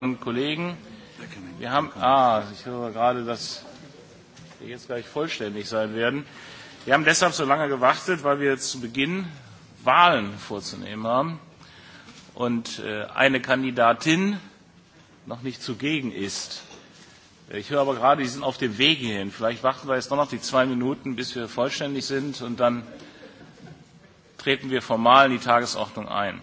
und Kollegen. Wir haben, ah, ich höre gerade, dass wir jetzt gleich vollständig sein werden. Wir haben deshalb so lange gewartet, weil wir zu Beginn Wahlen vorzunehmen haben und äh, eine Kandidatin noch nicht zugegen ist. Ich höre aber gerade, die sind auf dem Weg hin. Vielleicht warten wir jetzt noch noch die zwei Minuten, bis wir vollständig sind und dann treten wir formal in die Tagesordnung ein.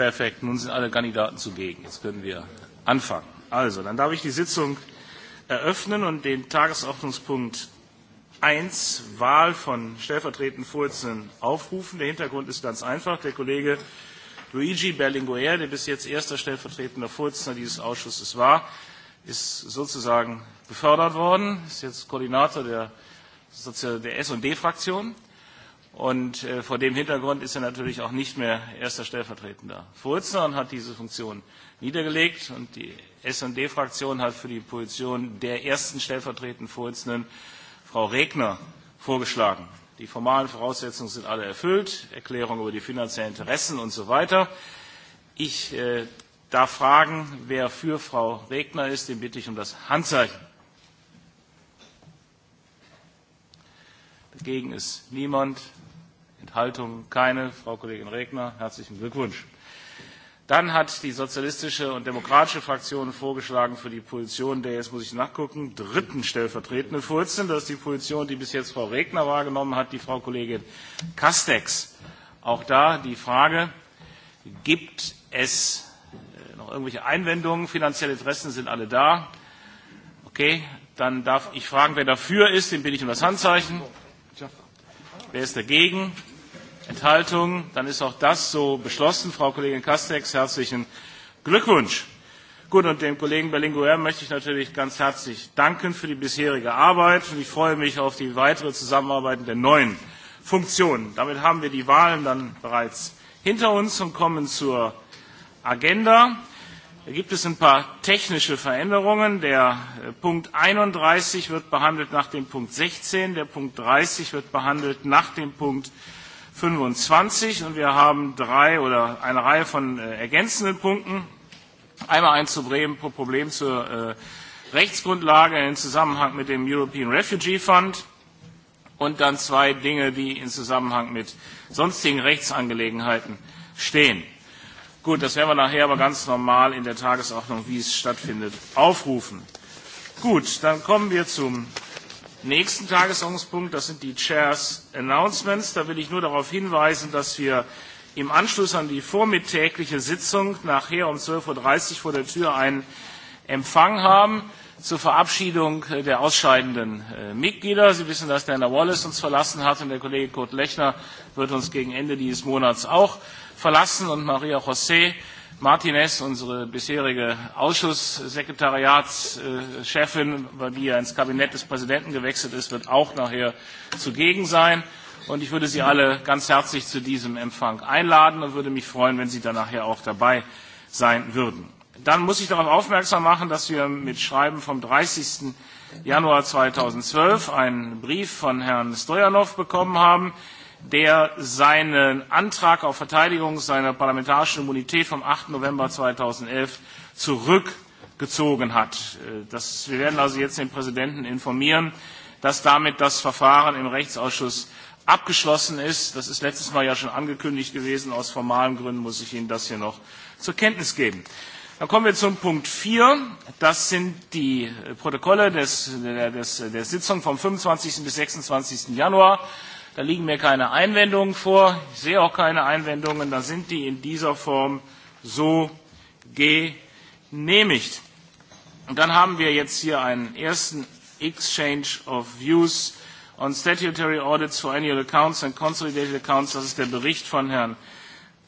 Perfekt, nun sind alle Kandidaten zugegen. Jetzt können wir anfangen. Also, dann darf ich die Sitzung eröffnen und den Tagesordnungspunkt 1, Wahl von stellvertretenden Vorsitzenden, aufrufen. Der Hintergrund ist ganz einfach. Der Kollege Luigi Berlinguer, der bis jetzt erster stellvertretender Vorsitzender dieses Ausschusses war, ist sozusagen befördert worden, ist jetzt Koordinator der, der S&D-Fraktion. Und äh, vor dem Hintergrund ist er natürlich auch nicht mehr erster Stellvertretender. Furzner hat diese Funktion niedergelegt und die S&D-Fraktion hat für die Position der ersten stellvertretenden Vorsitzenden Frau Regner vorgeschlagen. Die formalen Voraussetzungen sind alle erfüllt, Erklärung über die finanziellen Interessen und so weiter. Ich äh, darf fragen, wer für Frau Regner ist, den bitte ich um das Handzeichen. Dagegen ist niemand. Enthaltung keine. Frau Kollegin Regner, herzlichen Glückwunsch. Dann hat die sozialistische und demokratische Fraktion vorgeschlagen für die Position der, jetzt muss ich nachgucken, dritten stellvertretenden Vorsitzenden. Das ist die Position, die bis jetzt Frau Regner wahrgenommen hat, die Frau Kollegin Kastex. Auch da die Frage, gibt es äh, noch irgendwelche Einwendungen? Finanzielle Interessen sind alle da. Okay, dann darf ich fragen, wer dafür ist, den bitte ich um das Handzeichen. Wer ist dagegen? Enthaltung? Dann ist auch das so beschlossen. Frau Kollegin Kastex, herzlichen Glückwunsch. Gut, und dem Kollegen Berlinguer möchte ich natürlich ganz herzlich danken für die bisherige Arbeit und ich freue mich auf die weitere Zusammenarbeit in der neuen Funktion. Damit haben wir die Wahlen dann bereits hinter uns und kommen zur Agenda. Da gibt es ein paar technische Veränderungen. Der äh, Punkt 31 wird behandelt nach dem Punkt 16. Der Punkt 30 wird behandelt nach dem Punkt 25. Und wir haben drei oder eine Reihe von äh, ergänzenden Punkten. Einmal ein zu Bremen pro Problem zur äh, Rechtsgrundlage im Zusammenhang mit dem European Refugee Fund. Und dann zwei Dinge, die im Zusammenhang mit sonstigen Rechtsangelegenheiten stehen. Gut, das werden wir nachher aber ganz normal in der Tagesordnung, wie es stattfindet, aufrufen. Gut, dann kommen wir zum nächsten Tagesordnungspunkt. Das sind die Chairs Announcements. Da will ich nur darauf hinweisen, dass wir im Anschluss an die vormittägliche Sitzung nachher um 12.30 Uhr vor der Tür einen Empfang haben zur Verabschiedung äh, der ausscheidenden äh, Mitglieder. Sie wissen, dass Dana Wallace uns verlassen hat und der Kollege Kurt Lechner wird uns gegen Ende dieses Monats auch verlassen und Maria José Martinez, unsere bisherige Ausschusssekretariatschefin, weil die ja ins Kabinett des Präsidenten gewechselt ist, wird auch nachher zugegen sein. Und ich würde Sie alle ganz herzlich zu diesem Empfang einladen und würde mich freuen, wenn Sie dann nachher auch dabei sein würden. Dann muss ich darauf aufmerksam machen, dass wir mit Schreiben vom 30. Januar 2012 einen Brief von Herrn Stojanov bekommen haben, der seinen Antrag auf Verteidigung seiner parlamentarischen Immunität vom 8. November 2011 zurückgezogen hat. Äh, das, wir werden also jetzt den Präsidenten informieren, dass damit das Verfahren im Rechtsausschuss abgeschlossen ist. Das ist letztes Mal ja schon angekündigt gewesen. Aus formalen Gründen muss ich Ihnen das hier noch zur Kenntnis geben. Dann kommen wir zum Punkt 4. Das sind die äh, Protokolle des, der, des, der Sitzung vom 25. bis 26. Januar. Da liegen mir keine Einwendungen vor. Ich sehe auch keine Einwendungen. Da sind die in dieser Form so genehmigt. Und dann haben wir jetzt hier einen ersten Exchange of Views on Statutory Audits for Annual Accounts and Consolidated Accounts. Das ist der Bericht von Herrn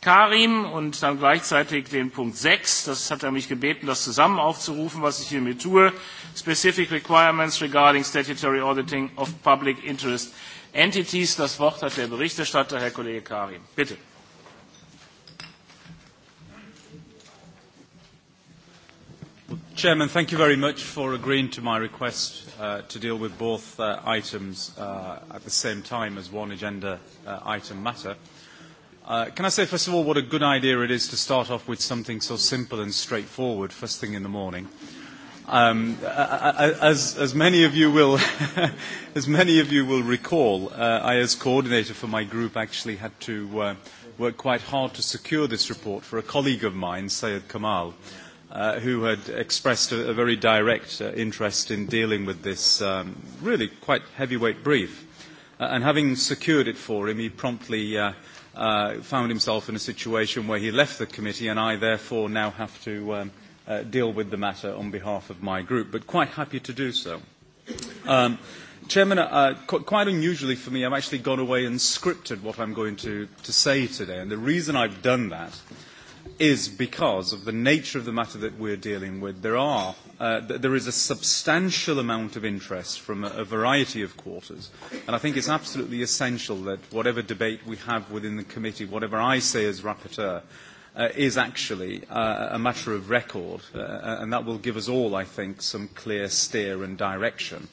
Karim und dann gleichzeitig den Punkt 6. Das hat er mich gebeten, das zusammen aufzurufen, was ich hiermit tue. Specific Requirements regarding Statutory Auditing of Public Interest Entities. Das Wort hat der Berichterstatter, Herr Kollege Karim. Bitte. Chairman, thank you very much for agreeing to my request uh, to deal with both uh, items uh, at the same time as one agenda uh, item matter. Uh, can I say, first of all, what a good idea it is to start off with something so simple and straightforward first thing in the morning. Uh, Um, as, as, many of you will, as many of you will recall, uh, I, as coordinator for my group, actually had to uh, work quite hard to secure this report for a colleague of mine, Sayed Kamal, uh, who had expressed a, a very direct uh, interest in dealing with this um, really quite heavyweight brief. Uh, and having secured it for him, he promptly uh, uh, found himself in a situation where he left the committee, and I therefore now have to. Um, Uh, deal with the matter on behalf of my group, but quite happy to do so. Um, Chairman, uh, qu- quite unusually for me, I've actually gone away and scripted what I'm going to, to say today. And the reason I've done that is because of the nature of the matter that we're dealing with. There, are, uh, th- there is a substantial amount of interest from a, a variety of quarters. And I think it's absolutely essential that whatever debate we have within the committee, whatever I say as rapporteur, uh, is actually uh, a matter of record, uh, uh, and that will give us all, I think, some clear steer and direction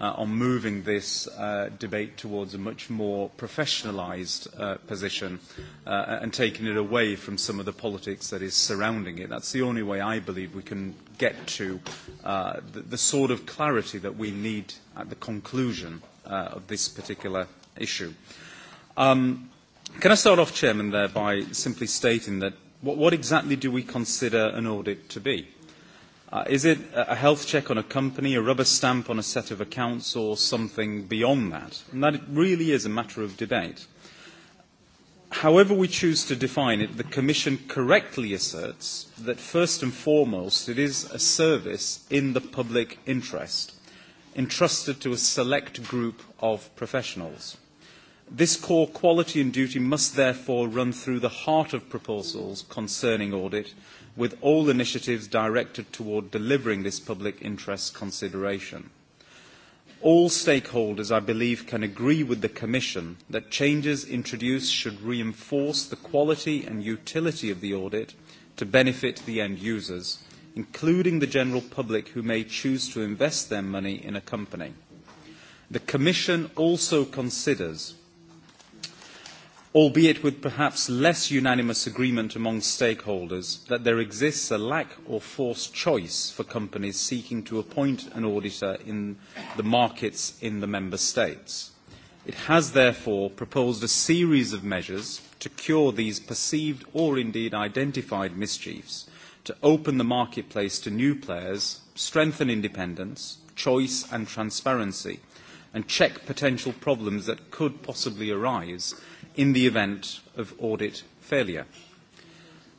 uh, on moving this uh, debate towards a much more professionalized uh, position uh, and taking it away from some of the politics that is surrounding it. That's the only way I believe we can get to uh, the, the sort of clarity that we need at the conclusion uh, of this particular issue. Um, can I start off, Chairman, there by simply stating that what, what exactly do we consider an audit to be? Uh, is it a health check on a company, a rubber stamp on a set of accounts, or something beyond that? And that really is a matter of debate. However we choose to define it, the Commission correctly asserts that first and foremost it is a service in the public interest, entrusted to a select group of professionals. This core quality and duty must therefore run through the heart of proposals concerning audit, with all initiatives directed toward delivering this public interest consideration. All stakeholders, I believe, can agree with the Commission that changes introduced should reinforce the quality and utility of the audit to benefit the end users, including the general public who may choose to invest their money in a company. The Commission also considers albeit with perhaps less unanimous agreement among stakeholders, that there exists a lack or forced choice for companies seeking to appoint an auditor in the markets in the member states. It has therefore proposed a series of measures to cure these perceived or indeed identified mischiefs, to open the marketplace to new players, strengthen independence, choice and transparency, and check potential problems that could possibly arise in the event of audit failure.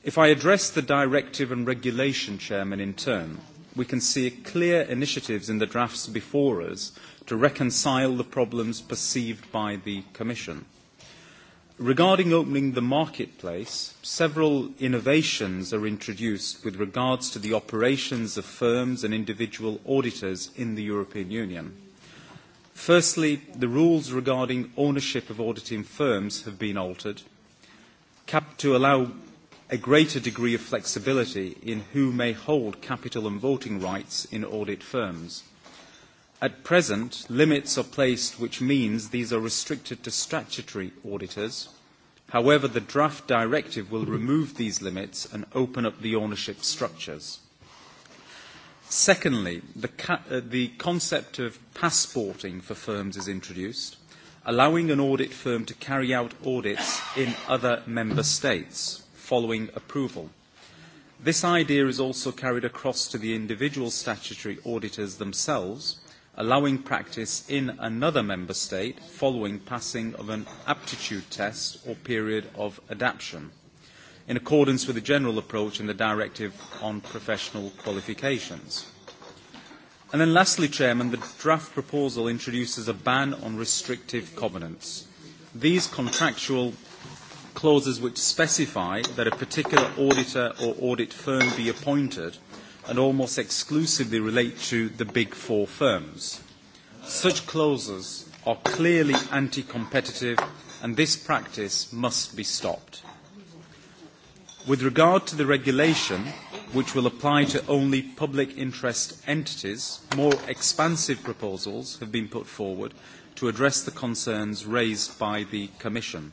If I address the directive and regulation chairman in turn, we can see clear initiatives in the drafts before us to reconcile the problems perceived by the Commission. Regarding opening the marketplace, several innovations are introduced with regards to the operations of firms and individual auditors in the European Union. Firstly, the rules regarding ownership of auditing firms have been altered to allow a greater degree of flexibility in who may hold capital and voting rights in audit firms. At present, limits are placed, which means these are restricted to statutory auditors. However, the draft directive will remove these limits and open up the ownership structures. Secondly, the, ca- uh, the concept of passporting for firms is introduced, allowing an audit firm to carry out audits in other member states following approval. This idea is also carried across to the individual statutory auditors themselves, allowing practice in another member state following passing of an aptitude test or period of adaption in accordance with the general approach in the directive on professional qualifications. And then lastly, Chairman, the draft proposal introduces a ban on restrictive covenants. These contractual clauses which specify that a particular auditor or audit firm be appointed and almost exclusively relate to the big four firms. Such clauses are clearly anti-competitive and this practice must be stopped. With regard to the regulation, which will apply to only public interest entities, more expansive proposals have been put forward to address the concerns raised by the Commission.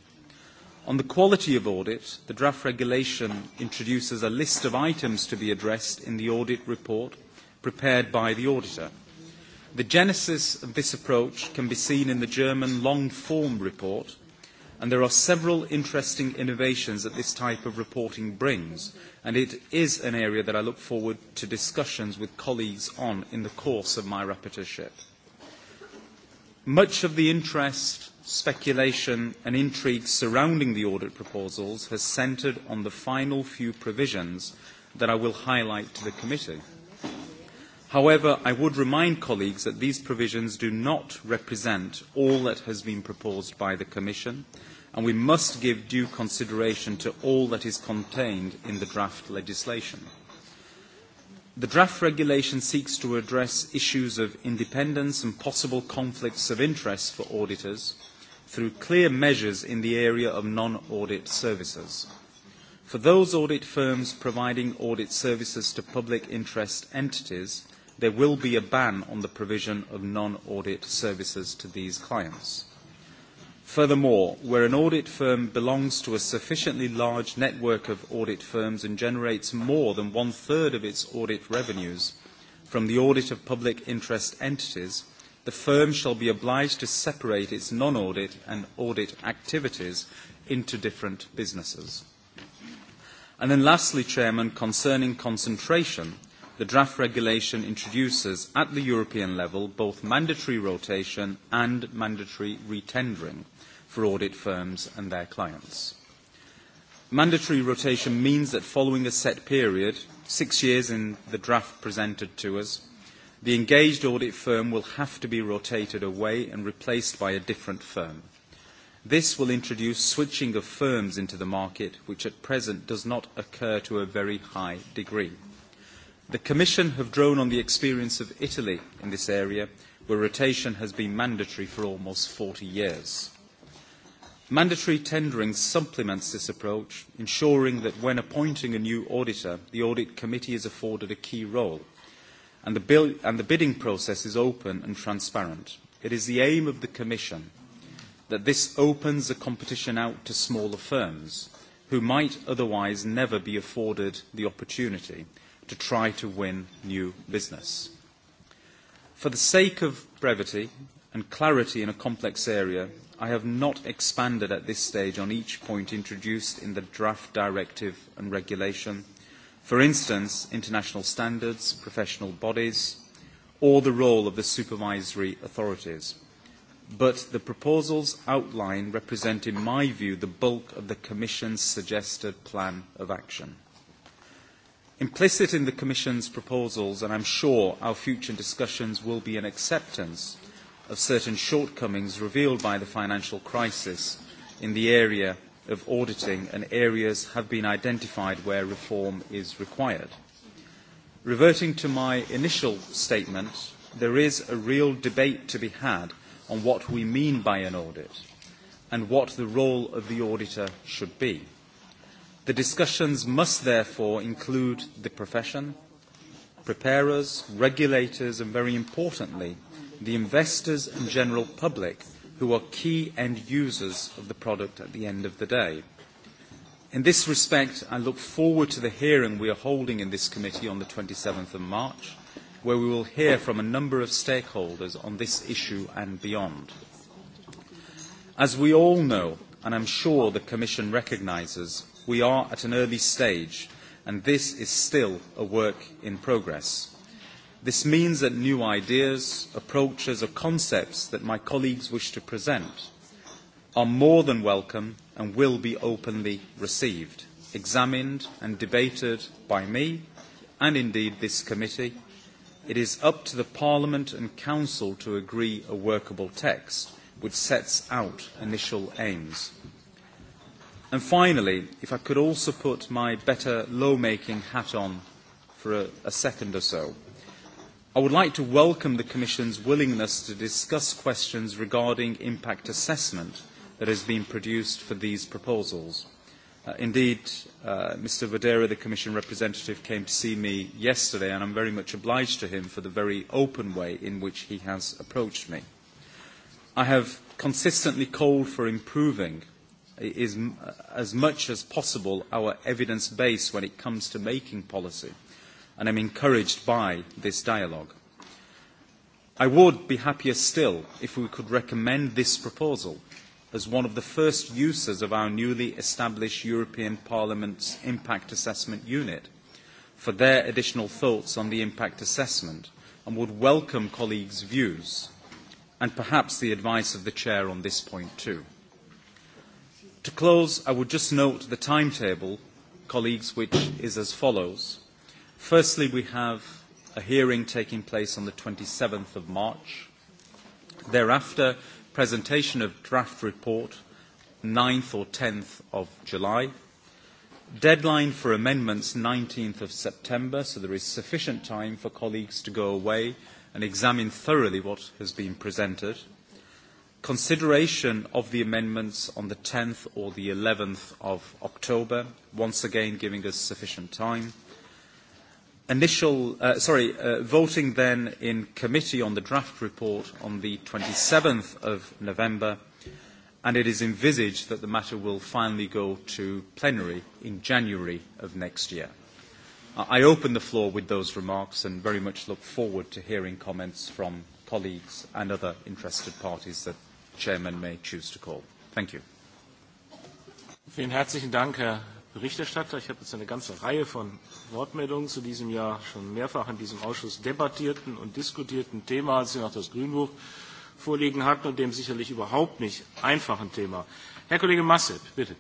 On the quality of audit, the draft regulation introduces a list of items to be addressed in the audit report prepared by the auditor. The genesis of this approach can be seen in the German long-form report and there are several interesting innovations that this type of reporting brings, and it is an area that I look forward to discussions with colleagues on in the course of my rapporteurship. Much of the interest, speculation and intrigue surrounding the audit proposals has centred on the final few provisions that I will highlight to the committee. However, I would remind colleagues that these provisions do not represent all that has been proposed by the Commission, and we must give due consideration to all that is contained in the draft legislation. The draft regulation seeks to address issues of independence and possible conflicts of interest for auditors through clear measures in the area of non-audit services. For those audit firms providing audit services to public interest entities, there will be a ban on the provision of non-audit services to these clients. Furthermore, where an audit firm belongs to a sufficiently large network of audit firms and generates more than one-third of its audit revenues from the audit of public interest entities, the firm shall be obliged to separate its non-audit and audit activities into different businesses. And then lastly, Chairman, concerning concentration, the draft regulation introduces at the European level both mandatory rotation and mandatory retendering for audit firms and their clients. Mandatory rotation means that following a set period, six years in the draft presented to us, the engaged audit firm will have to be rotated away and replaced by a different firm. This will introduce switching of firms into the market, which at present does not occur to a very high degree. The Commission have drawn on the experience of Italy in this area, where rotation has been mandatory for almost 40 years. Mandatory tendering supplements this approach, ensuring that when appointing a new auditor, the audit committee is afforded a key role, and the, bill and the bidding process is open and transparent. It is the aim of the Commission that this opens the competition out to smaller firms, who might otherwise never be afforded the opportunity to try to win new business. For the sake of brevity and clarity in a complex area, I have not expanded at this stage on each point introduced in the draft directive and regulation. For instance, international standards, professional bodies, or the role of the supervisory authorities. But the proposals outline represent, in my view, the bulk of the Commission's suggested plan of action. Implicit in the Commission's proposals, and I'm sure our future discussions will be an acceptance of certain shortcomings revealed by the financial crisis in the area of auditing and areas have been identified where reform is required. Reverting to my initial statement, there is a real debate to be had on what we mean by an audit and what the role of the auditor should be. The discussions must therefore include the profession, preparers, regulators and very importantly the investors and general public who are key end users of the product at the end of the day. In this respect, I look forward to the hearing we are holding in this committee on the 27th of March, where we will hear from a number of stakeholders on this issue and beyond. As we all know, and I'm sure the Commission recognises, we are at an early stage, and this is still a work in progress. This means that new ideas, approaches or concepts that my colleagues wish to present are more than welcome and will be openly received, examined and debated by me and indeed this committee. It is up to the Parliament and Council to agree a workable text which sets out initial aims. And finally, if I could also put my better law-making hat on for a, a second or so. I would like to welcome the Commission's willingness to discuss questions regarding impact assessment that has been produced for these proposals. Uh, indeed, uh, Mr. Vadera, the Commission representative, came to see me yesterday, and I'm very much obliged to him for the very open way in which he has approached me. I have consistently called for improving uh, as much as possible our evidence base when it comes to making policy and I'm encouraged by this dialogue. I would be happier still if we could recommend this proposal as one of the first uses of our newly established European Parliament's Impact Assessment Unit for their additional thoughts on the impact assessment and would welcome colleagues' views and perhaps the advice of the Chair on this point too. To close, I would just note the timetable, colleagues, which is as follows. Firstly, we have a hearing taking place on the 27th of March. Thereafter, presentation of draft report 9th or 10th of July. Deadline for amendments 19th of September, so there is sufficient time for colleagues to go away and examine thoroughly what has been presented. Consideration of the amendments on the 10th or the 11th of October, once again giving us sufficient time initial, uh, sorry, uh, voting then in committee on the draft report on the 27th of November, and it is envisaged that the matter will finally go to plenary in January of next year. I open the floor with those remarks and very much look forward to hearing comments from colleagues and other interested parties that Chairman may choose to call. Thank you. Vielen herzlichen Dank, Herr Berichterstatter. Ich habe jetzt eine ganze Reihe von Wortmeldungen zu diesem Jahr schon mehrfach in diesem Ausschuss debattierten und diskutierten Thema, als Sie noch das Grünbuch vorliegen hatten und dem sicherlich überhaupt nicht einfachen Thema. Herr Kollege Massip, bitte.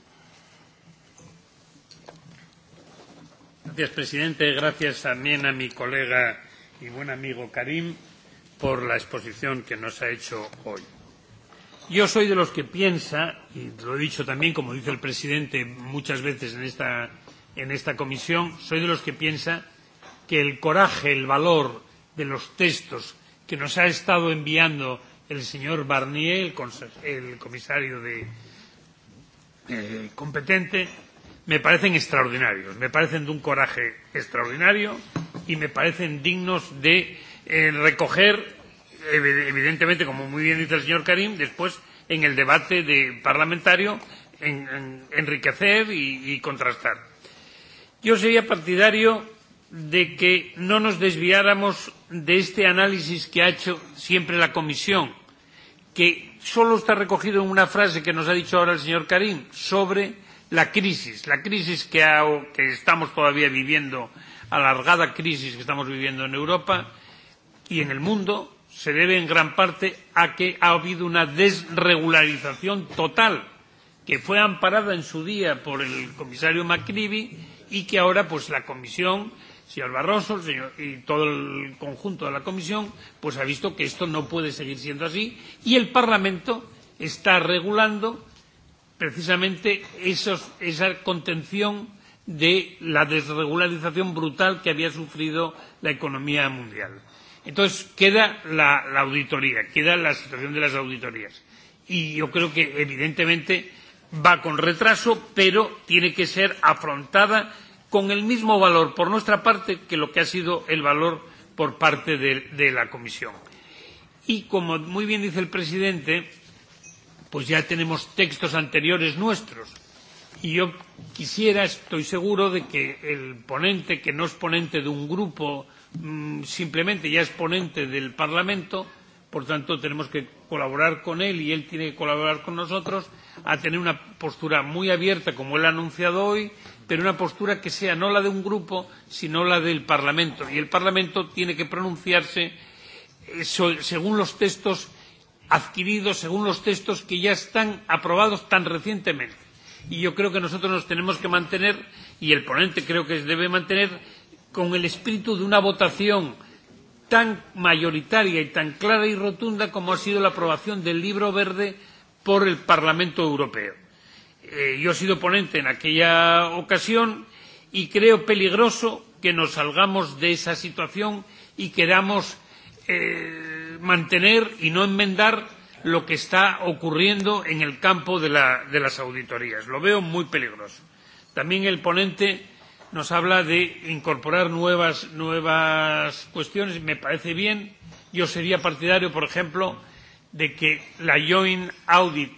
Gracias, Presidente. Gracias también a mi colega y buen amigo Karim por la exposición que nos ha hecho hoy. Yo soy de los que piensa, y lo he dicho también, como dice el presidente, muchas veces en esta en esta comisión, soy de los que piensa que el coraje, el valor de los textos que nos ha estado enviando el señor Barnier, el, el comisario de, eh, competente, me parecen extraordinarios, me parecen de un coraje extraordinario y me parecen dignos de eh, recoger, evidentemente, como muy bien dice el señor Karim, después en el debate de parlamentario, en, en, enriquecer y, y contrastar. Yo sería partidario de que no nos desviáramos de este análisis que ha hecho siempre la Comisión, que solo está recogido en una frase que nos ha dicho ahora el señor Karim sobre la crisis, la crisis que, ha, que estamos todavía viviendo, alargada crisis que estamos viviendo en Europa y en el mundo, se debe en gran parte a que ha habido una desregularización total que fue amparada en su día por el comisario McCreevy y que ahora pues la comisión señor Barroso el señor, y todo el conjunto de la comisión pues ha visto que esto no puede seguir siendo así y el parlamento está regulando precisamente esos, esa contención de la desregularización brutal que había sufrido la economía mundial. Entonces queda la, la auditoría, queda la situación de las auditorías. Y yo creo que evidentemente va con retraso, pero tiene que ser afrontada con el mismo valor por nuestra parte que lo que ha sido el valor por parte de, de la Comisión. Y como muy bien dice el presidente, pues ya tenemos textos anteriores nuestros. Y yo quisiera, estoy seguro de que el ponente, que no es ponente de un grupo, mm, simplemente ya es ponente del Parlamento, por tanto tenemos que colaborar con él y él tiene que colaborar con nosotros, a tener una postura muy abierta, como él ha anunciado hoy, pero una postura que sea no la de un grupo, sino la del Parlamento. Y el Parlamento tiene que pronunciarse eh, según los textos adquiridos, según los textos que ya están aprobados tan recientemente. Y yo creo que nosotros nos tenemos que mantener, y el ponente creo que debe mantener, con el espíritu de una votación tan mayoritaria y tan clara y rotunda como ha sido la aprobación del libro verde por el Parlamento Europeo. Eh, yo he sido ponente en aquella ocasión y creo peligroso que nos salgamos de esa situación y queramos eh, mantener y no enmendar lo que está ocurriendo en el campo de, la, de las auditorías. Lo veo muy peligroso. También el ponente nos habla de incorporar nuevas, nuevas cuestiones. Me parece bien. Yo sería partidario, por ejemplo, de que la joint audit,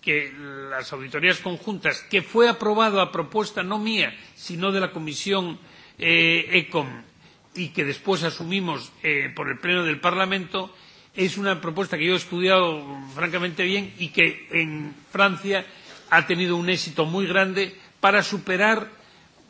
que las auditorías conjuntas, que fue aprobado a propuesta no mía, sino de la comisión eh, ECOM y que después asumimos eh, por el Pleno del Parlamento, es una propuesta que yo he estudiado francamente bien y que en Francia ha tenido un éxito muy grande para superar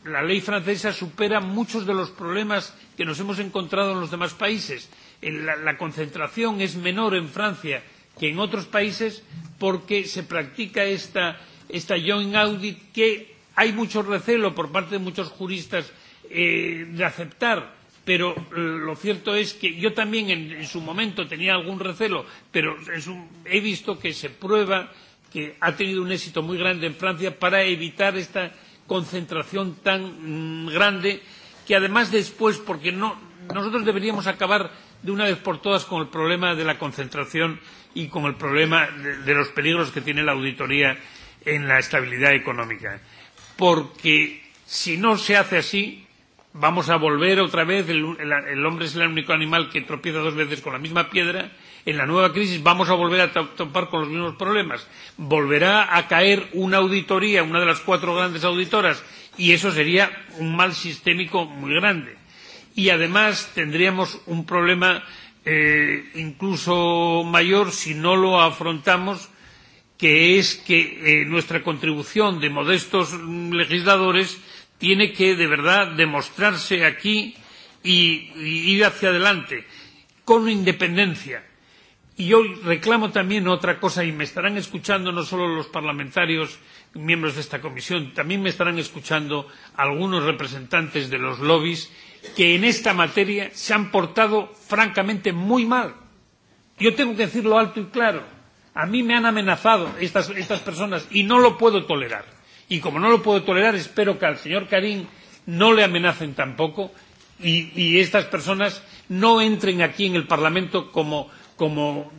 la ley francesa supera muchos de los problemas que nos hemos encontrado en los demás países la, la concentración es menor en Francia que en otros países porque se practica esta, esta joint audit que hay mucho recelo por parte de muchos juristas eh, de aceptar, pero eh, lo cierto es que yo también en, en su momento tenía algún recelo, pero es un, he visto que se prueba que ha tenido un éxito muy grande en Francia para evitar esta concentración tan mm, grande que además después, porque no, nosotros deberíamos acabar de una vez por todas con el problema de la concentración y con el problema de, de los peligros que tiene la auditoría en la estabilidad económica. Porque si no se hace así, vamos a volver otra vez, el, el, el hombre es el único animal que tropieza dos veces con la misma piedra, en la nueva crisis vamos a volver a topar con los mismos problemas. Volverá a caer una auditoría, una de las cuatro grandes auditoras, y eso sería un mal sistémico muy grande y además tendríamos un problema eh, incluso mayor si no lo afrontamos, que es que eh, nuestra contribución de modestos legisladores tiene que de verdad demostrarse aquí y, y ir hacia adelante con independencia. Y yo reclamo también otra cosa, y me estarán escuchando no solo los parlamentarios miembros de esta comisión, también me estarán escuchando algunos representantes de los lobbies que en esta materia se han portado francamente muy mal. Yo tengo que decirlo alto y claro. A mí me han amenazado estas, estas personas y no lo puedo tolerar. Y como no lo puedo tolerar, espero que al señor Karim no le amenacen tampoco y, y estas personas no entren aquí en el Parlamento como, como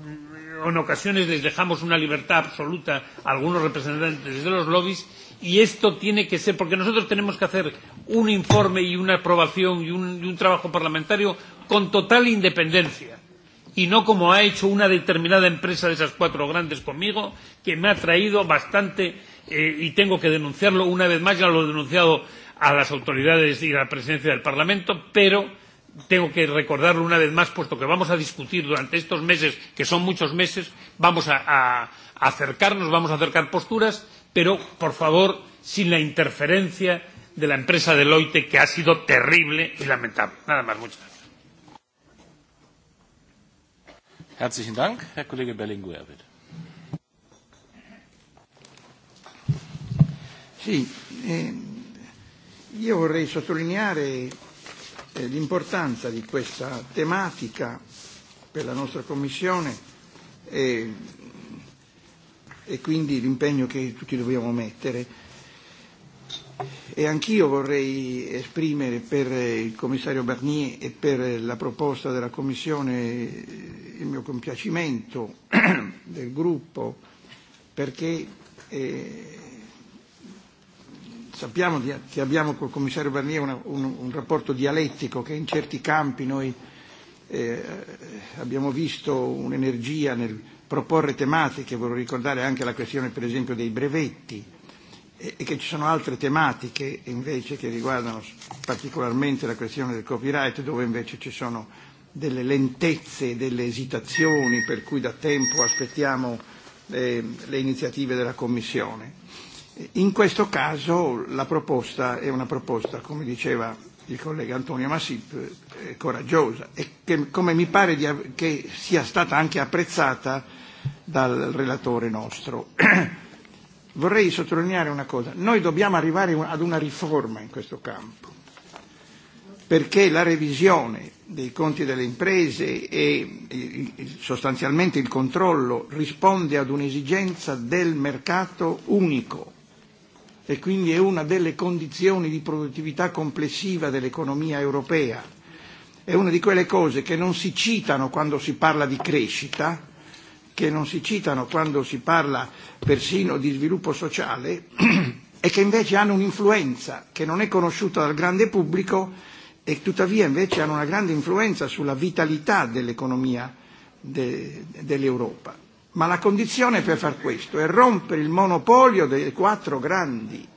en ocasiones les dejamos una libertad absoluta a algunos representantes de los lobbies y esto tiene que ser porque nosotros tenemos que hacer un informe y una aprobación y un, y un trabajo parlamentario con total independencia y no como ha hecho una determinada empresa de esas cuatro grandes conmigo que me ha traído bastante eh, y tengo que denunciarlo una vez más ya lo he denunciado a las autoridades y a la presidencia del Parlamento pero tengo que recordarlo una vez más, puesto que vamos a discutir durante estos meses, que son muchos meses, vamos a, a acercarnos, vamos a acercar posturas, pero, por favor, sin la interferencia de la empresa Deloitte, que ha sido terrible y lamentable. Nada más, muchas gracias. Herzlichen Dank, Herr Kollege Bellinguer, bitte. Sí, eh, yo vorrei sottolineare Eh, l'importanza di questa tematica per la nostra Commissione e, e quindi l'impegno che tutti dobbiamo mettere. E anch'io vorrei esprimere per il Commissario Barnier e per la proposta della Commissione il mio compiacimento del gruppo perché eh, sappiamo di, che abbiamo col commissario Barnier una, un, un rapporto dialettico che in certi campi noi eh, abbiamo visto un'energia nel proporre tematiche, vorrei ricordare anche la questione per esempio dei brevetti e, e che ci sono altre tematiche invece che riguardano particolarmente la questione del copyright dove invece ci sono delle lentezze, delle esitazioni per cui da tempo aspettiamo eh, le iniziative della Commissione. In questo caso la proposta è una proposta, come diceva il collega Antonio Massip, eh, coraggiosa e che, come mi pare di, che sia stata anche apprezzata dal relatore nostro. Vorrei sottolineare una cosa, noi dobbiamo arrivare ad una riforma in questo campo, perché la revisione dei conti delle imprese e sostanzialmente il controllo risponde ad un'esigenza del mercato unico e quindi è una delle condizioni di produttività complessiva dell'economia europea. È una di quelle cose che non si citano quando si parla di crescita, che non si citano quando si parla persino di sviluppo sociale e che invece hanno un'influenza che non è conosciuta dal grande pubblico e tuttavia invece hanno una grande influenza sulla vitalità dell'economia de, dell'Europa. Ma la condizione per far questo è rompere il monopolio dei quattro grandi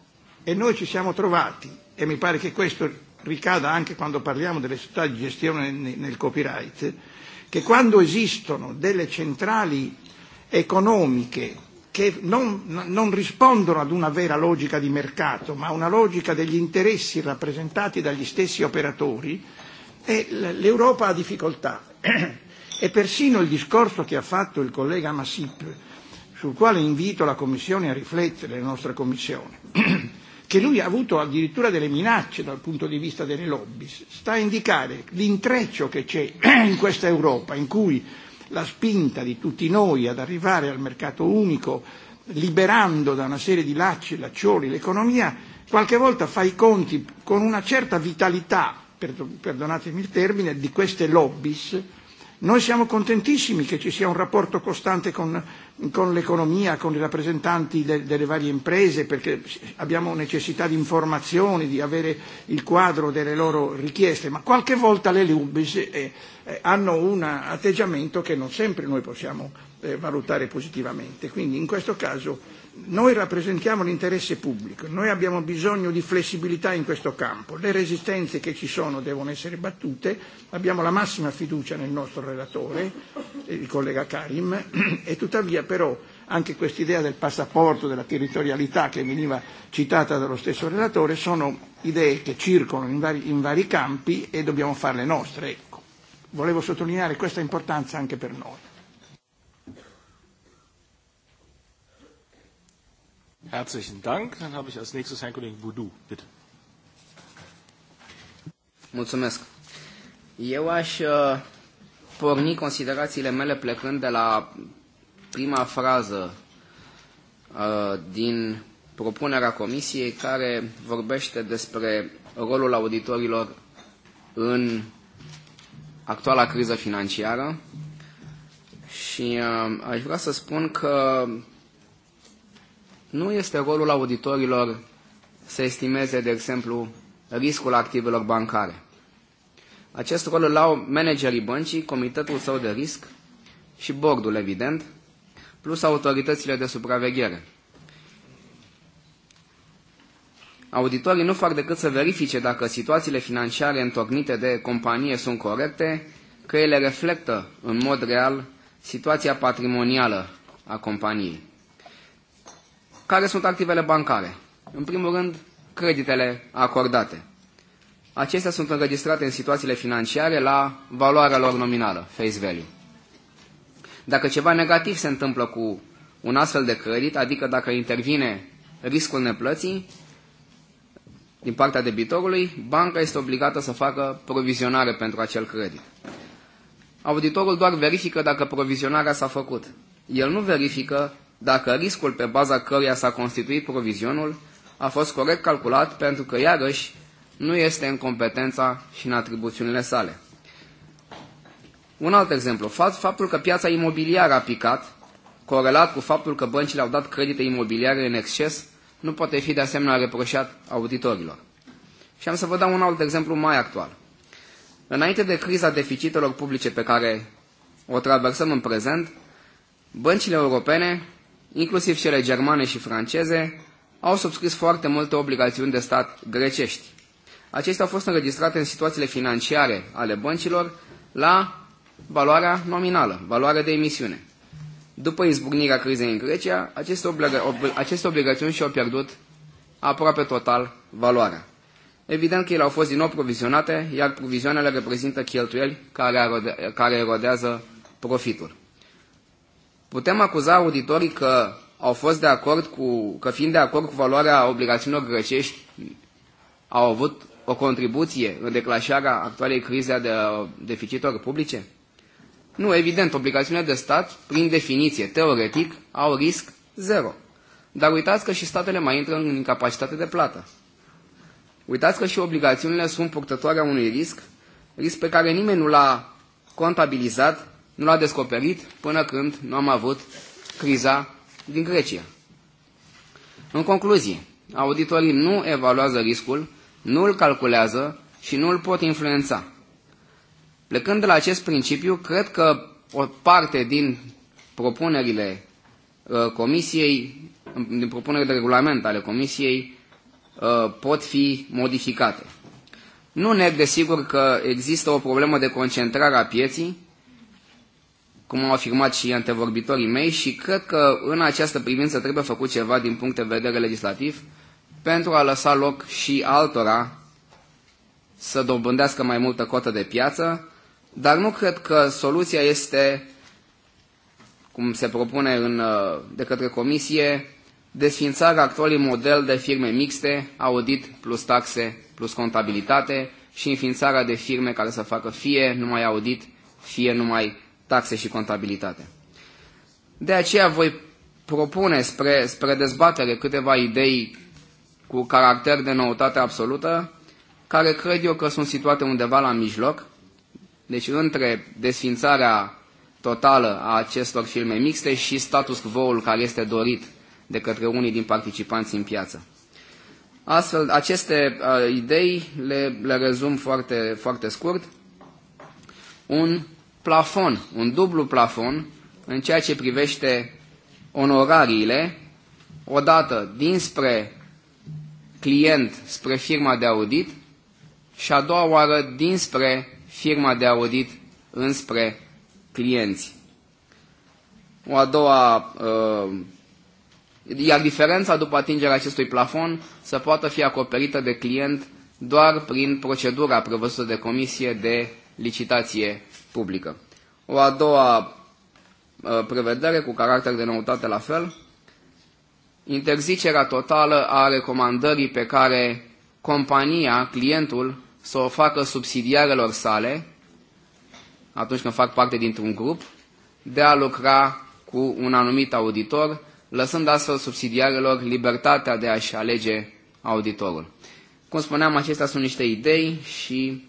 e noi ci siamo trovati, e mi pare che questo ricada anche quando parliamo delle società di gestione nel copyright, che quando esistono delle centrali economiche che non, non rispondono ad una vera logica di mercato, ma a una logica degli interessi rappresentati dagli stessi operatori, e l'Europa ha difficoltà. E persino il discorso che ha fatto il collega Massip, sul quale invito la Commissione a riflettere, la nostra Commissione, che lui ha avuto addirittura delle minacce dal punto di vista delle lobby, sta a indicare l'intreccio che c'è in questa Europa in cui la spinta di tutti noi ad arrivare al mercato unico, liberando da una serie di lacci e laccioli l'economia, qualche volta fa i conti con una certa vitalità, perdonatemi il termine, di queste lobbies, eh, Noi siamo contentissimi che ci sia un rapporto costante con, con l'economia, con i rappresentanti de, delle varie imprese, perché abbiamo necessità di informazioni, di avere il quadro delle loro richieste, ma qualche volta le Lubis eh, eh, hanno un atteggiamento che non sempre noi possiamo eh, valutare positivamente. Quindi in questo caso, Noi rappresentiamo l'interesse pubblico, noi abbiamo bisogno di flessibilità in questo campo, le resistenze che ci sono devono essere battute, abbiamo la massima fiducia nel nostro relatore, eh, il collega Karim, e tuttavia però anche quest'idea del passaporto, della territorialità che veniva citata dallo stesso relatore, sono idee che circolano in vari, in vari campi e dobbiamo farle nostre. Ecco. Volevo sottolineare questa importanza anche per noi. Herzlichen Dank. Dann habe ich als nächstes Herrn Kollegen Boudou. Bitte. Mulțumesc. Eu aș uh, porni considerațiile mele plecând de la prima frază uh, din propunerea Comisiei care vorbește despre rolul auditorilor în actuala criză financiară și uh, aș vrea să spun că Nu este rolul auditorilor să estimeze, de exemplu, riscul activelor bancare. Acest rol îl au managerii băncii, comitetul său de risc și bordul, evident, plus autoritățile de supraveghere. Auditorii nu fac decât să verifice dacă situațiile financiare întocmite de companie sunt corecte, că ele reflectă în mod real situația patrimonială a companiei care sunt activele bancare? În primul rând, creditele acordate. Acestea sunt înregistrate în situațiile financiare la valoarea lor nominală, face value. Dacă ceva negativ se întâmplă cu un astfel de credit, adică dacă intervine riscul neplății din partea debitorului, banca este obligată să facă provizionare pentru acel credit. Auditorul doar verifică dacă provizionarea s-a făcut. El nu verifică dacă riscul pe baza căruia s-a constituit provizionul a fost corect calculat pentru că, iarăși, nu este în competența și în atribuțiunile sale. Un alt exemplu, faptul că piața imobiliară a picat, corelat cu faptul că băncile au dat credite imobiliare în exces, nu poate fi de asemenea reproșat auditorilor. Și am să vă dau un alt exemplu mai actual. Înainte de criza deficitelor publice pe care o traversăm în prezent, băncile europene inclusiv cele germane și franceze, au subscris foarte multe obligațiuni de stat grecești. Acestea au fost înregistrate în situațiile financiare ale băncilor la valoarea nominală, valoarea de emisiune. După izbucnirea crizei în Grecia, aceste, obliga obli aceste obligațiuni și-au pierdut aproape total valoarea. Evident că ele au fost din nou provizionate, iar provizioanele reprezintă cheltuieli care, care erodează profitul. Putem acuza auditorii că au fost de acord cu, că fiind de acord cu valoarea obligațiunilor grecești, au avut o contribuție în declașarea actualei crize de deficitor publice? Nu, evident, obligațiunile de stat, prin definiție, teoretic, au risc zero. Dar uitați că și statele mai intră în incapacitate de plată. Uitați că și obligațiunile sunt purtătoare a unui risc, risc pe care nimeni nu l-a contabilizat nu l-a descoperit până când nu am avut criza din Grecia. În concluzie, auditorii nu evaluează riscul, nu îl calculează și nu îl pot influența. Plecând de la acest principiu, cred că o parte din propunerile uh, comisiei, din propunerile de regulament ale comisiei, uh, pot fi modificate. Nu neg, desigur, că există o problemă de concentrare a pieții, cum au afirmat și antevorbitorii mei și cred că în această privință trebuie făcut ceva din punct de vedere legislativ pentru a lăsa loc și altora să dobândească mai multă cotă de piață, dar nu cred că soluția este, cum se propune în, uh, de către comisie, desfințarea actualului model de firme mixte, audit plus taxe plus contabilitate și înființarea de firme care să facă fie numai audit, fie numai taxe și contabilitate. De aceea voi propune spre, spre dezbatere câteva idei cu caracter de noutate absolută, care cred eu că sunt situate undeva la mijloc, deci între desfințarea totală a acestor filme mixte și status quo-ul care este dorit de către unii din participanții în piață. Astfel, aceste uh, idei le, le rezum foarte, foarte scurt. Un plafon, un dublu plafon în ceea ce privește onorariile, odată dinspre client spre firma de audit și a doua oară dinspre firma de audit înspre clienți. O a doua, uh, iar diferența după atingerea acestui plafon să poată fi acoperită de client doar prin procedura prevăzută de comisie de licitație publică. O a doua uh, prevedere cu caracter de noutate la fel, interzicerea totală a recomandării pe care compania, clientul, să o facă subsidiarelor sale, atunci când fac parte dintr-un grup, de a lucra cu un anumit auditor, lăsând astfel subsidiarelor libertatea de a-și alege auditorul. Cum spuneam, acestea sunt niște idei și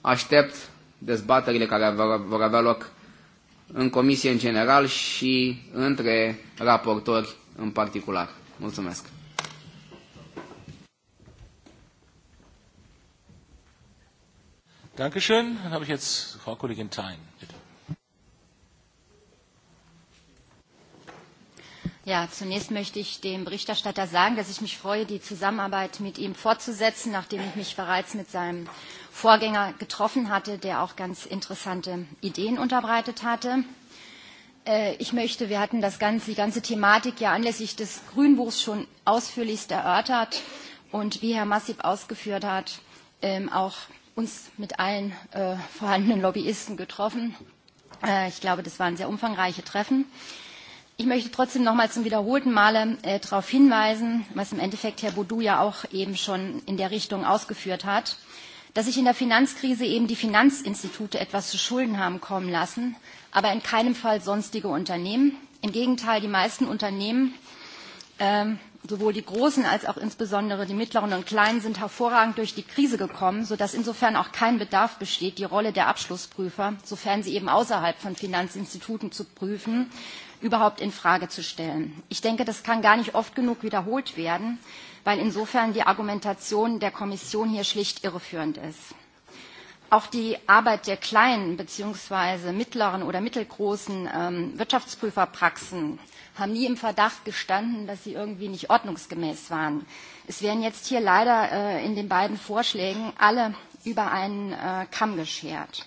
aștept dezbaterile care vor avea loc în comisie în general și între raportori în particular. Mulțumesc! Dankeschön. Dann habe ich jetzt Frau Kollegin Thein. Bitte. Ja, zunächst möchte ich dem Berichterstatter sagen, dass ich mich freue, die Zusammenarbeit mit ihm fortzusetzen, nachdem ich mich bereits mit seinem Vorgänger getroffen hatte, der auch ganz interessante Ideen unterbreitet hatte. Äh, ich möchte, wir hatten das ganze, die ganze Thematik ja anlässlich des Grünbuchs schon ausführlichst erörtert und wie Herr Massiv ausgeführt hat, ähm, auch uns mit allen äh, vorhandenen Lobbyisten getroffen. Äh, ich glaube, das waren sehr umfangreiche Treffen. Ich möchte trotzdem noch mal zum wiederholten Male äh, darauf hinweisen, was im Endeffekt Herr Boudou ja auch eben schon in der Richtung ausgeführt hat dass sich in der Finanzkrise eben die Finanzinstitute etwas zu Schulden haben kommen lassen, aber in keinem Fall sonstige Unternehmen. Im Gegenteil, die meisten Unternehmen, ähm, sowohl die großen als auch insbesondere die mittleren und kleinen, sind hervorragend durch die Krise gekommen, sodass insofern auch kein Bedarf besteht, die Rolle der Abschlussprüfer, sofern sie eben außerhalb von Finanzinstituten zu prüfen, überhaupt in Frage zu stellen. Ich denke, das kann gar nicht oft genug wiederholt werden weil insofern die Argumentation der Kommission hier schlicht irreführend ist. Auch die Arbeit der kleinen bzw. mittleren oder mittelgroßen ähm, Wirtschaftsprüferpraxen haben nie im Verdacht gestanden, dass sie irgendwie nicht ordnungsgemäß waren. Es werden jetzt hier leider äh, in den beiden Vorschlägen alle über einen äh, Kamm geschert.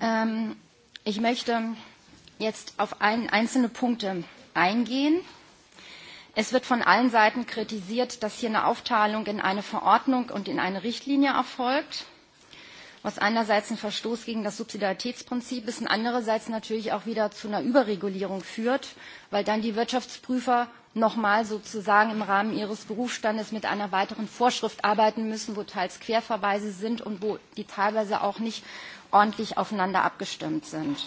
Ähm, ich möchte jetzt auf ein, einzelne Punkte eingehen. Es wird von allen Seiten kritisiert, dass hier eine Aufteilung in eine Verordnung und in eine Richtlinie erfolgt, was einerseits ein Verstoß gegen das Subsidiaritätsprinzip ist und andererseits natürlich auch wieder zu einer Überregulierung führt, weil dann die Wirtschaftsprüfer nochmal sozusagen im Rahmen ihres Berufsstandes mit einer weiteren Vorschrift arbeiten müssen, wo teils Querverweise sind und wo die teilweise auch nicht ordentlich aufeinander abgestimmt sind.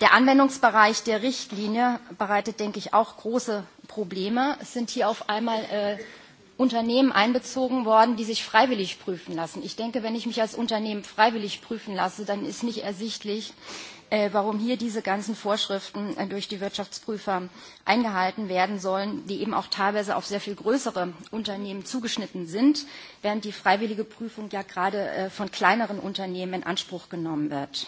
Der Anwendungsbereich der Richtlinie bereitet, denke ich, auch große Probleme. Es sind hier auf einmal äh, Unternehmen einbezogen worden, die sich freiwillig prüfen lassen. Ich denke, wenn ich mich als Unternehmen freiwillig prüfen lasse, dann ist nicht ersichtlich, äh, warum hier diese ganzen Vorschriften äh, durch die Wirtschaftsprüfer eingehalten werden sollen, die eben auch teilweise auf sehr viel größere Unternehmen zugeschnitten sind, während die freiwillige Prüfung ja gerade äh, von kleineren Unternehmen in Anspruch genommen wird.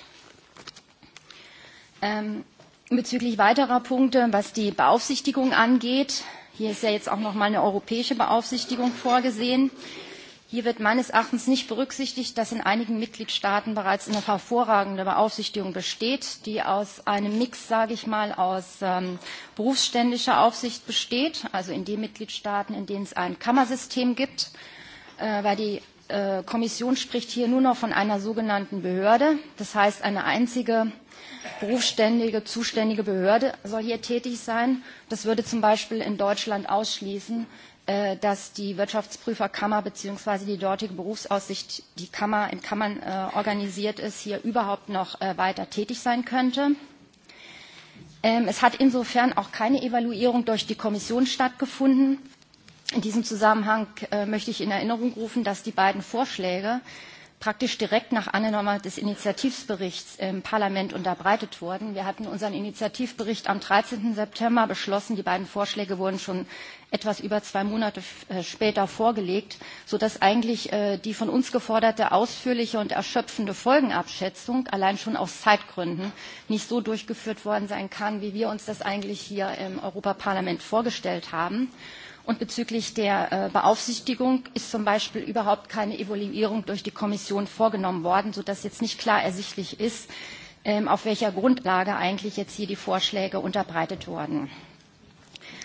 Ähm, bezüglich weiterer Punkte, was die Beaufsichtigung angeht, hier ist ja jetzt auch noch mal eine europäische Beaufsichtigung vorgesehen. Hier wird meines Erachtens nicht berücksichtigt, dass in einigen Mitgliedstaaten bereits eine hervorragende Beaufsichtigung besteht, die aus einem Mix, sage ich mal, aus ähm, berufsständischer Aufsicht besteht, also in den Mitgliedstaaten, in denen es ein Kammersystem gibt, äh, weil die äh, Kommission spricht hier nur noch von einer sogenannten Behörde, das heißt eine einzige äh, berufsständige, zuständige Behörde soll hier tätig sein. Das würde zum Beispiel in Deutschland ausschließen, äh, dass die Wirtschaftsprüferkammer bzw. die dortige Berufsaussicht, die Kammer in Kammern äh, organisiert ist, hier überhaupt noch äh, weiter tätig sein könnte. Ähm, es hat insofern auch keine Evaluierung durch die Kommission stattgefunden. In diesem Zusammenhang äh, möchte ich in Erinnerung rufen, dass die beiden Vorschläge, praktisch direkt nach Annahme des Initiativsberichts im Parlament unterbreitet wurden. Wir hatten unseren Initiativbericht am 13. September beschlossen. Die beiden Vorschläge wurden schon etwas über zwei Monate äh, später vorgelegt, sodass eigentlich äh, die von uns geforderte ausführliche und erschöpfende Folgenabschätzung allein schon aus Zeitgründen nicht so durchgeführt worden sein kann, wie wir uns das eigentlich hier im Europaparlament vorgestellt haben. Und bezüglich der äh, Beaufsichtigung ist zum Beispiel überhaupt keine Evaluierung durch die Kommission vorgenommen worden, sodass jetzt nicht klar ersichtlich ist, ähm, auf welcher Grundlage eigentlich jetzt hier die Vorschläge unterbreitet wurden.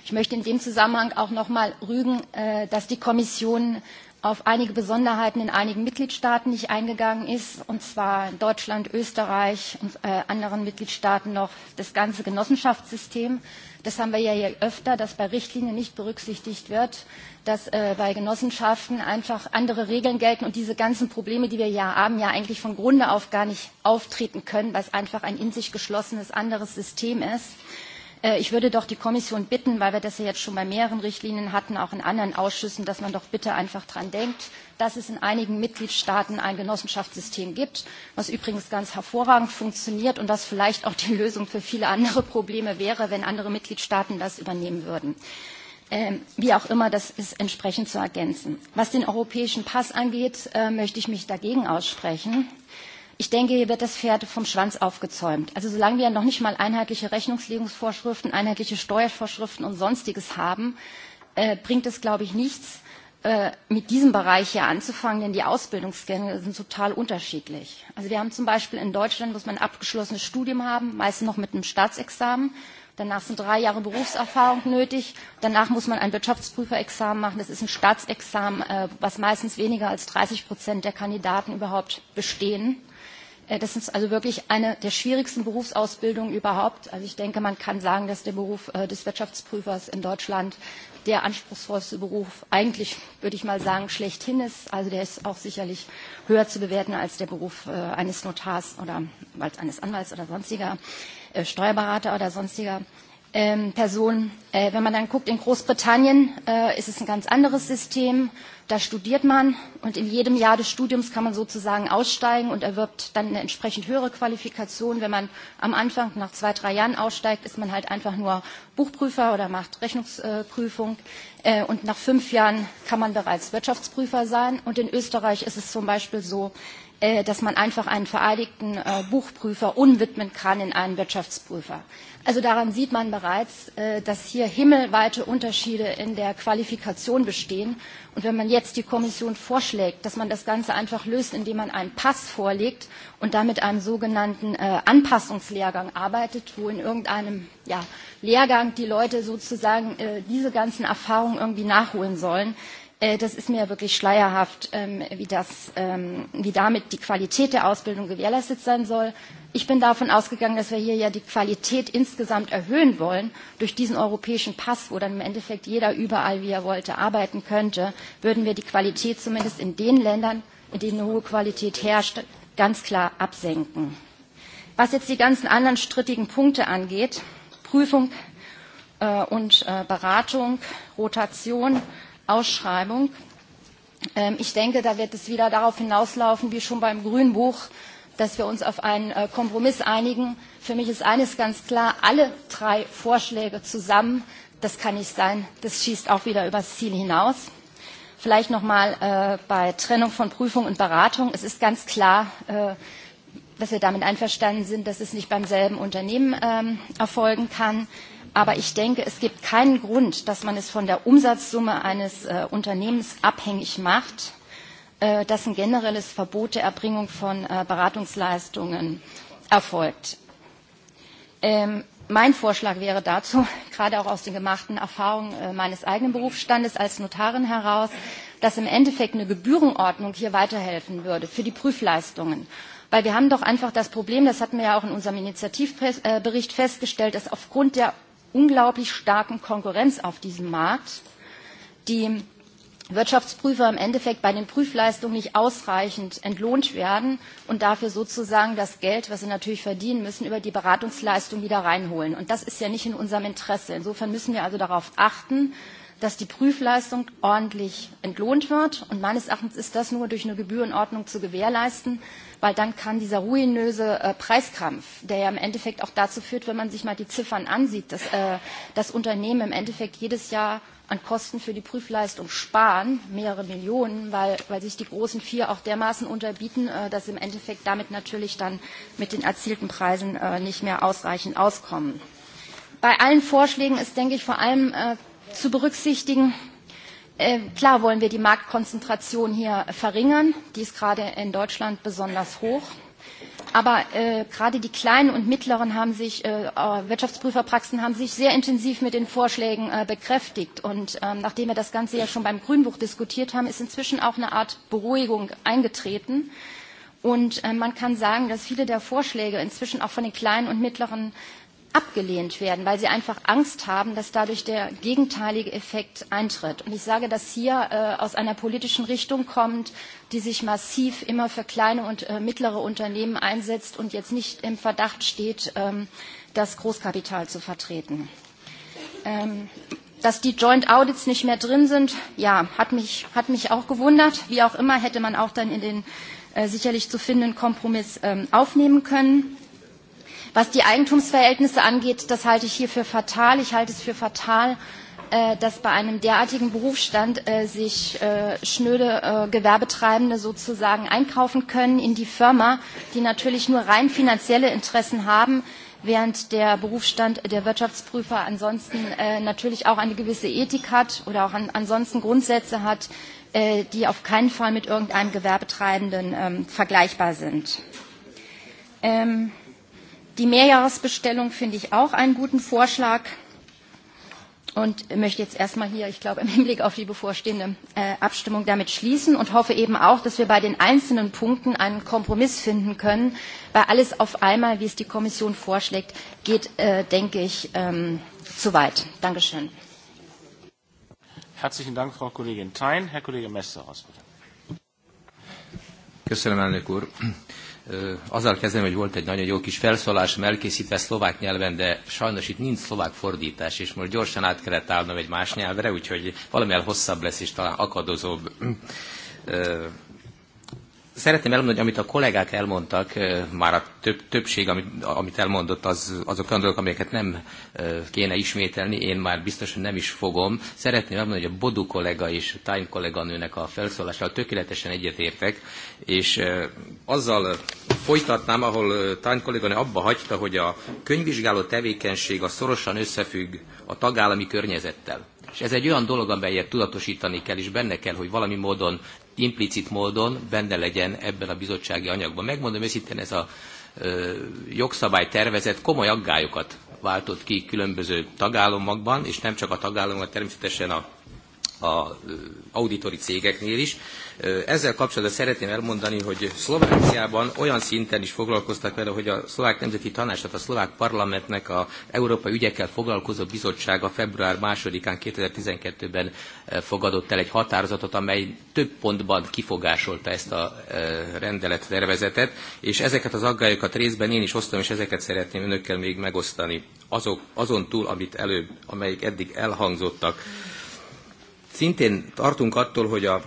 Ich möchte in dem Zusammenhang auch noch mal rügen, äh, dass die Kommission auf einige Besonderheiten in einigen Mitgliedstaaten nicht eingegangen ist, und zwar Deutschland, Österreich und äh, anderen Mitgliedstaaten noch das ganze Genossenschaftssystem. Das haben wir ja hier öfter, dass bei Richtlinien nicht berücksichtigt wird, dass äh, bei Genossenschaften einfach andere Regeln gelten und diese ganzen Probleme, die wir ja haben, ja eigentlich von Grunde auf gar nicht auftreten können, weil es einfach ein in sich geschlossenes anderes System ist. Äh, ich würde doch die Kommission bitten, weil wir das ja jetzt schon bei mehreren Richtlinien hatten, auch in anderen Ausschüssen, dass man doch bitte einfach daran denkt, dass es in einigen Mitgliedstaaten ein Genossenschaftssystem gibt, was übrigens ganz hervorragend funktioniert und das vielleicht auch die Lösung für viele andere Probleme wäre, wenn andere Mitgliedstaaten das übernehmen würden. Ähm, wie auch immer, das ist entsprechend zu ergänzen. Was den europäischen Pass angeht, äh, möchte ich mich dagegen aussprechen. Ich denke, hier wird das Pferd vom Schwanz aufgezäumt. Also solange wir noch nicht mal einheitliche Rechnungslegungsvorschriften, einheitliche Steuervorschriften und Sonstiges haben, äh, bringt es, glaube ich, nichts, äh, mit diesem Bereich hier anzufangen, denn die Ausbildungsgänge sind total unterschiedlich. Also wir haben zum Beispiel in Deutschland, muss man ein abgeschlossenes Studium haben, meistens noch mit einem Staatsexamen. Danach sind drei Jahre Berufserfahrung nötig. Danach muss man ein Wirtschaftsprüferexamen machen. Das ist ein Staatsexamen, äh, was meistens weniger als 30 Prozent der Kandidaten überhaupt bestehen. Äh, das ist also wirklich eine der schwierigsten Berufsausbildungen überhaupt. Also ich denke, man kann sagen, dass der Beruf äh, des Wirtschaftsprüfers in Deutschland der anspruchsvollste Beruf eigentlich, würde ich mal sagen, schlechthin ist. Also der ist auch sicherlich höher zu bewerten als der Beruf äh, eines Notars oder als eines Anwalts oder sonstiger Steuerberater oder sonstiger. Ähm, Person. Äh, wenn man dann guckt, in Großbritannien äh, ist es ein ganz anderes System. Da studiert man und in jedem Jahr des Studiums kann man sozusagen aussteigen und erwirbt dann eine entsprechend höhere Qualifikation. Wenn man am Anfang nach zwei, drei Jahren aussteigt, ist man halt einfach nur Buchprüfer oder macht Rechnungsprüfung. Äh, und nach fünf Jahren kann man bereits Wirtschaftsprüfer sein. Und in Österreich ist es zum Beispiel so, Äh, dass man einfach einen vereidigten äh, Buchprüfer unwidmen kann in einen Wirtschaftsprüfer. Also daran sieht man bereits, äh, dass hier himmelweite Unterschiede in der Qualifikation bestehen. Und wenn man jetzt die Kommission vorschlägt, dass man das Ganze einfach löst, indem man einen Pass vorlegt und damit einem sogenannten äh, Anpassungslehrgang arbeitet, wo in irgendeinem ja, Lehrgang die Leute sozusagen äh, diese ganzen Erfahrungen irgendwie nachholen sollen, äh, Äh, das ist mir wirklich schleierhaft, ähm, wie, das, ähm, wie damit die Qualität der Ausbildung gewährleistet sein soll. Ich bin davon ausgegangen, dass wir hier ja die Qualität insgesamt erhöhen wollen. Durch diesen europäischen Pass, wo dann im Endeffekt jeder überall, wie er wollte, arbeiten könnte, würden wir die Qualität zumindest in den Ländern, in denen eine hohe Qualität herrscht, ganz klar absenken. Was jetzt die ganzen anderen strittigen Punkte angeht, Prüfung äh, und äh, Beratung, Rotation, äh, Ausschreibung. Ähm, ich denke, da wird es wieder darauf hinauslaufen, wie schon beim Grünbuch, dass wir uns auf einen äh, Kompromiss einigen. Für mich ist eines ganz klar, alle drei Vorschläge zusammen, das kann nicht sein, das schießt auch wieder übers Ziel hinaus. Vielleicht nochmal äh, bei Trennung von Prüfung und Beratung. Es ist ganz klar, äh, dass wir damit einverstanden sind, dass es nicht beim selben Unternehmen ähm, erfolgen kann. Aber ich denke, es gibt keinen Grund, dass man es von der Umsatzsumme eines äh, Unternehmens abhängig macht, äh, dass ein generelles Verbot der Erbringung von äh, Beratungsleistungen erfolgt. Ähm, mein Vorschlag wäre dazu, gerade auch aus den gemachten Erfahrungen äh, meines eigenen Berufsstandes als Notarin heraus, dass im Endeffekt eine Gebührenordnung hier weiterhelfen würde für die Prüfleistungen. Weil wir haben doch einfach das Problem, das hatten wir ja auch in unserem Initiativbericht äh, festgestellt, dass aufgrund der unglaublich starken Konkurrenz auf diesem Markt, die Wirtschaftsprüfer im Endeffekt bei den Prüfleistungen nicht ausreichend entlohnt werden und dafür sozusagen das Geld, was sie natürlich verdienen müssen, über die Beratungsleistung wieder reinholen. Und das ist ja nicht in unserem Interesse. Insofern müssen wir also darauf achten, dass die Prüfleistung ordentlich entlohnt wird. Und meines Erachtens ist das nur durch eine Gebührenordnung zu gewährleisten weil dann kann dieser ruinöse äh, Preiskampf, der ja im Endeffekt auch dazu führt, wenn man sich mal die Ziffern ansieht, dass äh, das Unternehmen im Endeffekt jedes Jahr an Kosten für die Prüfleistung sparen, mehrere Millionen, weil, weil sich die großen vier auch dermaßen unterbieten, äh, dass im Endeffekt damit natürlich dann mit den erzielten Preisen äh, nicht mehr ausreichend auskommen. Bei allen Vorschlägen ist, denke ich, vor allem äh, zu berücksichtigen, Äh, klar wollen wir die Marktkonzentration hier verringern. Die ist gerade in Deutschland besonders hoch. Aber äh, gerade die kleinen und mittleren haben sich, äh, äh, Wirtschaftsprüferpraxen haben sich sehr intensiv mit den Vorschlägen äh, bekräftigt. Und ähm, nachdem wir das Ganze ja schon beim Grünbuch diskutiert haben, ist inzwischen auch eine Art Beruhigung eingetreten. Und äh, man kann sagen, dass viele der Vorschläge inzwischen auch von den kleinen und mittleren äh, abgelehnt werden, weil sie einfach Angst haben, dass dadurch der gegenteilige Effekt eintritt. Und ich sage das hier äh, aus einer politischen Richtung kommt, die sich massiv immer für kleine und äh, mittlere Unternehmen einsetzt und jetzt nicht im Verdacht steht, ähm, das Großkapital zu vertreten. Ähm, dass die Joint Audits nicht mehr drin sind, ja, hat mich, hat mich auch gewundert. Wie auch immer hätte man auch dann in den äh, sicherlich zu findenden Kompromiss ähm, aufnehmen können. Was die Eigentumsverhältnisse angeht, das halte ich hier für fatal. Ich halte es für fatal, äh, dass bei einem derartigen Berufsstand äh, sich äh, schnöde Gewerbetreibende sozusagen einkaufen können in die Firma, die natürlich nur rein finanzielle Interessen haben, während der Berufsstand der Wirtschaftsprüfer ansonsten natürlich auch eine gewisse Ethik hat oder auch ansonsten Grundsätze hat, die auf keinen Fall mit irgendeinem Gewerbetreibenden ähm, vergleichbar sind. Ähm, Die Mehrjahresbestellung finde ich auch einen guten Vorschlag und möchte jetzt erstmal hier, ich glaube, im Hinblick auf die bevorstehende äh, Abstimmung damit schließen und hoffe eben auch, dass wir bei den einzelnen Punkten einen Kompromiss finden können. Bei alles auf einmal, wie es die Kommission vorschlägt, geht, äh, denke ich, ähm, zu weit. Dankeschön. Herzlichen Dank, Frau Kollegin Thein. Herr Kollege Messerhaus, bitte. Gestern, meine Kur azzal kezdem, hogy volt egy nagyon jó kis felszólás, elkészítve szlovák nyelven, de sajnos itt nincs szlovák fordítás, és most gyorsan át kellett állnom egy más nyelvre, úgyhogy valamilyen hosszabb lesz, és talán akadozóbb. Ö, Szeretném elmondani, hogy amit a kollégák elmondtak, már a több, többség, amit, amit elmondott, az, azok olyan dolgok, amelyeket nem kéne ismételni, én már biztos, hogy nem is fogom. Szeretném elmondani, hogy a Bodu kollega és Time kolléganőnek a felszólással tökéletesen egyetértek, és azzal folytatnám, ahol Time kolléganő abba hagyta, hogy a könyvvizsgáló tevékenység a szorosan összefügg a tagállami környezettel. És ez egy olyan dolog, amelyet tudatosítani kell, és benne kell, hogy valami módon implicit módon benne legyen ebben a bizottsági anyagban. Megmondom őszintén, ez a jogszabály tervezet komoly aggályokat váltott ki különböző tagállamokban, és nem csak a tagállamokban, természetesen a az auditori cégeknél is. Ezzel kapcsolatban szeretném elmondani, hogy Szlovákiában olyan szinten is foglalkoztak vele, hogy a Szlovák Nemzeti Tanács, tehát a Szlovák Parlamentnek a Európai Ügyekkel Foglalkozó Bizottsága február 2-án 2012-ben fogadott el egy határozatot, amely több pontban kifogásolta ezt a rendelet tervezetet, és ezeket az aggályokat részben én is osztom, és ezeket szeretném önökkel még megosztani azok, azon túl, amit előbb, amelyik eddig elhangzottak. Mm szintén tartunk attól, hogy a,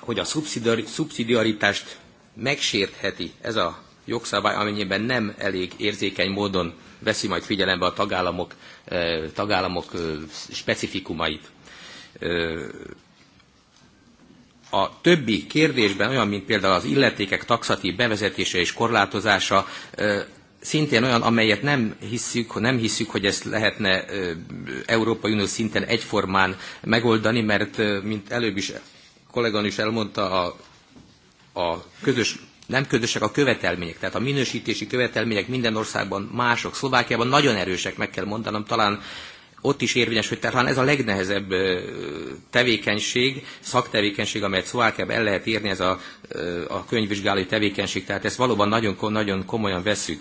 hogy a szubszidiar, szubszidiaritást megsértheti ez a jogszabály, amennyiben nem elég érzékeny módon veszi majd figyelembe a tagállamok, eh, tagállamok eh, specifikumait. Eh, a többi kérdésben, olyan, mint például az illetékek taxatív bevezetése és korlátozása, szintén olyan, amelyet nem hiszük, nem hiszük, hogy ezt lehetne Európai Unió szinten egyformán megoldani, mert mint előbb is kollégan is elmondta, a, a közös, nem közösek a követelmények, tehát a minősítési követelmények minden országban mások. Szlovákiában nagyon erősek, meg kell mondanom, talán ott is érvényes, hogy talán ez a legnehezebb tevékenység, szaktevékenység, amelyet szó kell el lehet írni, ez a, a könyvvizsgálói tevékenység. Tehát ezt valóban nagyon, nagyon komolyan veszük.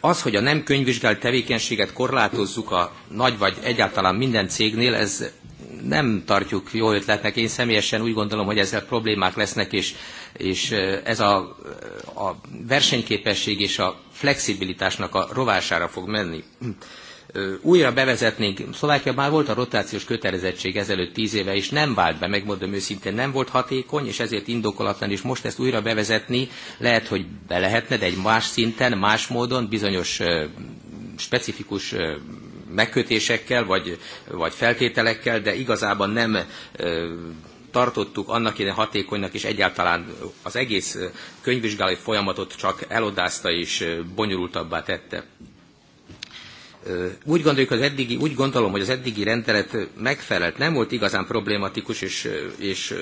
Az, hogy a nem könyvvizsgálói tevékenységet korlátozzuk a nagy vagy egyáltalán minden cégnél, ez nem tartjuk jó ötletnek. Én személyesen úgy gondolom, hogy ezzel problémák lesznek, és, és ez a, a versenyképesség és a flexibilitásnak a rovására fog menni újra bevezetnénk, Szlovákia már volt a rotációs kötelezettség ezelőtt tíz éve, és nem vált be, megmondom őszintén, nem volt hatékony, és ezért indokolatlan is most ezt újra bevezetni, lehet, hogy be lehetne, de egy más szinten, más módon, bizonyos specifikus megkötésekkel, vagy, vagy feltételekkel, de igazában nem tartottuk annak ide hatékonynak, és egyáltalán az egész könyvvizsgálói folyamatot csak elodázta és bonyolultabbá tette úgy gondoljuk, hogy az eddigi, úgy gondolom, hogy az eddigi rendelet megfelelt, nem volt igazán problématikus, és, és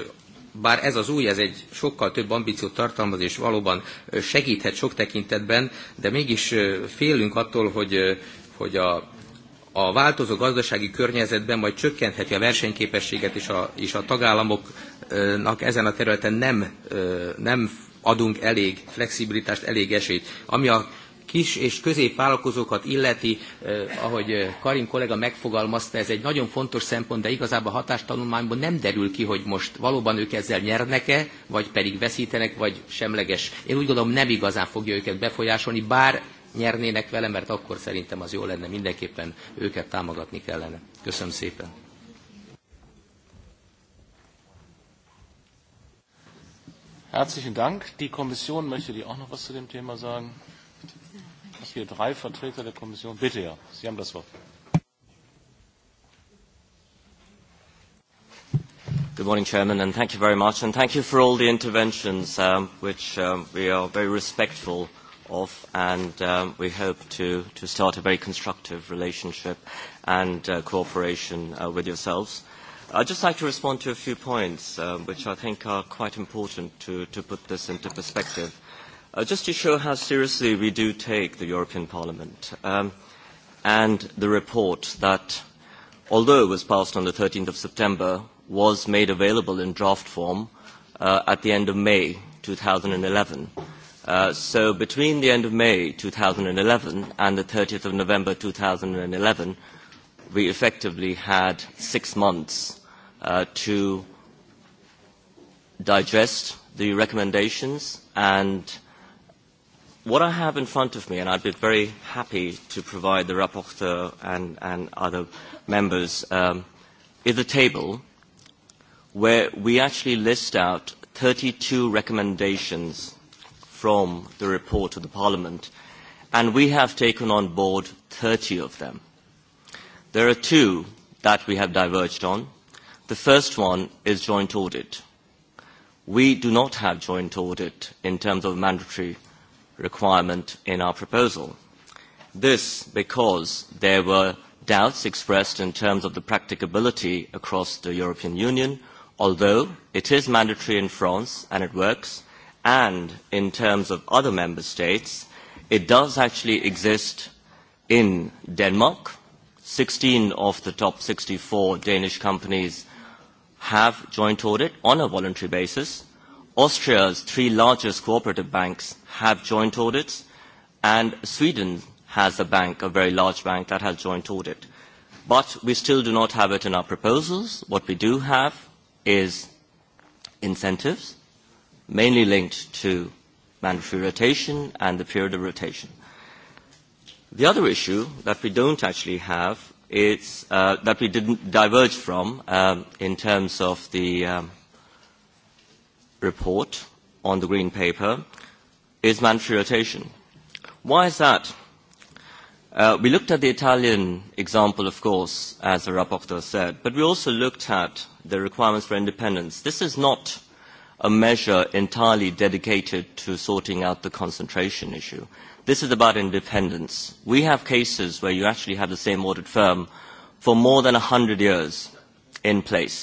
bár ez az új, ez egy sokkal több ambíciót tartalmaz, és valóban segíthet sok tekintetben, de mégis félünk attól, hogy, hogy a, a változó gazdasági környezetben majd csökkentheti a versenyképességet, és a, és a tagállamoknak ezen a területen nem, nem adunk elég flexibilitást, elég esélyt. Ami a kis és középvállalkozókat illeti, eh, ahogy eh, Karim kollega megfogalmazta, ez egy nagyon fontos szempont, de igazából a hatástanulmányból nem derül ki, hogy most valóban ők ezzel nyernek-e, vagy pedig veszítenek, vagy semleges. Én úgy gondolom, nem igazán fogja őket befolyásolni, bár nyernének vele, mert akkor szerintem az jó lenne, mindenképpen őket támogatni kellene. Köszönöm szépen. Herzlichen Dank. Die Kommission möchte die auch noch was zu dem Thema sagen hier drei Vertreter der Kommission. Bitte, Herr, Sie haben das Wort. Good morning, Chairman, and thank you very much. And thank you for all the interventions, um, which um, we are very respectful of, and um, we hope to, to start a very constructive relationship and uh, cooperation uh, with yourselves. I'd just like to respond to a few points, um, which I think are quite important to, to put this into perspective uh, just to show how seriously we do take the European Parliament um, and the report that, although it was passed on the 13th of September, was made available in draft form uh, at the end of May 2011. Uh, so between the end of May 2011 and the 30th of November 2011, we effectively had six months uh, to digest the recommendations and uh, what I have in front of me, and I'd be very happy to provide the rapporteur and, and other members, um, is a table where we actually list out 32 recommendations from the report of the Parliament, and we have taken on board 30 of them. There are two that we have diverged on. The first one is joint audit. We do not have joint audit in terms of mandatory requirement in our proposal. This because there were doubts expressed in terms of the practicability across the European Union, although it is mandatory in France and it works, and in terms of other member states, it does actually exist in Denmark. 16 of the top 64 Danish companies have joint audit on a voluntary basis, Austria's three largest cooperative banks have joint audits, and Sweden has a bank, a very large bank, that has joint audit. But we still do not have it in our proposals. What we do have is incentives, mainly linked to mandatory rotation and the period of rotation. The other issue that we don't actually have, it's, uh, that we didn't diverge from um, in terms of the um, report on the Green Paper is mandatory rotation. Why is that? Uh, we looked at the Italian example, of course, as the rapporteur said, but we also looked at the requirements for independence. This is not a measure entirely dedicated to sorting out the concentration issue. This is about independence. We have cases where you actually have the same audit firm for more than 100 years in place.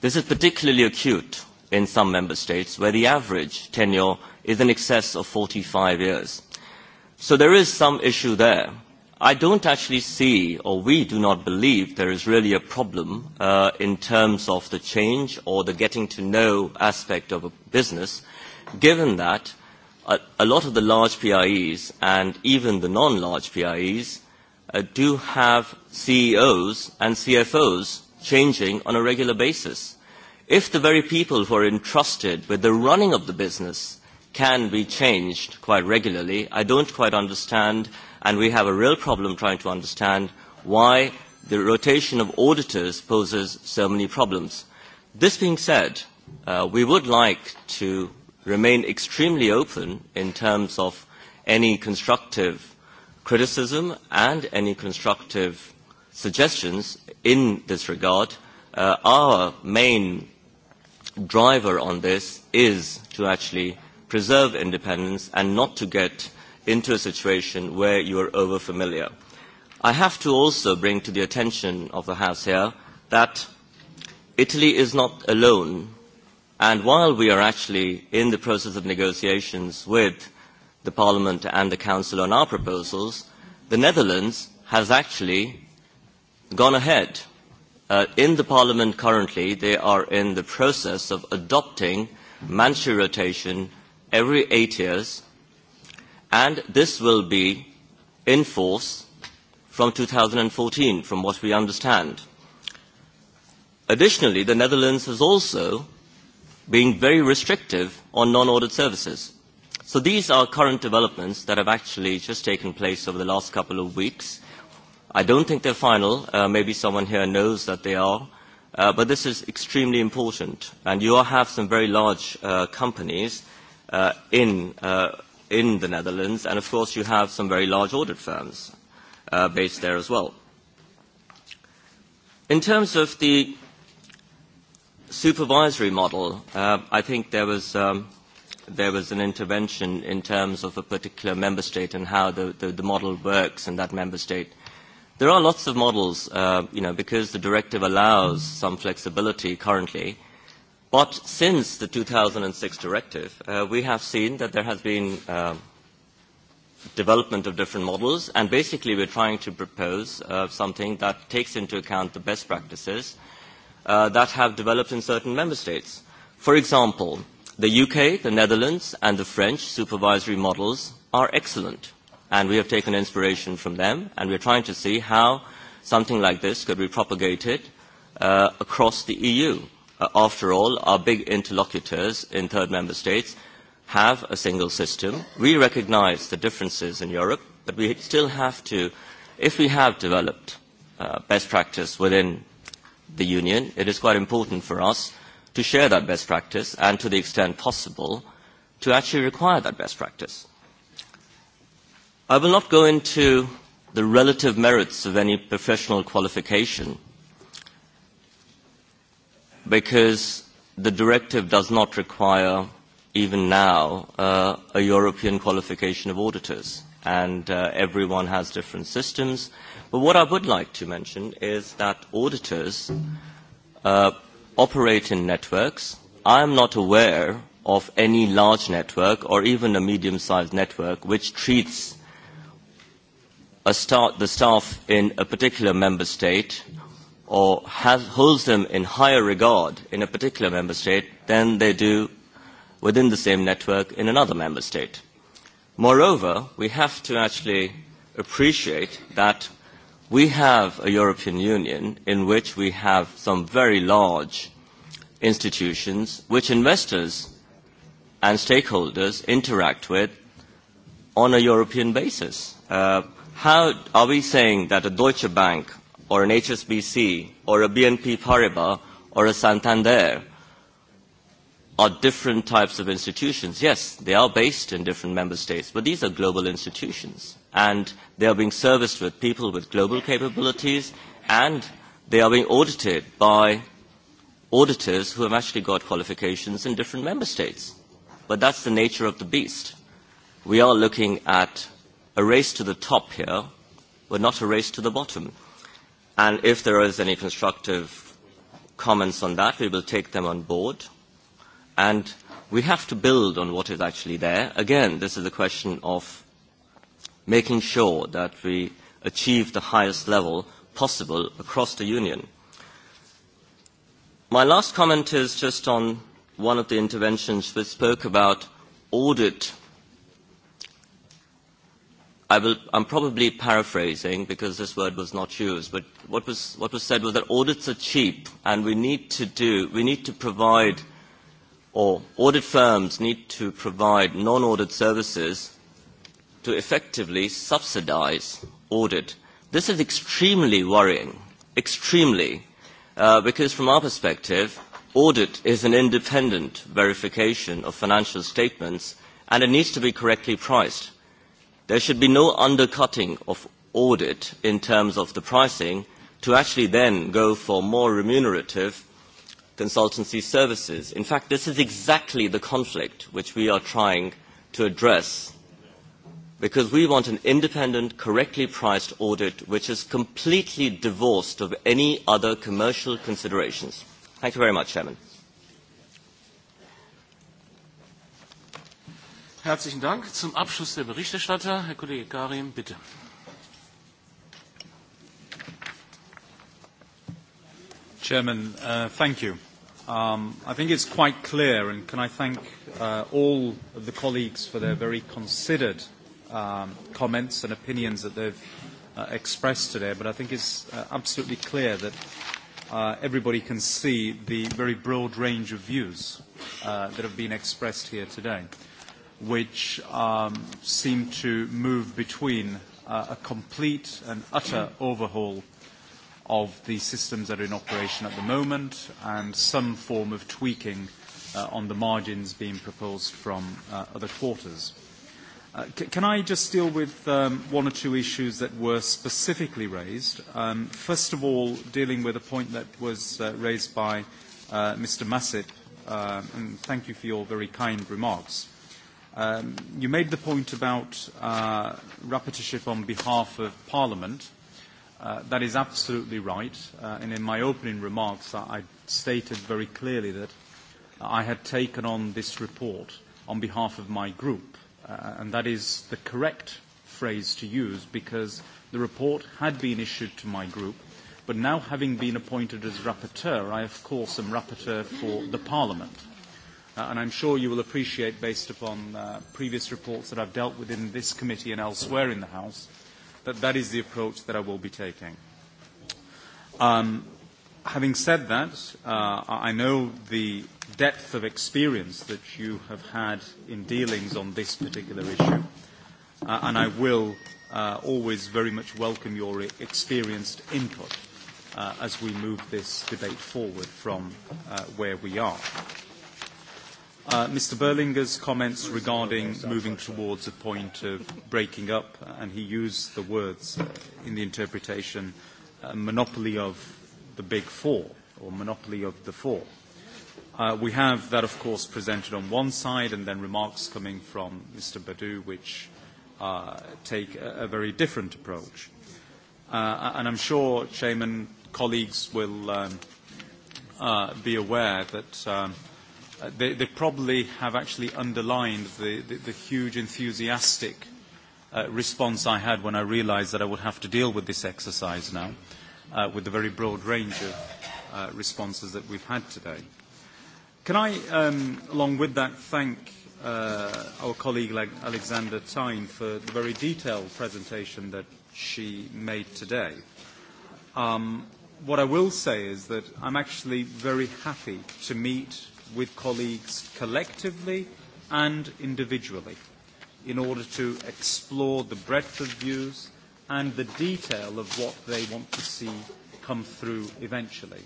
This is particularly acute in some member states where the average tenure is in excess of 45 years. So there is some issue there. I don't actually see, or we do not believe, there is really a problem uh, in terms of the change or the getting to know aspect of a business, given that a, a lot of the large PIEs and even the non-large PIEs uh, do have CEOs and CFOs changing on a regular basis if the very people who are entrusted with the running of the business can be changed quite regularly, I don't quite understand, and we have a real problem trying to understand why the rotation of auditors poses so many problems. This being said, uh, we would like to remain extremely open in terms of any constructive criticism and any constructive suggestions in this regard. Uh, our main driver on this is to actually preserve independence and not to get into a situation where you are over-familiar. I have to also bring to the attention of the House here that Italy is not alone. And while we are actually in the process of negotiations with the Parliament and the Council on our proposals, the Netherlands has actually gone ahead – uh, in the parliament currently, they are in the process of adopting Manchu rotation every eight years, and this will be in force from 2014, from what we understand. Additionally, the Netherlands has also been very restrictive on non-audit services. So these are current developments that have actually just taken place over the last couple of weeks. I don't think they're final. Uh, maybe someone here knows that they are. Uh, but this is extremely important. And you have some very large uh, companies uh, in, uh, in the Netherlands. And of course, you have some very large audit firms uh, based there as well. In terms of the supervisory model, uh, I think there was, um, there was an intervention in terms of a particular member state and how the, the, the model works in that member state. There are lots of models, uh, you know, because the directive allows some flexibility currently. But since the 2006 directive, uh, we have seen that there has been uh, development of different models, and basically we're trying to propose uh, something that takes into account the best practices uh, that have developed in certain member states. For example, the UK, the Netherlands, and the French supervisory models are excellent and we have taken inspiration from them, and we're trying to see how something like this could be propagated uh, across the EU. Uh, after all, our big interlocutors in third member states have a single system. We recognize the differences in Europe, but we still have to, if we have developed uh, best practice within the Union, it is quite important for us to share that best practice and to the extent possible to actually require that best practice. I will not go into the relative merits of any professional qualification because the directive does not require, even now, uh, a European qualification of auditors. And uh, everyone has different systems. But what I would like to mention is that auditors uh, operate in networks. I am not aware of any large network or even a medium-sized network which treats a sta the staff in a particular member state or has holds them in higher regard in a particular member state than they do within the same network in another member state. Moreover, we have to actually appreciate that we have a European Union in which we have some very large institutions which investors and stakeholders interact with on a European basis. Uh, how are we saying that a Deutsche Bank or an HSBC or a BNP Paribas or a Santander are different types of institutions? Yes, they are based in different member states, but these are global institutions and they are being serviced with people with global capabilities and they are being audited by auditors who have actually got qualifications in different member states. But that's the nature of the beast. We are looking at a race to the top here, but not a race to the bottom. And if there is any constructive comments on that, we will take them on board. And we have to build on what is actually there. Again, this is a question of making sure that we achieve the highest level possible across the union. My last comment is just on one of the interventions which spoke about audit I will, I'm probably paraphrasing because this word was not used, but what was, what was said was that audits are cheap and we need to do, we need to provide, or audit firms need to provide non-audit services to effectively subsidize audit. This is extremely worrying, extremely, uh, because from our perspective, audit is an independent verification of financial statements and it needs to be correctly priced there should be no undercutting of audit in terms of the pricing to actually then go for more remunerative consultancy services. In fact, this is exactly the conflict which we are trying to address because we want an independent, correctly priced audit which is completely divorced of any other commercial considerations. Thank you very much, Chairman. Herzlichen Dank. Zum Abschluss der Berichterstatter, Herr Kollege Karim, bitte. Chairman, uh, thank you. Um, I think it's quite clear, and can I thank uh, all of the colleagues for their very considered um, comments and opinions that they've uh, expressed today, but I think it's uh, absolutely clear that uh, everybody can see the very broad range of views uh, that have been expressed here today. Uh, which um, seem to move between uh, a complete and utter overhaul of the systems that are in operation at the moment and some form of tweaking uh, on the margins being proposed from uh, other quarters. Uh, c- can I just deal with um, one or two issues that were specifically raised? Um, first of all, dealing with a point that was uh, raised by uh, Mr. Massett, uh, and thank you for your very kind remarks. Uh, Um, you made the point about uh, rapporteurship on behalf of Parliament. Uh, that is absolutely right. Uh, and in my opening remarks, I, I stated very clearly that I had taken on this report on behalf of my group. Uh, and that is the correct phrase to use because the report had been issued to my group. But now, having been appointed as rapporteur, I, of course, am rapporteur for the Parliament. Uh, I'm sure you will appreciate, based upon uh, previous reports that I've dealt with in this committee and elsewhere in the House, that that is the approach that I will be taking. Um, having said that, uh, I know the depth of experience that you have had in dealings on this particular issue, and I will always very much welcome your e-, experienced input as we move this debate forward from where we are. Uh, Mr Berlinger's comments regarding moving towards a point of breaking up, uh, and he used the words uh, in the interpretation, uh, monopoly of the big four, or monopoly of the four. Uh, we have that, of course, presented on one side, and then remarks coming from Mr Badu, which uh, take a, a very different approach. Uh, and I'm sure, Chairman, colleagues will um, uh, be aware that... Um, they, they probably have actually underlined the, the, the huge enthusiastic uh, response I had when I realized that I would have to deal with this exercise now, uh, with the very broad range of uh, responses that we've had today. Can I, um, along with that, thank uh, our colleague Le Alexander Tyne for the very detailed presentation that she made today. Um, what I will say is that I'm actually very happy to meet with colleagues collectively and individually in order to explore the breadth of views and the detail of what they want to see come through eventually.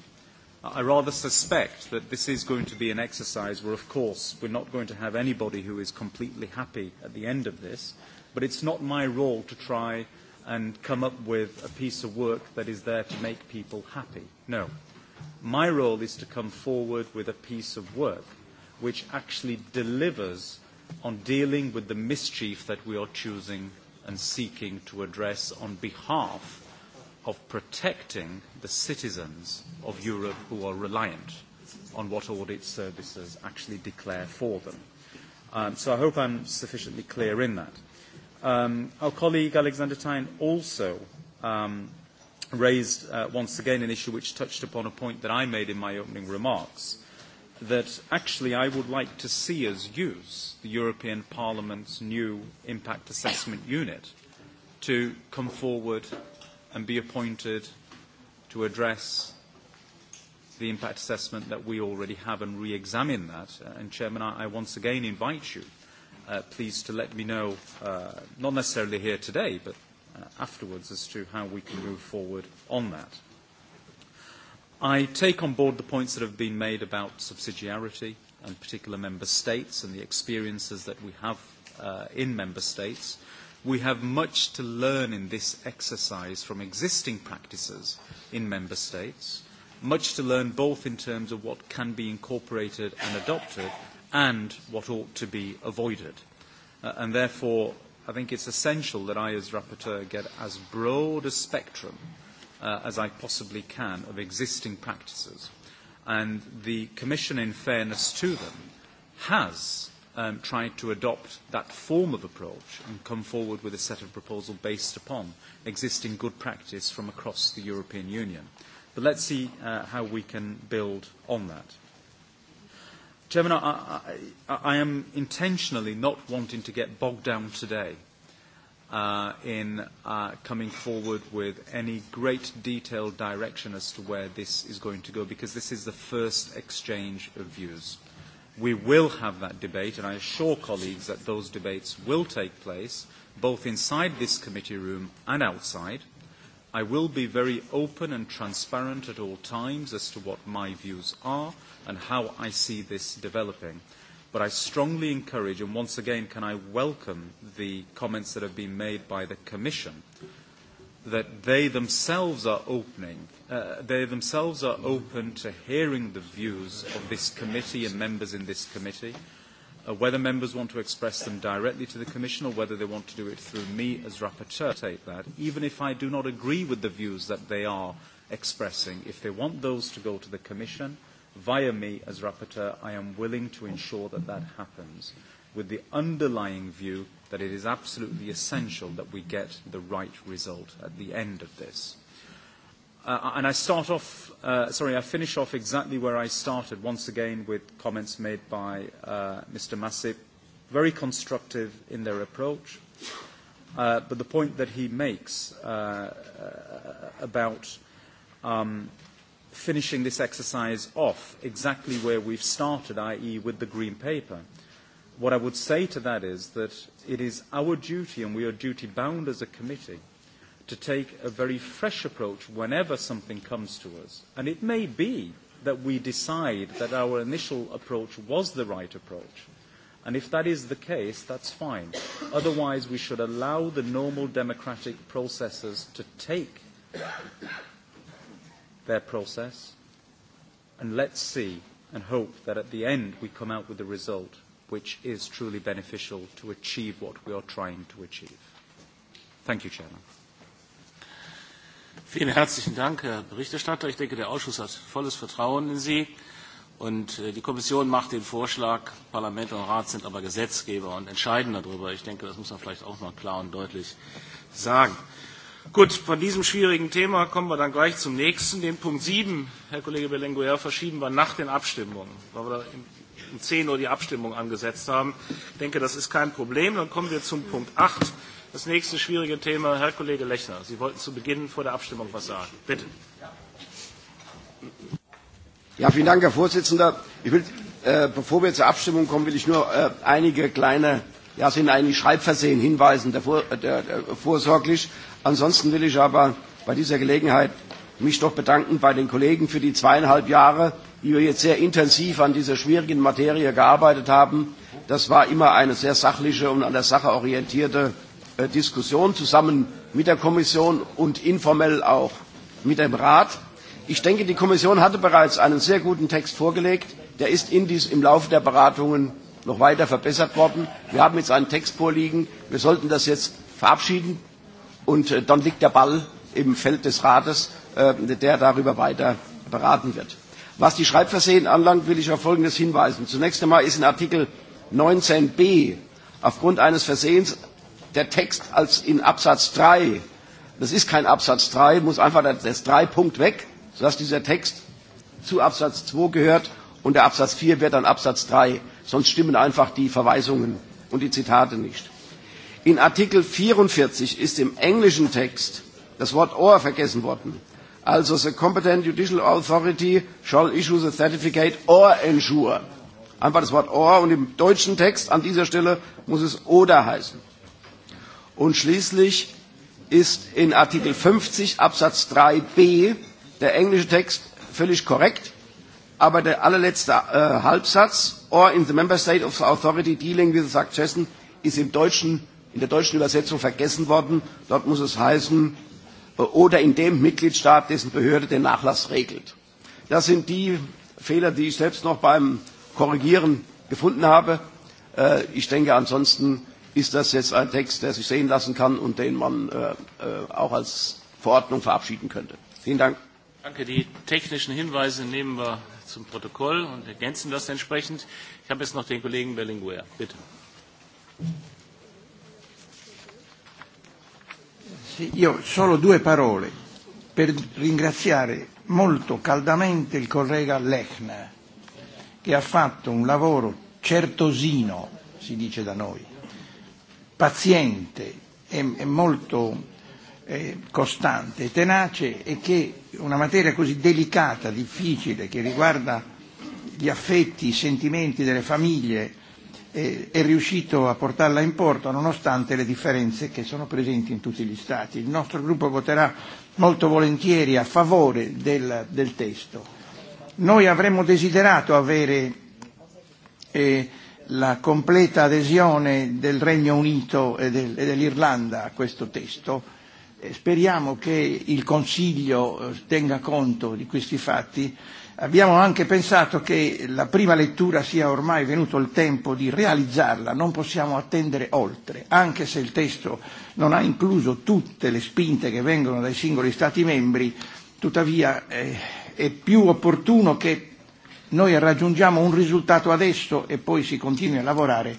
I rather suspect that this is going to be an exercise where, of course, we're not going to have anybody who is completely happy at the end of this, but it's not my role to try and come up with a piece of work that is there to make people happy. No. My role is to come forward with a piece of work which actually delivers on dealing with the mischief that we are choosing and seeking to address on behalf of protecting the citizens of Europe who are reliant on what audit services actually declare for them. Um, so I hope I'm sufficiently clear in that. Um, our colleague Alexander Tyne also um, raised uh, once again an issue which touched upon a point that I made in my opening remarks that actually I would like to see us use the European Parliament's new impact assessment unit to come forward and be appointed to address the impact assessment that we already have and re-examine that. Uh, and Chairman, I, I once again invite you, uh, please, to let me know, uh, not necessarily here today, but Uh, afterwards as to how we can move forward on that. I take on board the points that have been made about subsidiarity and particular member states and the experiences that we have uh, in member states. We have much to learn in this exercise from existing practices in member states, much to learn both in terms of what can be incorporated and adopted and what ought to be avoided. Uh, and therefore, I think it's essential that I, as rapporteur, get as broad a spectrum uh, as I possibly can of existing practices. And the Commission, in fairness to them, has um, tried to adopt that form of approach and come forward with a set of proposals based upon existing good practice from across the European Union. But let's see uh, how we can build on that. Chairman, I, I, I am intentionally not wanting to get bogged down today uh, in uh, coming forward with any great detailed direction as to where this is going to go, because this is the first exchange of views. We will have that debate, and I assure colleagues that those debates will take place, both inside this committee room and outside. I will be very open and transparent at all times as to what my views are and how I see this developing. But I strongly encourage, and once again, can I welcome the comments that have been made by the Commission, that they themselves are opening, uh, they themselves are open to hearing the views of this committee and members in this committee uh, whether members want to express them directly to the Commission or whether they want to do it through me as rapporteur, take that. Even if I do not agree with the views that they are expressing, if they want those to go to the Commission via me as rapporteur, I am willing to ensure that that happens with the underlying view that it is absolutely essential that we get the right result at the end of this. Uh, and I start off, uh, sorry, I finish off exactly where I started, once again with comments made by uh, Mr. Massip, very constructive in their approach. Uh, but the point that he makes uh, uh, about um, finishing this exercise off exactly where we've started, i.e. with the green paper, what I would say to that is that it is our duty, and we are duty-bound as a committee, to take a very fresh approach whenever something comes to us. And it may be that we decide that our initial approach was the right approach. And if that is the case, that's fine. Otherwise, we should allow the normal democratic processes to take their process and let's see and hope that at the end we come out with a result which is truly beneficial to achieve what we are trying to achieve. Thank you, Chairman. Vielen herzlichen Dank, Herr Berichterstatter. Ich denke, der Ausschuss hat volles Vertrauen in Sie. Und äh, die Kommission macht den Vorschlag. Parlament und Rat sind aber Gesetzgeber und entscheiden darüber. Ich denke, das muss man vielleicht auch mal klar und deutlich sagen. Gut, von diesem schwierigen Thema kommen wir dann gleich zum nächsten. Den Punkt 7, Herr Kollege Belenguer, verschieben wir nach den Abstimmungen, weil wir da um 10 Uhr die Abstimmung angesetzt haben. Ich denke, das ist kein Problem. Dann kommen wir zum Punkt 8. Das nächste schwierige Thema, Herr Kollege Lechner, Sie wollten zu Beginn vor der Abstimmung was sagen. Bitte. Ja, vielen Dank, Herr Vorsitzender. Ich will, äh, bevor wir zur Abstimmung kommen, will ich nur äh, einige kleine, ja, sind eigentlich Schreibversehen hinweisen, der, äh, der, der, äh, vorsorglich. Ansonsten will ich aber bei dieser Gelegenheit mich doch bedanken bei den Kollegen für die zweieinhalb Jahre, die wir jetzt sehr intensiv an dieser schwierigen Materie gearbeitet haben. Das war immer eine sehr sachliche und an der Sache orientierte äh, Äh, Diskussion zusammen mit der Kommission und informell auch mit dem Rat. Ich denke, die Kommission hatte bereits einen sehr guten Text vorgelegt. Der ist in dies, im Laufe der Beratungen noch weiter verbessert worden. Wir haben jetzt einen Text vorliegen. Wir sollten das jetzt verabschieden. Und äh, dann liegt der Ball im Feld des Rates, äh, der darüber weiter beraten wird. Was die Schreibversehen anlangt, will ich auf Folgendes hinweisen. Zunächst einmal ist in Artikel 19b aufgrund eines Versehens der Text als in Absatz 3. Das ist kein Absatz 3, muss einfach das 3-Punkt weg, sodass dieser Text zu Absatz 2 gehört und der Absatz 4 wird dann Absatz 3. Sonst stimmen einfach die Verweisungen und die Zitate nicht. In Artikel 44 ist im englischen Text das Wort or vergessen worden. Also the competent judicial authority shall issue the certificate or ensure. Einfach das Wort or und im deutschen Text an dieser Stelle muss es oder heißen. Und schließlich ist in Artikel 50 Absatz 3b der englische Text völlig korrekt, aber der allerletzte äh, Halbsatz or in the member state of the authority dealing with the succession ist im deutschen, in der deutschen Übersetzung vergessen worden. Dort muss es heißen äh, oder in dem Mitgliedstaat, dessen Behörde den Nachlass regelt. Das sind die Fehler, die ich selbst noch beim Korrigieren gefunden habe. Äh, ich denke ansonsten, ist das jetzt ein Text, der sich sehen lassen kann und den man äh, äh, auch als Verordnung verabschieden könnte. Vielen Dank. Danke. Die technischen Hinweise nehmen wir zum Protokoll und ergänzen das entsprechend. Ich habe jetzt noch den Kollegen Berlinguer. Bitte. Io solo due parole per ringraziare molto caldamente il collega Lechner che ha fatto un lavoro certosino, si dice da noi, paziente e, e molto eh, costante e tenace e che una materia così delicata, difficile, che riguarda gli affetti, i sentimenti delle famiglie, eh, è riuscito a portarla in porto nonostante le differenze che sono presenti in tutti gli Stati. Il nostro gruppo voterà molto volentieri a favore del, del testo. Noi avremmo desiderato avere eh, la completa adesione del Regno Unito e, del, e dell'Irlanda a questo testo. Eh, speriamo che il Consiglio eh, tenga conto di questi fatti. Abbiamo anche pensato che la prima lettura sia ormai venuto il tempo di realizzarla, non possiamo attendere oltre, anche se il testo non ha incluso tutte le spinte che vengono dai singoli Stati membri, tuttavia eh, è più opportuno che noi raggiungiamo un risultato adesso e poi si continui a lavorare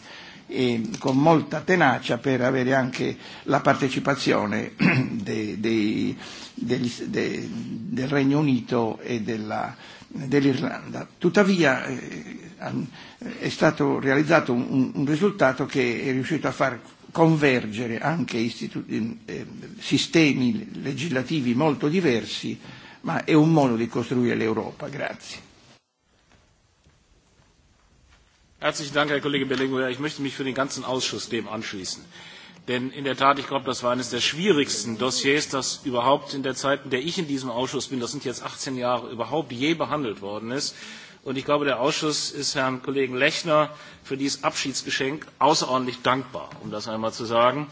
eh, con molta tenacia per avere anche la partecipazione dei, dei, degli, de, del Regno Unito e della, dell'Irlanda. Tuttavia eh, è stato realizzato un, un risultato che è riuscito a far convergere anche istitu- eh, sistemi legislativi molto diversi, ma è un modo di costruire l'Europa. Grazie. Herzlichen Dank, Herr Kollege Berlinguer. Ich möchte mich für den ganzen Ausschuss dem anschließen. Denn in der Tat, ich glaube, das war eines der schwierigsten Dossiers, das überhaupt in der Zeit, in der ich in diesem Ausschuss bin, das sind jetzt 18 Jahre, überhaupt je behandelt worden ist. Und ich glaube, der Ausschuss ist Herrn Kollegen Lechner für dieses Abschiedsgeschenk außerordentlich dankbar, um das einmal zu sagen.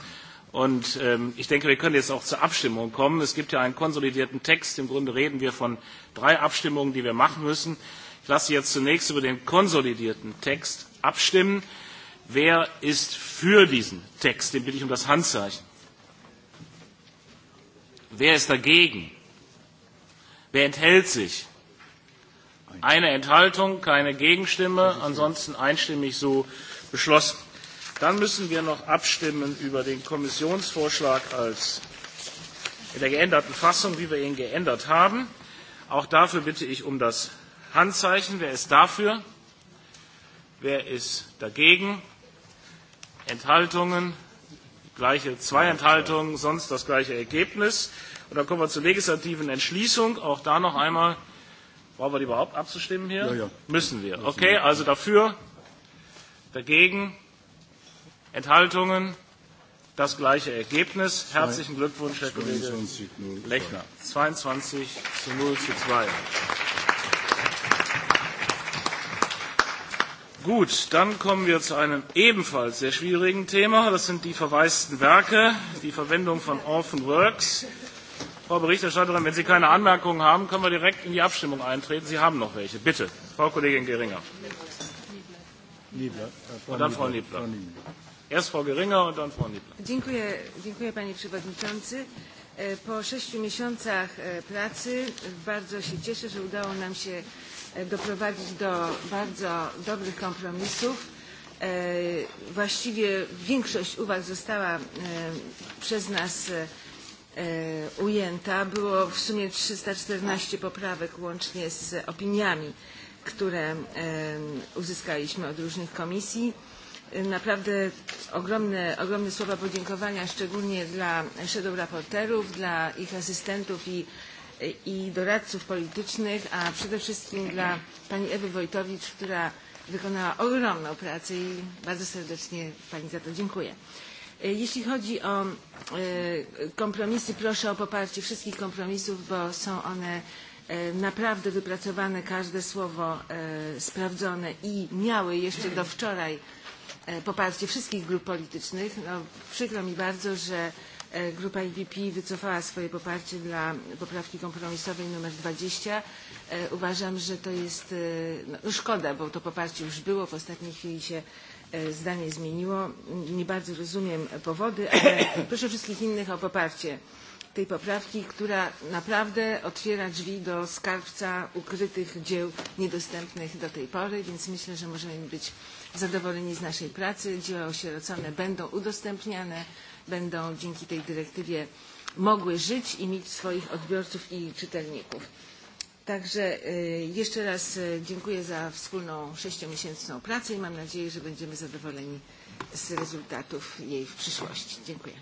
Und ähm, ich denke, wir können jetzt auch zur Abstimmung kommen. Es gibt ja einen konsolidierten Text. Im Grunde reden wir von drei Abstimmungen, die wir machen müssen. Ich lasse jetzt zunächst über den konsolidierten Text abstimmen. Wer ist für diesen Text? Den bitte ich um das Handzeichen. Wer ist dagegen? Wer enthält sich? Eine Enthaltung, keine Gegenstimme, ansonsten einstimmig so beschlossen. Dann müssen wir noch abstimmen über den Kommissionsvorschlag als in der geänderten Fassung, wie wir ihn geändert haben. Auch dafür bitte ich um das Handzeichen. Wer ist dafür? Wer ist dagegen? Enthaltungen? Gleiche zwei Enthaltungen, sonst das gleiche Ergebnis. Und dann kommen wir zur legislativen Entschließung. Auch da noch einmal. Brauchen wir die überhaupt abzustimmen hier? Ja, ja. Müssen wir. Okay, also dafür, dagegen, Enthaltungen, das gleiche Ergebnis. Herzlichen Glückwunsch, Herr 22 Kollege 0, Lechner. 22 zu 0 zu 2. Gut, dann kommen wir zu einem ebenfalls sehr schwierigen Thema. Das sind die verwaisten Werke, die Verwendung von Orphan Works. Frau Berichterstatterin, wenn Sie keine Anmerkungen haben, können wir direkt in die Abstimmung eintreten. Sie haben noch welche. Bitte, Frau Kollegin Geringer. Äh, und dann Frau Niebler. Erst Frau Geringer und dann Frau Niebler. Danke, Herr Präsident. Po sześciu miesiącach e, pracy bardzo się cieszę, że udało nam się E, doprowadzić do bardzo dobrych kompromisów. E, właściwie większość uwag została e, przez nas ujęta. Było w sumie 314 poprawek łącznie z opiniami, które uzyskaliśmy od różnych komisji. Naprawdę ogromne, ogromne słowa podziękowania, szczególnie dla shadow raporterów, dla ich asystentów i, i doradców politycznych, a przede wszystkim dla pani Ewy Wojtowicz, która wykonała ogromną pracę i bardzo serdecznie pani za to dziękuję. E, jeśli chodzi o e, kompromisy, proszę o poparcie wszystkich kompromisów, bo są one e, naprawdę wypracowane, każde słowo sprawdzone i miały jeszcze do wczoraj poparcie wszystkich grup politycznych. No, przykro mi bardzo, że E, grupa IDP wycofała swoje poparcie dla poprawki kompromisowej nr 20. E, uważam, że to jest e, no, no, szkoda, bo to poparcie już było, w ostatniej chwili się zdanie zmieniło. Nie bardzo rozumiem powody, ale proszę wszystkich innych o poparcie tej poprawki, która naprawdę otwiera drzwi do skarbca ukrytych dzieł niedostępnych do tej pory, więc myślę, że możemy być zadowoleni z naszej pracy. Dzieła osierocone będą udostępniane będą dzięki tej dyrektywie mogły żyć i mieć swoich odbiorców i czytelników. Także jeszcze raz dziękuję za wspólną sześciomiesięczną pracę i mam nadzieję, że będziemy zadowoleni z rezultatów jej w przyszłości. Dziękuję.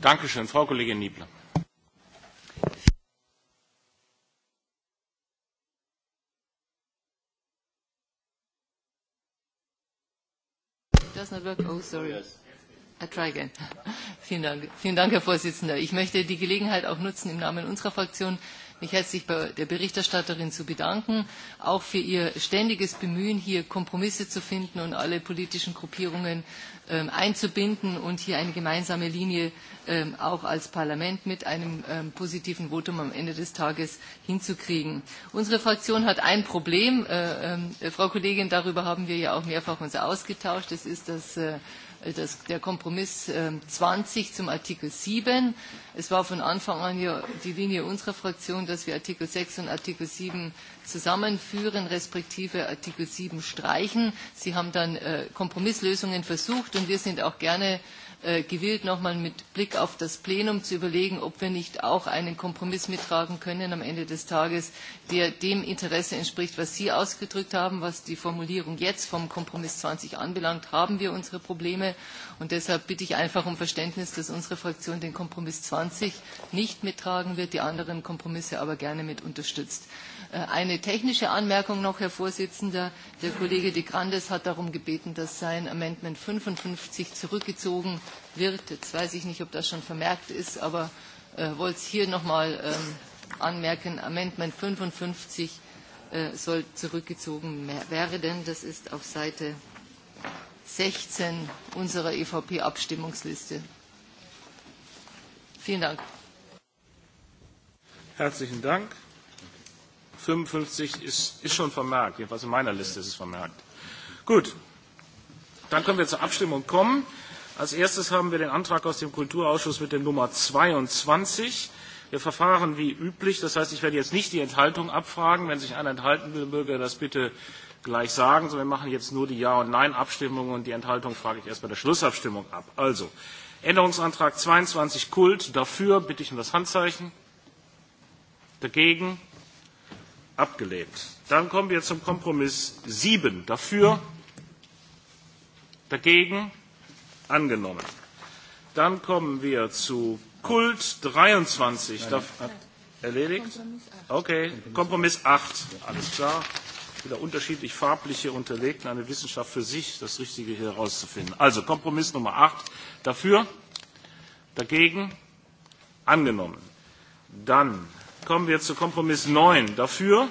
Dankeschön, Frau Kollegin Niebler. das not work? Oh, sorry. I try again. Vielen Dank. Vielen Dank, Herr Vorsitzender. Ich möchte die Gelegenheit auch nutzen, im Namen unserer Fraktion mich herzlich bei der Berichterstatterin zu bedanken, auch für ihr ständiges Bemühen, hier Kompromisse zu finden und alle politischen Gruppierungen ähm, einzubinden und hier eine gemeinsame Linie ähm, auch als Parlament mit einem ähm, positiven Votum am Ende des Tages hinzukriegen. Unsere Fraktion hat ein Problem, äh, äh, Frau Kollegin, darüber haben wir ja auch mehrfach uns ausgetauscht, es ist das äh, das, der Kompromiss äh, 20 zum Artikel 7. Es war von Anfang an hier die Linie unserer Fraktion, dass wir Artikel 6 und Artikel 7 zusammenführen, respektive Artikel 7 streichen. Sie haben dann äh, Kompromisslösungen versucht und wir sind auch gerne äh, gewillt, nochmal mit Blick auf das Plenum zu überlegen, ob wir nicht auch einen Kompromiss mittragen können am Ende des Tages, der dem Interesse entspricht, was Sie ausgedrückt haben, was die Formulierung jetzt vom Kompromiss 20 anbelangt, haben wir unsere Probleme. Und deshalb bitte ich einfach um Verständnis, dass unsere Fraktion den Kompromiss 20 nicht mittragen wird, die anderen Kompromisse aber gerne mit unterstützt. Äh, eine technische Anmerkung noch, Herr Vorsitzender. Der Kollege de Grandes hat darum gebeten, dass sein Amendment 55 zurückgezogen wird. Jetzt weiß ich nicht, ob das schon vermerkt ist, aber äh, wollte es hier nochmal... Ähm, anmerken, Amendment 55 äh, soll zurückgezogen werden. Das ist auf Seite 16 unserer EVP-Abstimmungsliste. Vielen Dank. Herzlichen Dank. 55 ist, ist schon vermerkt, jedenfalls in meiner Liste ist es vermerkt. Gut, dann können wir zur Abstimmung kommen. Als erstes haben wir den Antrag aus dem Kulturausschuss mit der Nummer 22. Wir verfahren wie üblich. Das heißt, ich werde jetzt nicht die Enthaltung abfragen. Wenn sich einer enthalten will, möge er das bitte gleich sagen. So, wir machen jetzt nur die Ja- und Nein-Abstimmung und die Enthaltung frage ich erst bei der Schlussabstimmung ab. Also, Änderungsantrag 22 Kult. Dafür bitte ich um das Handzeichen. Dagegen? Abgelehnt. Dann kommen wir zum Kompromiss 7. Dafür? Dagegen? Angenommen. Dann kommen wir zu Kult 23. Darf, erledigt? Okay, Kompromiss 8. Alles klar. Wieder unterschiedlich farbliche unterlegt. Eine Wissenschaft für sich, das Richtige hier herauszufinden. Also Kompromiss Nummer 8. Dafür? Dagegen? Angenommen. Dann kommen wir zu Kompromiss 9. Dafür?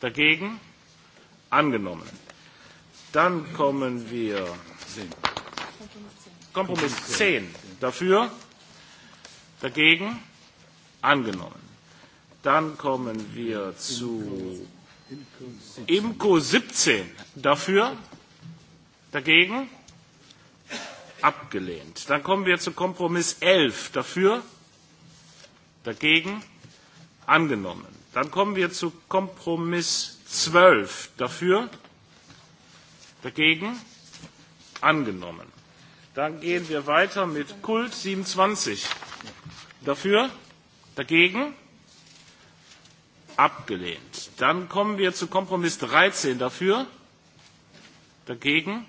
Dagegen? Angenommen. Dann kommen wir. Kompromiss 10. Dafür? Dagegen, Dagegen? Angenommen. Dann kommen wir zu Imco 17. Dafür? Dagegen? Abgelehnt. Dann kommen wir zu Kompromiss 11. Dafür? Dagegen? Angenommen. Dann kommen wir zu Kompromiss 12. Dafür? Dagegen? Angenommen. Dann gehen wir weiter mit Kult 27 dafür, dagegen, abgelehnt. Dann kommen wir zu Kompromiss 13 dafür, dagegen,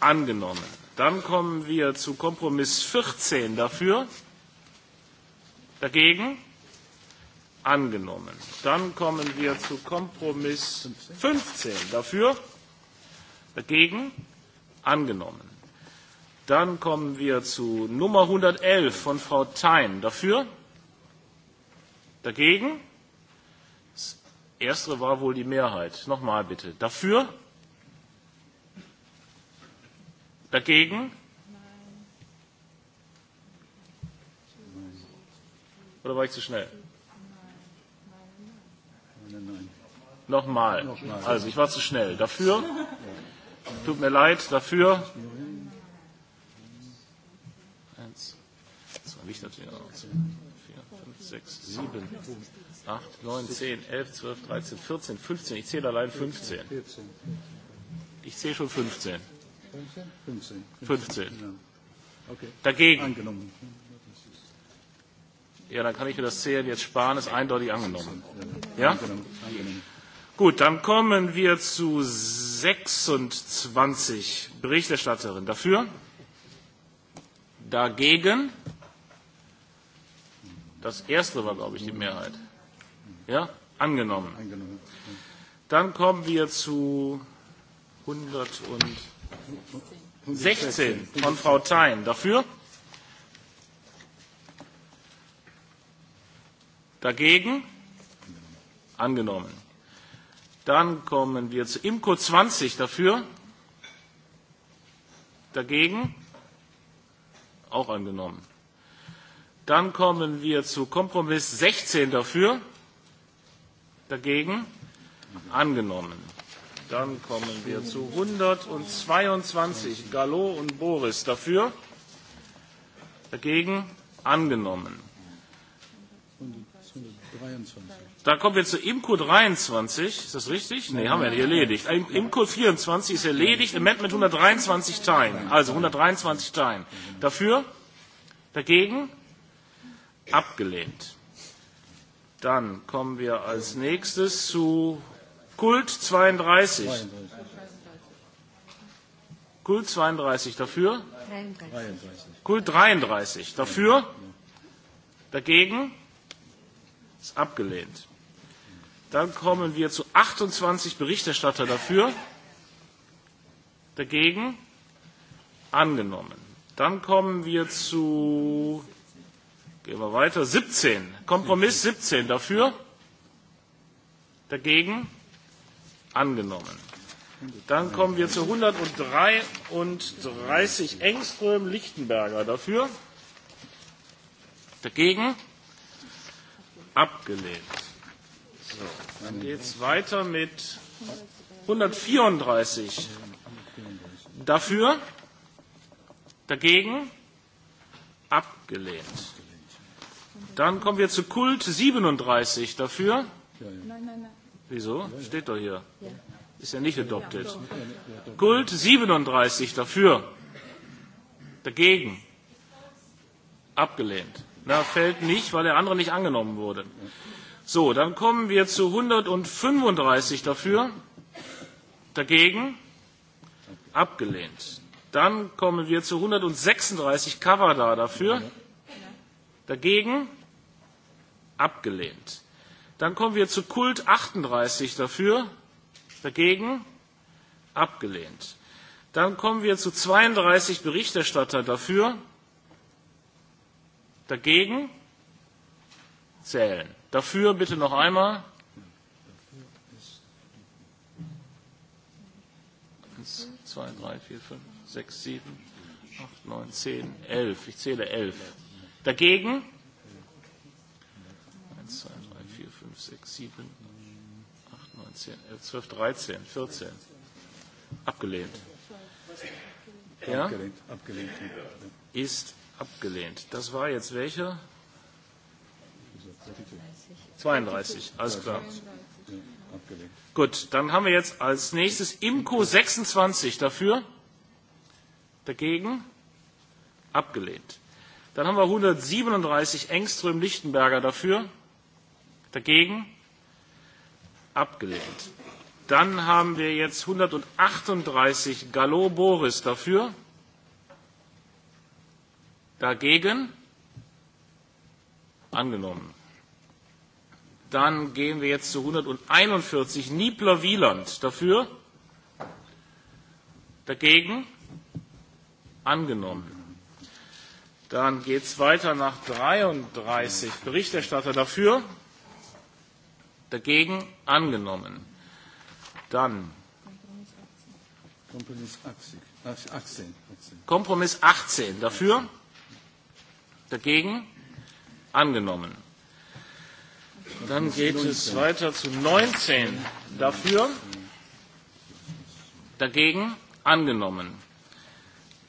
angenommen. Dann kommen wir zu Kompromiss 14 dafür, dagegen, angenommen. Dann kommen wir zu Kompromiss 15 dafür, dagegen, angenommen. Dann kommen wir zu Nummer 111 von Frau Thein. Dafür? Dagegen? Das erste war wohl die Mehrheit. Nochmal bitte. Dafür? Dagegen? Oder war ich zu schnell? Nochmal. Also ich war zu schnell. Dafür? Tut mir leid. Dafür? Licht hat sie auch. 4, 5, 6, 7, 8, 9, 10, 11, 12, 13, 14, 15. Ich zähle allein 15. Ich zähle schon 15. 15. Ja. Dagegen. Ja, dann kann ich mir das zählen. Jetzt sparen ist eindeutig angenommen. Ja? Gut, dann kommen wir zu 26 Berichterstatterin. Dafür? Dagegen? Das erste war, glaube ich, die Mehrheit. Mhm. Ja? ja. Angenommen. Angenommen. Dann kommen wir zu 116 von Frau Thein. Dafür? Dagegen? Angenommen. Dann kommen wir zu Imco 20. Dafür? Dagegen? Auch angenommen. Dann kommen wir zu Kompromiss 16 dafür. Dagegen? Angenommen. Dann kommen wir zu 122. Gallo und Boris dafür. Dagegen? Angenommen. Da kommen wir zu Imco 23. Ist das richtig? Nee, haben wir nicht erledigt. Imco 24 ist erledigt. Amendment 123 Teilen. Also 123 Teilen. Dafür? Dagegen? abgelehnt. Dann kommen wir als nächstes zu Kult 32. Kult 32 dafür? 33. Kult 33 dafür? Dagegen? Ist abgelehnt. Dann kommen wir zu 28 Berichterstatter dafür. Dagegen? Angenommen. Dann kommen wir zu Gehen wir weiter. 17. Kompromiss 17. Dafür? Dagegen? Angenommen. Dann kommen wir zu 133. Engström Lichtenberger. Dafür? Dagegen? Abgelehnt. So, dann geht es weiter mit 134. Dafür? Dagegen? Abgelehnt. Dann kommen wir zu Kult 37 dafür. Ja, ja. Nein, nein, nein. Wieso? Ja, ja. Steht doch hier. Ja. Ist ja nicht adopted. Ja, ja, Kult 37 dafür. Dagegen. Abgelehnt. Na, fällt nicht, weil der andere nicht angenommen wurde. So, dann kommen wir zu 135 dafür. Dagegen. Abgelehnt. Dann kommen wir zu 136 Cover da dafür. Ja. Dagegen abgelehnt. Dann kommen wir zu Kult 38 dafür, dagegen abgelehnt. Dann kommen wir zu 32 Berichterstatter dafür, dagegen zählen. Dafür bitte noch einmal. Zwei, drei, vier, fünf, sechs, sieben, acht, neun, zehn, elf. Ich zähle elf. Dagegen 1, 2, 3, 4, 5, 6, 7, 8, 9, 10, 11, 12, 13, 14. Abgelehnt. Ja? Abgelehnt, abgelehnt. Ist abgelehnt. Das war jetzt welcher? 32. Alles klar. Ja, Gut, dann haben wir jetzt als nächstes Imco 26 dafür. Dagegen? Abgelehnt. Dann haben wir 137 Engström-Lichtenberger dafür. Dagegen? Abgelehnt. Dann haben wir jetzt 138 Gallo Boris dafür. Dagegen? Angenommen. Dann gehen wir jetzt zu 141 Niebler Wieland dafür. Dagegen? Angenommen. Dann geht es weiter nach 33 Berichterstatter dafür. Dagegen angenommen. Dann Kompromiss 18. 18. 18. Kompromiss 18. Dafür? Dagegen? Angenommen. Dann geht es weiter zu 19. Dafür? Dagegen? Angenommen.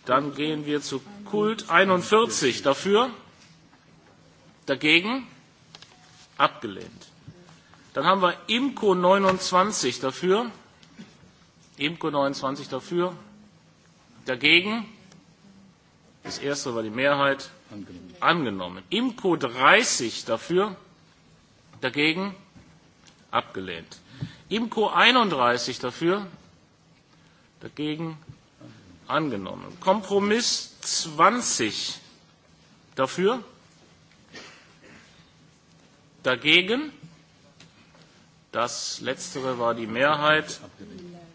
Dann gehen wir zu Kult 41. Dafür? Dagegen? Abgelehnt. Dann haben wir Imco 29 dafür. Imco 29 dafür. Dagegen. Das erste war die Mehrheit. Angenommen. angenommen. Imco 30 dafür. Dagegen. Abgelehnt. Imco 31 dafür. Dagegen. Angenommen. Kompromiss 20 dafür. Dagegen. Das Letztere war die Mehrheit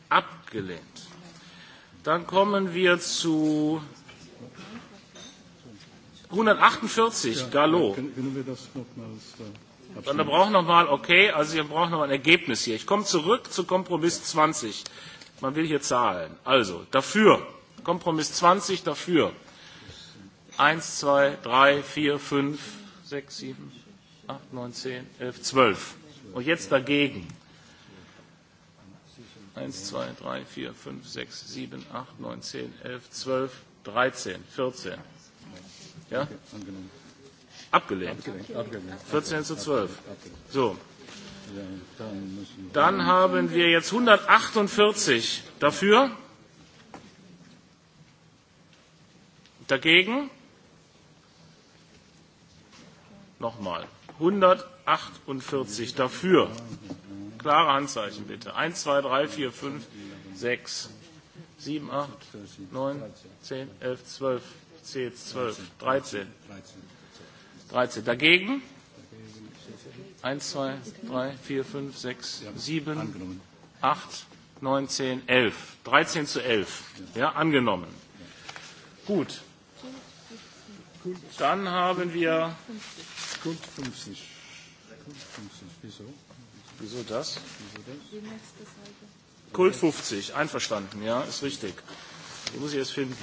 abgelehnt. Dann kommen wir zu 148, ja, Gallo. Dann wir brauchen nochmal, okay, also wir brauchen noch ein Ergebnis hier. Ich komme zurück zu Kompromiss 20. Man will hier zahlen. Also, dafür. Kompromiss 20, dafür. 1, 2, 3, 4, 5, 6, 7, 8, 9, 10, 11, 12. Und jetzt dagegen. 1, 2, 3, 4, 5, 6, 7, 8, 9, 10, 11, 12, 13, 14. Ja? Abgelehnt. 14 zu 12. So. Ja, dann haben wir jetzt 148 dafür. Dagegen. Nochmal. 100. 48 dafür. Klare Handzeichen bitte. 1, 2, 3, 4, 5, 6, 7, 8, 9, 10, 11, 12, 10, 12, 13. 13. Dagegen? 1, 2, 3, 4, 5, 6, 7, 8, 9, 10, 11. 13 zu 11. Ja, angenommen. Gut. Dann haben wir. 50. Wieso? Wieso das? Wieso das? Die nächste Seite. Kult 50, einverstanden, ja, ist richtig. Die muss ich jetzt finden.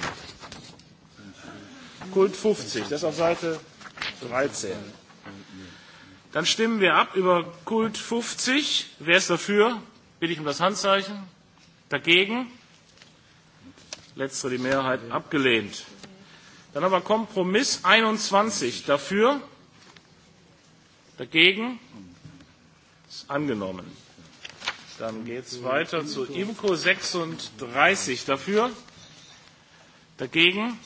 Kult 50, das ist auf Seite 13. Dann stimmen wir ab über Kult 50. Wer ist dafür? Bitte ich um das Handzeichen. Dagegen? Letztere die Mehrheit abgelehnt. Dann haben wir Kompromiss 21 dafür. Dagegen? Ist angenommen. Dann geht es mhm. weiter zu IMCO 36. Dafür? Dagegen?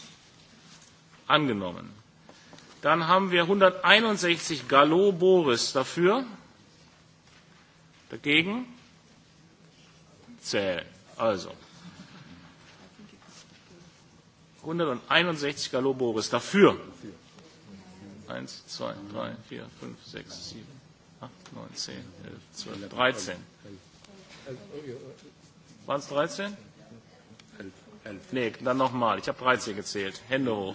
Angenommen. Dann haben wir 161 Gallo Boris. Dafür? Dagegen? Zähl. Also. 161 Gallo Boris. Dafür? Dafür. 1, 2, 3, 4, 5, 6, 7, 8, 9, 10, 11, 12, 13. Waren es 13? 11. Nee, dann nochmal. Ich habe 13 gezählt. Hände hoch.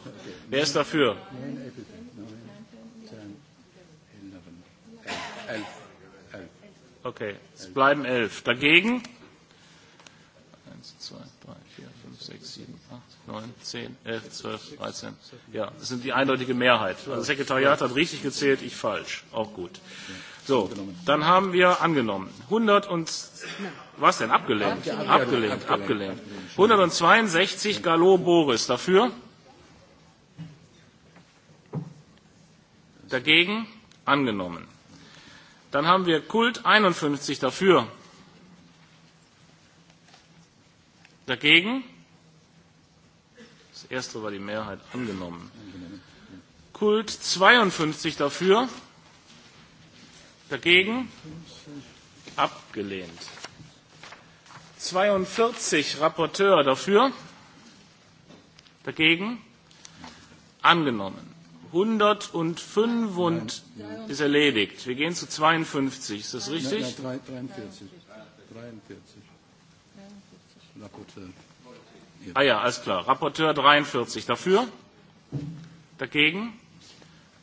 Wer ist dafür? 9, 11, 11. Okay, es bleiben 11. Dagegen? 1, 2, 3, 4, 5, 6, 7, 9, 10, 11, 12, 13. Ja, das sind die eindeutige Mehrheit. Das Sekretariat hat richtig gezählt, ich falsch. Auch gut. So, dann haben wir angenommen. 100 und, was denn? Abgelehnt. Ja, abgelehnt, abgelehnt. 162 Gallo Boris dafür. Dagegen angenommen. Dann haben wir Kult 51 dafür. Dagegen Das erste war die Mehrheit angenommen. Kult 52 dafür, dagegen abgelehnt. 42 Rapporteur dafür, dagegen angenommen. 105 und ist erledigt. Wir gehen zu 52, ist das richtig? Nein, nein, 43. 43. 43. Ah ja, alles klar. Rapporteur 43 dafür. Dagegen?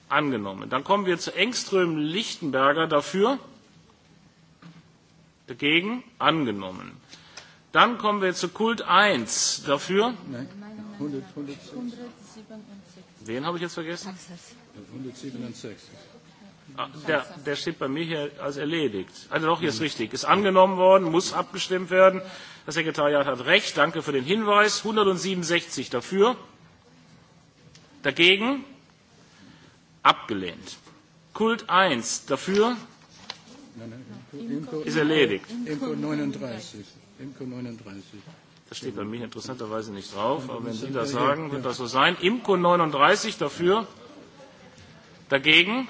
Angenommen. Dann kommen wir zu Engström Lichtenberger dafür. Dagegen? Angenommen. Dann kommen wir zu Kult 1 dafür. Nein. 100, 100, 100. 167. Wen habe ich jetzt vergessen? 167. Ah, der, der Schipper Michael als erledigt. Also doch, hier ist richtig. Ist angenommen worden, muss abgestimmt werden. Das Sekretariat hat recht. Danke für den Hinweis. 167 dafür. Dagegen? Abgelehnt. Kult 1 dafür? Ist erledigt. Imko 39. Imko 39. Das steht bei mir interessanterweise nicht drauf, aber wenn Sie das ja, sagen, ja. wird das so sein. Imko 39 dafür? Dagegen?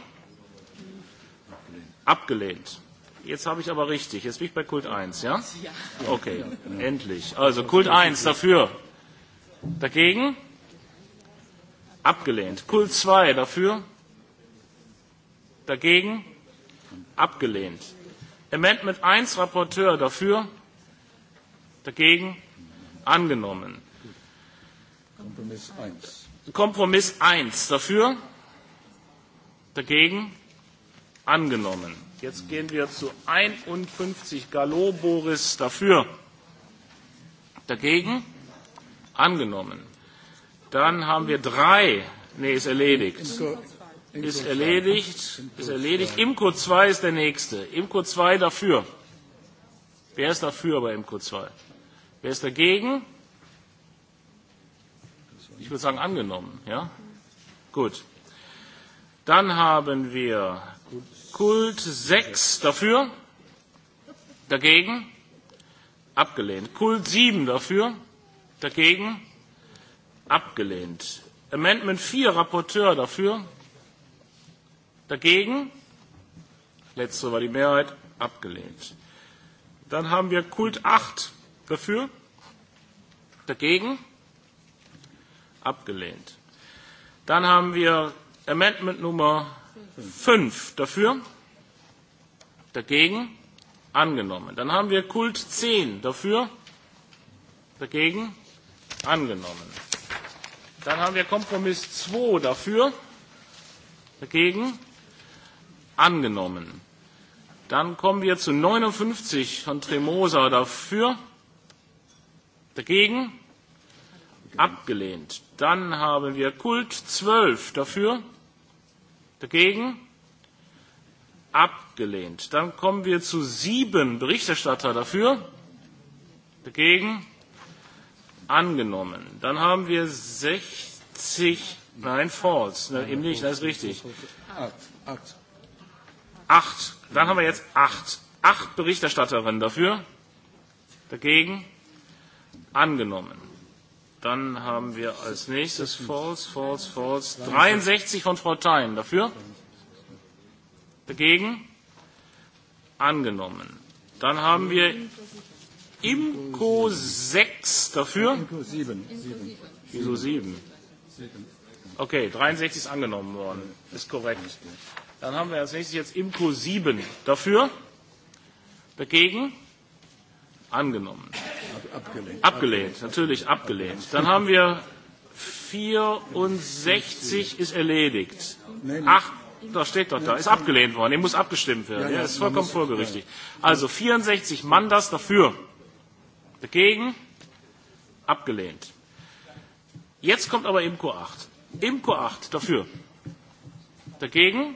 Abgelehnt. Jetzt habe ich aber richtig. Jetzt bin ich bei Kult 1, ja? ja? Okay, endlich. Also Kult 1 dafür. Dagegen? Abgelehnt. Kult 2 dafür? Dagegen? Abgelehnt. Amendment 1 Rapporteur dafür? Dagegen? Angenommen. Kompromiss 1. Kompromiss 1 dafür? Dagegen? angenommen. Jetzt gehen wir zu 51 Gallo Boris dafür. Dagegen angenommen. Dann haben wir drei. Nee, ist erledigt. Ist erledigt. Ist erledigt. Imco 2 ist der nächste. Imco 2 dafür. Wer ist dafür bei Imco 2? Wer ist dagegen? Ich würde sagen angenommen. Ja? Gut. Dann haben wir kult sechs dafür dagegen abgelehnt kult sieben dafür dagegen abgelehnt amendment vier rapporteur dafür dagegen letzte war die mehrheit abgelehnt dann haben wir kult acht dafür dagegen abgelehnt dann haben wir amendment nummer fünf dafür, dagegen, angenommen. Dann haben wir Kult zehn dafür, dagegen, angenommen. Dann haben wir Kompromiss zwei dafür, dagegen, angenommen. Dann kommen wir zu 59 von Tremosa dafür, dagegen, abgelehnt. Dann haben wir Kult 12 dafür, Dagegen? Abgelehnt. Dann kommen wir zu sieben Berichterstatter dafür. Dagegen? Angenommen. Dann haben wir 60, nein, false. Na, eben nicht, das ist richtig. Acht. Acht. Dann haben wir jetzt acht. Acht Berichterstatterinnen dafür. Dagegen? Angenommen. Dann haben wir als nächstes false, false, false. 63 von Frau Thein. Dafür? Dagegen? Angenommen. Dann haben wir Imco 6 dafür. Imco 7. Wieso 7? Okay, 63 ist angenommen worden. Ist korrekt. Dann haben wir als nächstes jetzt Imco 7 dafür. Dagegen? Angenommen abgelehnt. abgelehnt, natürlich abgelehnt. Dann haben wir 64 ist erledigt. Ach, da steht doch da, ist abgelehnt worden, er muss abgestimmt werden, er ist vollkommen vorgerichtet. Also 64 Mandas dafür, dagegen, abgelehnt. Jetzt kommt aber Imco 8. Imco 8 dafür, dagegen,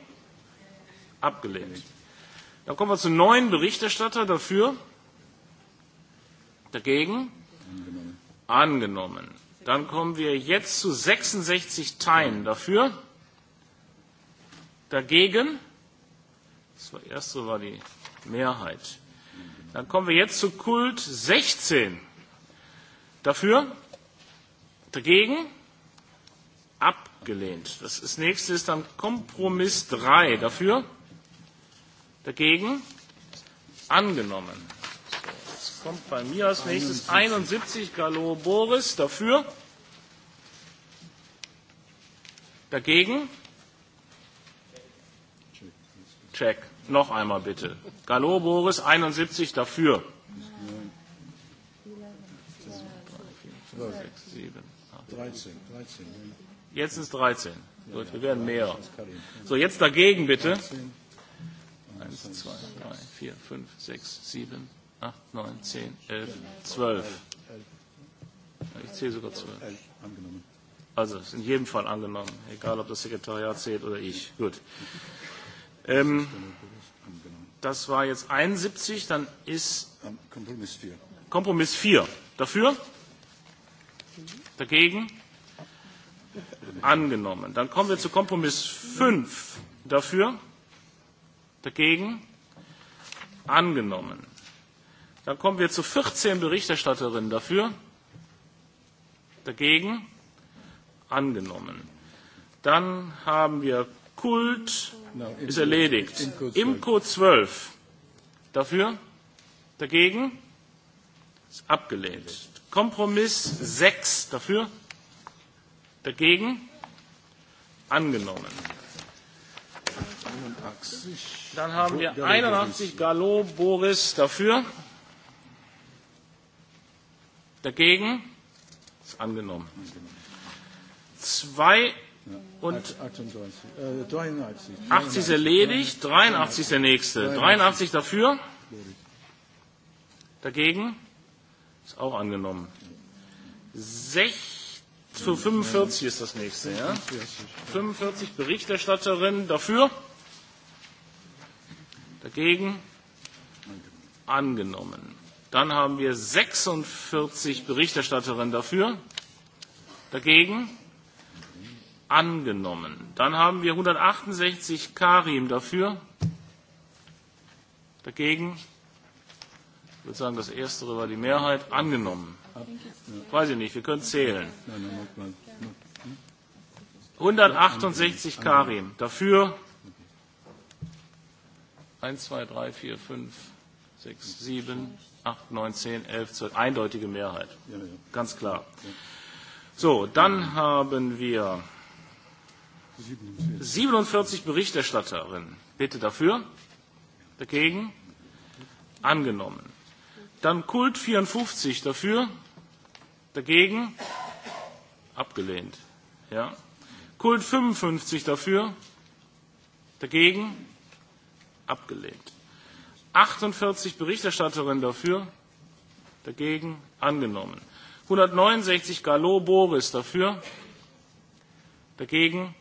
abgelehnt. Dann kommen wir zu neun Berichterstatter dafür, Dagegen? Angenommen. Angenommen. Dann kommen wir jetzt zu 66 Teilen ja. dafür. Dagegen? Das war, erste war die Mehrheit. Dann kommen wir jetzt zu Kult 16. Dafür? Dagegen? Abgelehnt. Das, ist, das nächste ist dann Kompromiss 3. Dafür? Dagegen? Angenommen kommt bei mir als nächstes 71 Gallo Boris dafür. Dagegen? Check. Noch einmal bitte. Gallo Boris 71 dafür. 13. Jetzt ist 13. Gut, wir werden mehr. So, jetzt dagegen bitte. 1, 2, 3, 4, 5, 6, 7, 8. 8, 9, 10, 11, 12. Ich zähle sogar 12. Also ist in jedem Fall angenommen, egal ob das Sekretariat zählt oder ich. Gut. Ähm, das war jetzt 71, dann ist ähm, Kompromiss 4. Kompromiss 4. Dafür? Dagegen? Angenommen. Dann kommen wir zu Kompromiss 5. Dafür? Dagegen? Angenommen. Dann kommen wir zu 14 Berichterstatterinnen dafür. Dagegen angenommen. Dann haben wir Kult no, ist erledigt. Imco 12. 12 dafür. Dagegen ist abgelehnt. Kompromiss 6 dafür. Dagegen angenommen. Dann haben wir 81 ja, Gallo Boris dafür. Dagegen? Ist angenommen. Zwei und 80 äh, ist erledigt, 83 ist der nächste. 83 dafür? Dagegen? Ist auch angenommen. 6 zu 45 ist das nächste, ja? 45 Berichterstatterin dafür? Dagegen? Angenommen. angenommen. Dann haben wir 46 Berichterstatterinnen dafür. Dagegen? Angenommen. Dann haben wir 168 Karim dafür. Dagegen? Ich würde sagen, das Erste war die Mehrheit. Angenommen. Weiß ich nicht, wir können zählen. 168 Karim dafür. 1, 2, 3, 4, 5, 6, 7, 8, 9, 10, 11, 12, eindeutige Mehrheit. Ja, ja. Ganz klar. Ja. So, dann ja. haben wir 47 Berichterstatterinnen. Bitte dafür. Dagegen? Angenommen. Dann Kult 54 dafür. Dagegen? Abgelehnt. Ja. Kult 55 dafür. Dagegen? Abgelehnt. 48 Berichterstatterinnen dafür, dagegen angenommen. 169 Gallo Boris dafür, dagegen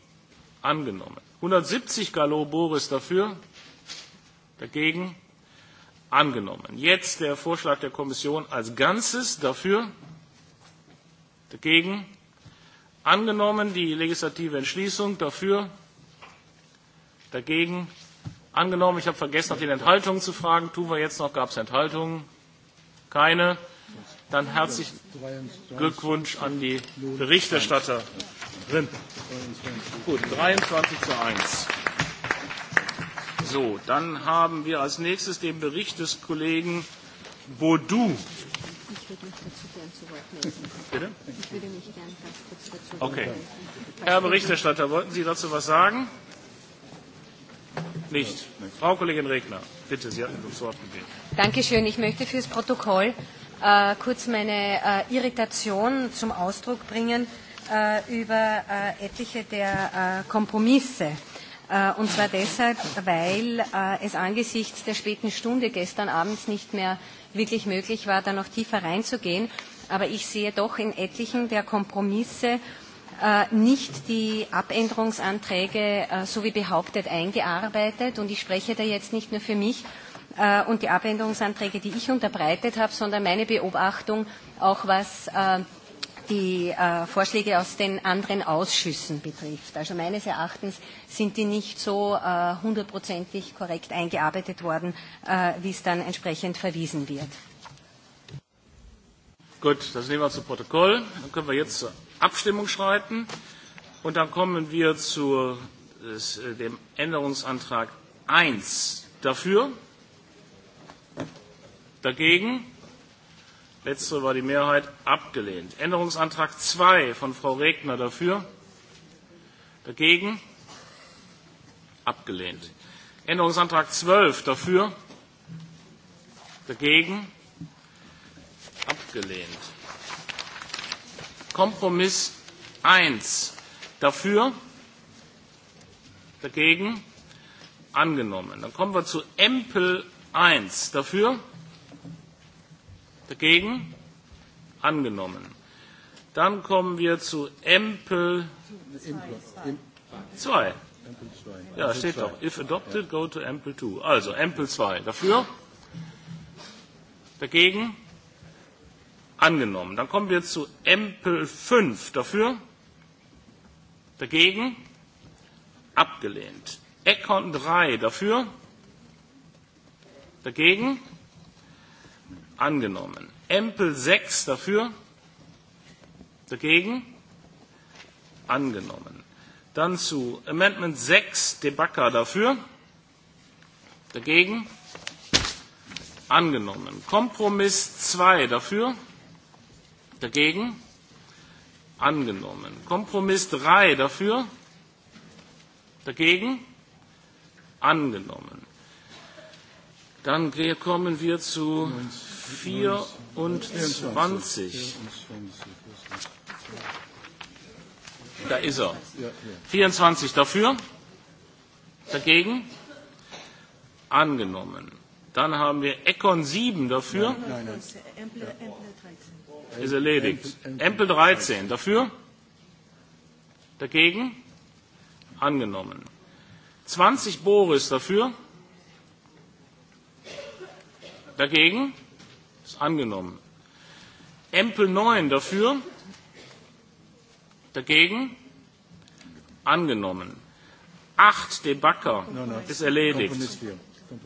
angenommen. 170 Gallo Boris dafür, dagegen angenommen. Jetzt der Vorschlag der Kommission als Ganzes dafür, dagegen angenommen. Die legislative Entschließung dafür, dagegen angenommen. Angenommen, ich habe vergessen, nach den Enthaltungen zu fragen. Tun wir jetzt noch. Gab es Enthaltungen? Keine. Dann herzlichen Glückwunsch an die Berichterstatterin. Gut, 23 zu 1. So, dann haben wir als nächstes den Bericht des Kollegen Baudou. Ich würde mich dazu gern zu Wort melden. Bitte? Ich würde mich gern ganz kurz dazu okay. Herr Berichterstatter, wollten Sie dazu was sagen? nicht. Frau Kollegin Regner, bitte, Sie hatten das Wort gebeten. Dankeschön. Ich möchte fürs Protokoll äh, kurz meine äh, Irritation zum Ausdruck bringen äh, über äh, etliche der äh, Kompromisse. Äh, und zwar deshalb, weil äh, es angesichts der späten Stunde gestern abends nicht mehr wirklich möglich war, da noch tiefer reinzugehen. Aber ich sehe doch in etlichen der Kompromisse äh, Äh, nicht die Abänderungsanträge, äh, so wie behauptet, eingearbeitet. Und ich spreche da jetzt nicht nur für mich äh, und die Abänderungsanträge, die ich unterbreitet habe, sondern meine Beobachtung auch was die Vorschläge aus den anderen Ausschüssen betrifft. Also meines Erachtens sind die nicht so hundertprozentig korrekt eingearbeitet worden, wie es dann entsprechend verwiesen wird. Gut, das nehmen wir zum Protokoll. Dann können wir jetzt zur Abstimmung schreiten. Und dann kommen wir zu äh, äh, dem Änderungsantrag 1. Dafür? Dagegen? Letztere war die Mehrheit abgelehnt. Änderungsantrag 2 von Frau Regner dafür. Dagegen? Abgelehnt. Änderungsantrag 12 dafür. Dagegen? Abgelehnt kompromiss eins dafür dagegen angenommen dann kommen wir zu empel eins dafür dagegen angenommen dann kommen wir zu empel zwei ja steht doch if adopted go to empel 2 also empel 2 dafür dagegen angenommen. Dann kommen wir zu Empel 5. Dafür? Dagegen? Abgelehnt. Eckhorn 3. Dafür? Dagegen? Angenommen. Empel 6. Dafür? Dagegen? Angenommen. Dann zu Amendment 6. Debacker dafür? Dagegen? Angenommen. Kompromiss 2 dafür? Dagegen? Dagegen? Angenommen. Kompromiss 3 dafür? Dagegen? Angenommen. Dann kommen wir zu 24. Da ist er. 24 dafür? Dagegen? Angenommen. Dann haben wir Econ 7 dafür. Nein, nein ist erledigt. Empel 13. Dafür? Dagegen? Angenommen. 20 Boris dafür? Dagegen? Ist angenommen. Empel 9 dafür? Dagegen? Angenommen. 8 Debacker no, no. ist erledigt.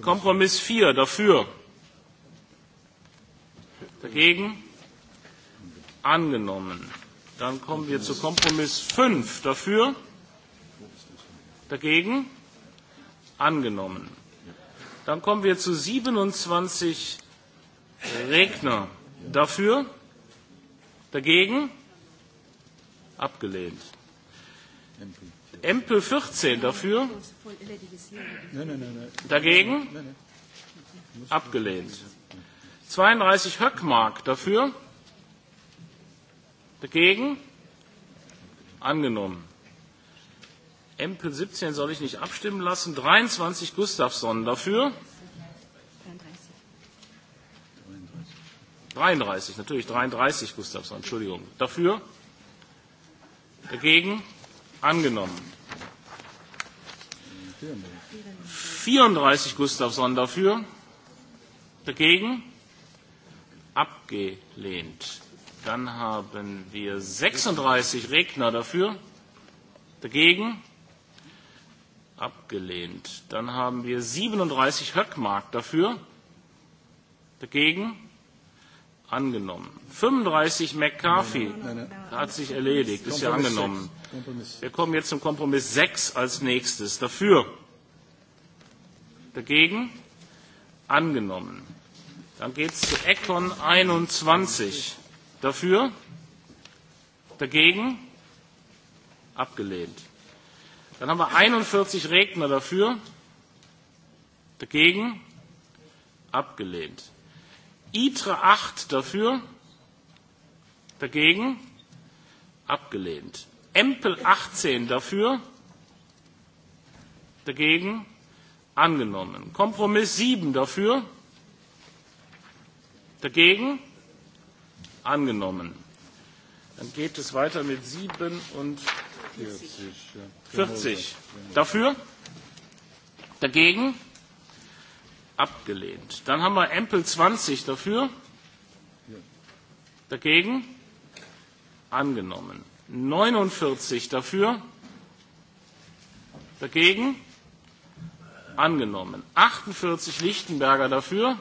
Kompromiss 4 dafür? Dagegen? angenommen. Dann kommen wir zu Kompromiss 5. Dafür? Dagegen? Angenommen. Dann kommen wir zu 27 Regner. Dafür? Dagegen? Abgelehnt. Empel 14 dafür? Dagegen? Abgelehnt. 32 Höckmark dafür? Ja. Dagegen? Angenommen. Empel 17 soll ich nicht abstimmen lassen. 23 Gustavsson dafür. 33, natürlich 33 Gustavsson, Entschuldigung. Dafür? Dagegen? Angenommen. 34 Gustavsson dafür. Dagegen? Abgelehnt. Dann haben wir 36 Regner dafür. Dagegen? Abgelehnt. Dann haben wir 37 Höckmark dafür. Dagegen? Angenommen. 35 McCarthy nein, nein, nein, nein, nein. hat sich erledigt, ist ja Kompromiss ja angenommen. Wir kommen jetzt zum Kompromiss 6 als nächstes. Dafür? Dagegen? Angenommen. Dann geht es zu Econ 21. 20 dafür dagegen abgelehnt. Dann haben wir 41 Redner dafür dagegen abgelehnt. ITRE 8 dafür dagegen abgelehnt. Empel 18 dafür dagegen angenommen. Kompromiss 7 dafür dagegen abgelehnt angenommen. Dann geht es weiter mit 47. 40. Dafür? Dagegen? Abgelehnt. Dann haben wir Ampel 20 dafür. Dagegen? Angenommen. 49 dafür? Dagegen? Angenommen. 48 Lichtenberger dafür?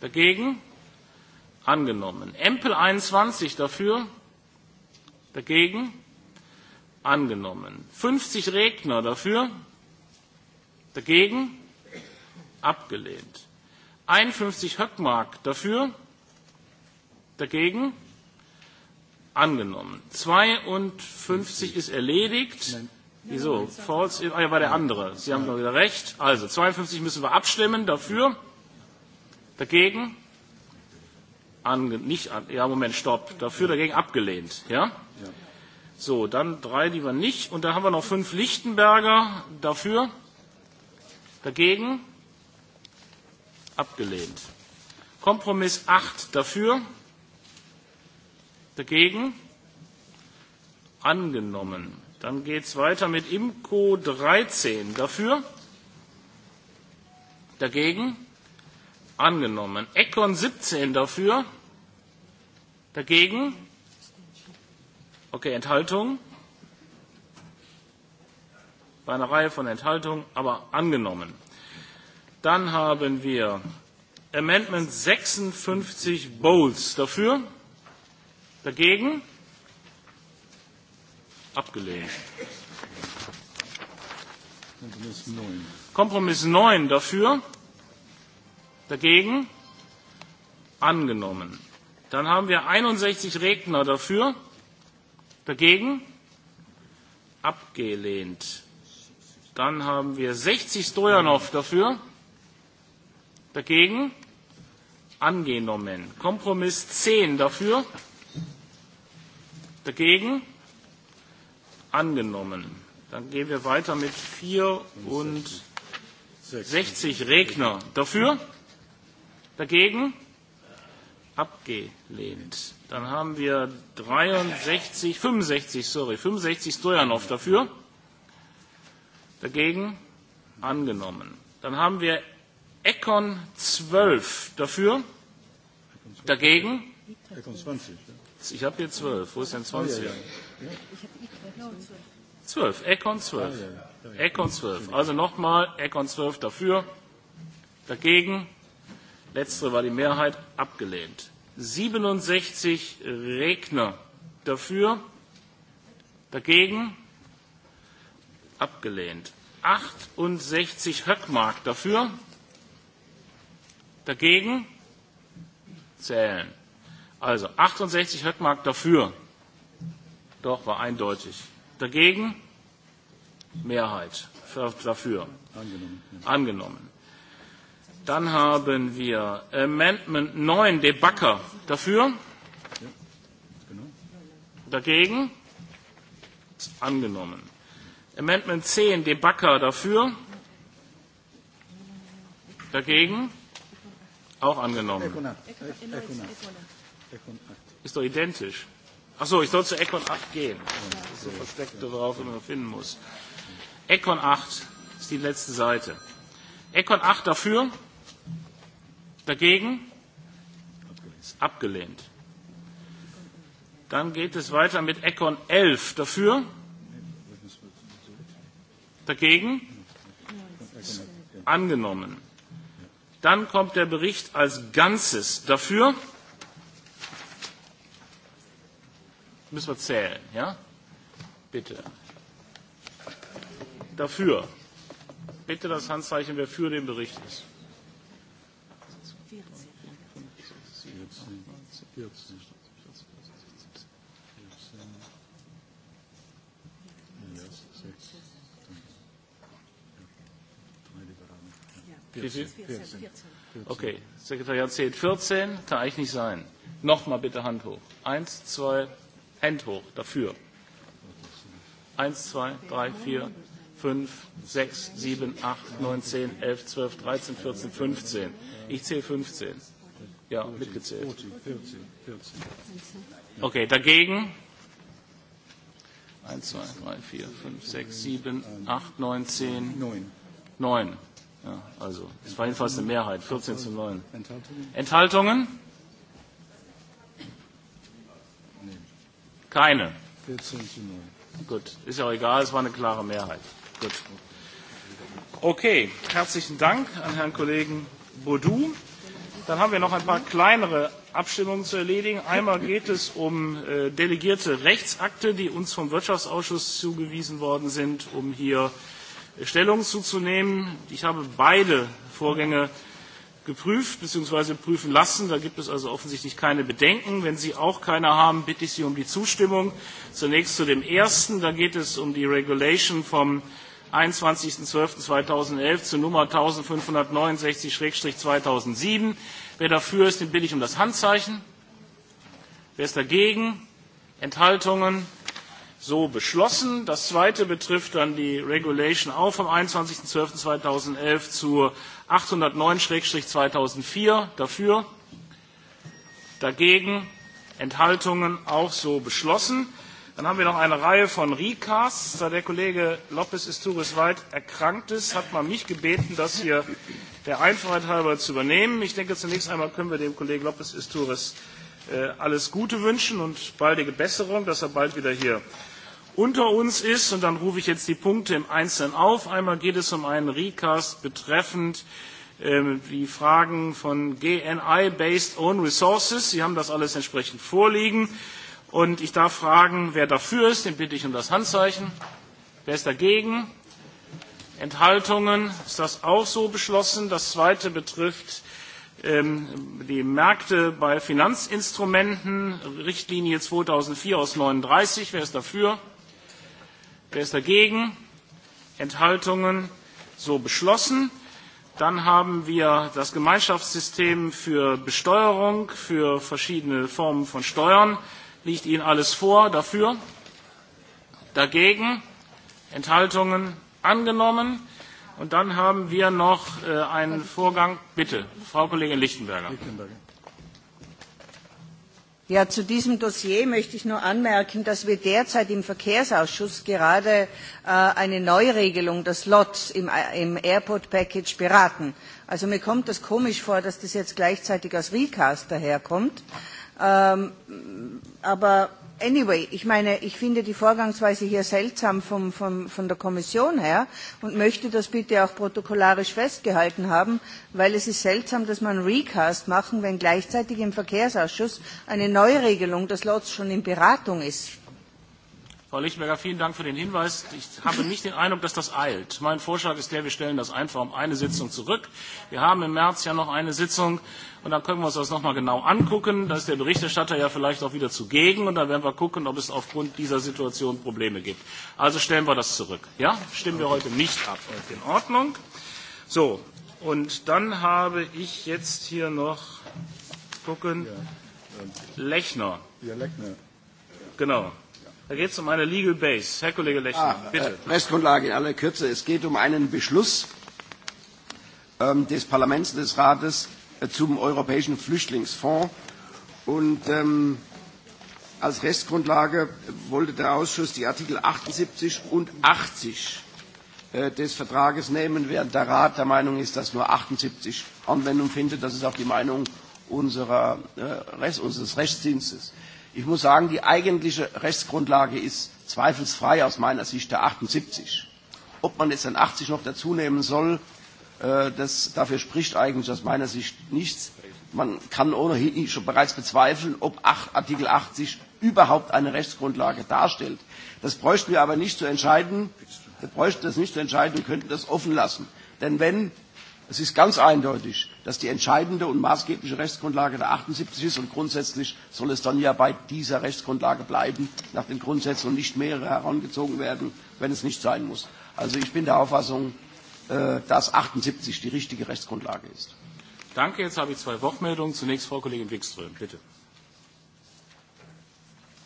Dagegen? angenommen. Ampel 21 dafür, dagegen angenommen. 50 Regner dafür, dagegen abgelehnt. 51 Höckmark dafür, dagegen angenommen. 52 ist erledigt. Nein. Wieso? False? Ah, ja, war der andere. Sie haben doch wieder recht. Also, 52 müssen wir abstimmen. Dafür? Dagegen? ange, nicht an, ja Moment, stopp, dafür er ja. dagegen abgelehnt, ja? ja? So, dann drei lieber nicht und da haben wir noch fünf Lichtenberger dafür, dagegen, abgelehnt. Kompromiss acht dafür, dagegen, angenommen. Dann geht es weiter mit Imco 13 dafür, dagegen, angenommen angenommen. Econ 17 dafür. Dagegen? Okay, Enthaltung. Bei einer Reihe von Enthaltungen, aber angenommen. Dann haben wir Amendment 56 Bowles dafür. Dagegen? Abgelehnt. Kompromiss 9. Kompromiss 9 dafür. Dagegen? Angenommen. Dann haben wir 61 Redner dafür. Dagegen? Abgelehnt. Dann haben wir 60 Stojanov dafür. Dagegen? Angenommen. Kompromiss 10 dafür. Dagegen? Angenommen. Dann gehen wir weiter mit 64 Regner dafür. Ja. Dagegen? Abgelehnt. Dann haben wir 63, 65, sorry, 65 Stojanov dafür. Dagegen? Angenommen. Dann haben wir Econ 12 dafür. Dagegen? Econ 20. Ich habe hier 12. Wo ist denn 20? 12. Econ 12. Econ 12. Also nochmal Econ 12 dafür. Dagegen? Letztere war die Mehrheit abgelehnt. 67 Regner dafür, dagegen abgelehnt. 68 Höckmark dafür, dagegen zählen. Also 68 Höckmark dafür, doch war eindeutig. Dagegen Mehrheit dafür angenommen. angenommen. Dann haben wir Amendment 9, Debacker. Dafür? Dagegen? Angenommen. Amendment 10, Debacker. Dafür? Dagegen? Auch angenommen. Ist doch identisch. Achso, ich soll zu Econ 8 gehen. So versteckte, worauf man finden muss. Econ 8 ist die letzte Seite. Econ 8 dafür? Dagegen? Dagegen? Ist abgelehnt. Dann geht es weiter mit Econ 11. Dafür? Dagegen? Angenommen. Dann kommt der Bericht als Ganzes. Dafür? Müssen wir zählen, ja? Bitte. Dafür. Bitte das Handzeichen, wer für den Bericht ist. Okay, Sekretariat zählt 14, kann eigentlich nicht sein. Nochmal bitte Hand hoch. Eins, zwei, Hand hoch, dafür. Eins, zwei, drei, vier, fünf, sechs, sieben, acht, neun, zehn, elf, zwölf, dreizehn, vierzehn, fünfzehn. Ich zähle 15. Ja, mitgezählt. 40, 40, 40. Okay, dagegen? 1, 2, 3, 4, 5, 6, 7, 8, 9, 10. 9. 9. Ja, also, es war jedenfalls eine Mehrheit. 14 zu 9. Enthaltungen? Keine. 14 zu 9. Gut, ist ja auch egal, es war eine klare Mehrheit. Gut. Okay, herzlichen Dank an Herrn Kollegen Baudou. Dann haben wir noch ein paar kleinere Abstimmungen zu erledigen. Einmal geht es um äh, delegierte Rechtsakte, die uns vom Wirtschaftsausschuss zugewiesen worden sind, um hier äh, Stellung zuzunehmen. Ich habe beide Vorgänge geprüft bzw. prüfen lassen. Da gibt es also offensichtlich keine Bedenken. Wenn Sie auch keine haben, bitte ich Sie um die Zustimmung. Zunächst zu dem ersten. Da geht es um die Regulation vom äh, 21.12.2011 zu Nummer 1569-2007. Wer dafür ist, den bitte ich um das Handzeichen. Wer ist dagegen? Enthaltungen? So beschlossen. Das zweite betrifft dann die Regulation auch vom 21.12.2011 zu 809-2004. Dafür? Dagegen? Enthaltungen? Auch so beschlossen. Dann haben wir noch eine Reihe von Recasts. Da der Kollege Lopez Isturiswald erkrankt ist, hat man mich gebeten, das hier der Einfachheit halber zu übernehmen. Ich denke, zunächst einmal können wir dem Kollegen Lopez Isturis äh, alles Gute wünschen und baldige Besserung, dass er bald wieder hier unter uns ist. Und dann rufe ich jetzt die Punkte im Einzelnen auf. Einmal geht es um einen Recast betreffend ähm, die Fragen von GNI-based own resources. Sie haben das alles entsprechend vorliegen. Und ich darf fragen, wer dafür ist, den bitte ich um das Handzeichen. Wer ist dagegen? Enthaltungen? Ist das auch so beschlossen? Das zweite betrifft ähm, die Märkte bei Finanzinstrumenten, Richtlinie 2004 aus 39. Wer ist dafür? Wer ist dagegen? Enthaltungen? So beschlossen. Dann haben wir das Gemeinschaftssystem für Besteuerung, für verschiedene Formen von Steuern liegt Ihnen alles vor. Dafür, dagegen, Enthaltungen angenommen. Und dann haben wir noch äh, einen Vorgang. Bitte, Frau Kollegin Lichtenberger. Ja, zu diesem Dossier möchte ich nur anmerken, dass wir derzeit im Verkehrsausschuss gerade äh, eine Neuregelung des Lots im, äh, im Airport Package beraten. Also mir kommt das komisch vor, dass das jetzt gleichzeitig aus Recast daherkommt. Äh, Ähm, aber anyway, ich meine, ich finde die Vorgangsweise hier seltsam vom, vom, von der Kommission her und möchte das bitte auch protokollarisch festgehalten haben, weil es ist seltsam, dass man Recast machen, wenn gleichzeitig im Verkehrsausschuss eine Neuregelung des Lots schon in Beratung ist. Frau Lichtberger, vielen Dank für den Hinweis. Ich habe nicht den Eindruck, dass das eilt. Mein Vorschlag ist der, wir stellen das einfach um eine Sitzung zurück. Wir haben im März ja noch eine Sitzung und dann können wir uns das nochmal genau angucken. Da ist der Berichterstatter ja vielleicht auch wieder zugegen und dann werden wir gucken, ob es aufgrund dieser Situation Probleme gibt. Also stellen wir das zurück. Ja? Stimmen wir heute nicht ab. In Ordnung. So. Und dann habe ich jetzt hier noch gucken. Ja. Lechner. Ja, Lechner. Genau. Da geht es um eine Legal Base. Herr Kollege Lechner, ah, äh, bitte. Äh, Rechtsgrundlage in aller Kürze. Es geht um einen Beschluss ähm, des Parlaments und des Rates äh, zum Europäischen Flüchtlingsfonds. Und ähm, als Rechtsgrundlage wollte der Ausschuss die Artikel 78 und 80 äh, des Vertrages nehmen, während der Rat der Meinung ist, dass nur 78 Anwendung findet. Das ist auch die Meinung unserer, äh, Rest, unseres Rechtsdienstes. Äh, Ich muss sagen, die eigentliche Rechtsgrundlage ist zweifelsfrei aus meiner Sicht der 78. Ob man jetzt dann 80 noch dazu nehmen soll, äh, das, dafür spricht eigentlich aus meiner Sicht nichts. Man kann ohnehin schon bereits bezweifeln, ob 8, Artikel 80 überhaupt eine Rechtsgrundlage darstellt. Das bräuchten wir aber nicht zu entscheiden. Wir bräuchten das nicht zu entscheiden und könnten das offen lassen. Denn wenn Es ist ganz eindeutig, dass die entscheidende und maßgebliche Rechtsgrundlage der 78 ist und grundsätzlich soll es dann ja bei dieser Rechtsgrundlage bleiben, nach den Grundsätzen und nicht mehrere herangezogen werden, wenn es nicht sein muss. Also ich bin der Auffassung, äh, dass 78 die richtige Rechtsgrundlage ist. Danke. Jetzt habe ich zwei Wortmeldungen. Zunächst Frau Kollegin Wikström, bitte.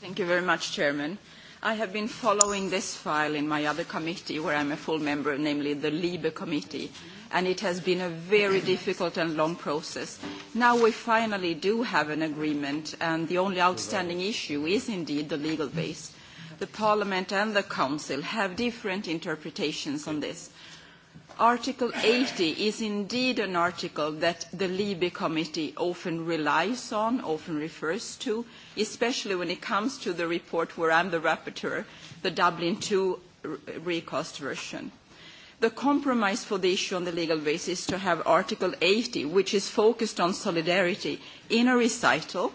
Thank you very much, Chairman. I have been following this file in my other committee, where I'm a full member, namely the Liebe Committee. Mm-hmm and it has been a very difficult and long process. Now we finally do have an agreement, and the only outstanding issue is indeed the legal base. The Parliament and the Council have different interpretations on this. Article 80 is indeed an article that the Libby Committee often relies on, often refers to, especially when it comes to the report where I'm the rapporteur, the Dublin II recast version the compromise for the issue on the legal basis is to have Article 80, which is focused on solidarity, in a recital,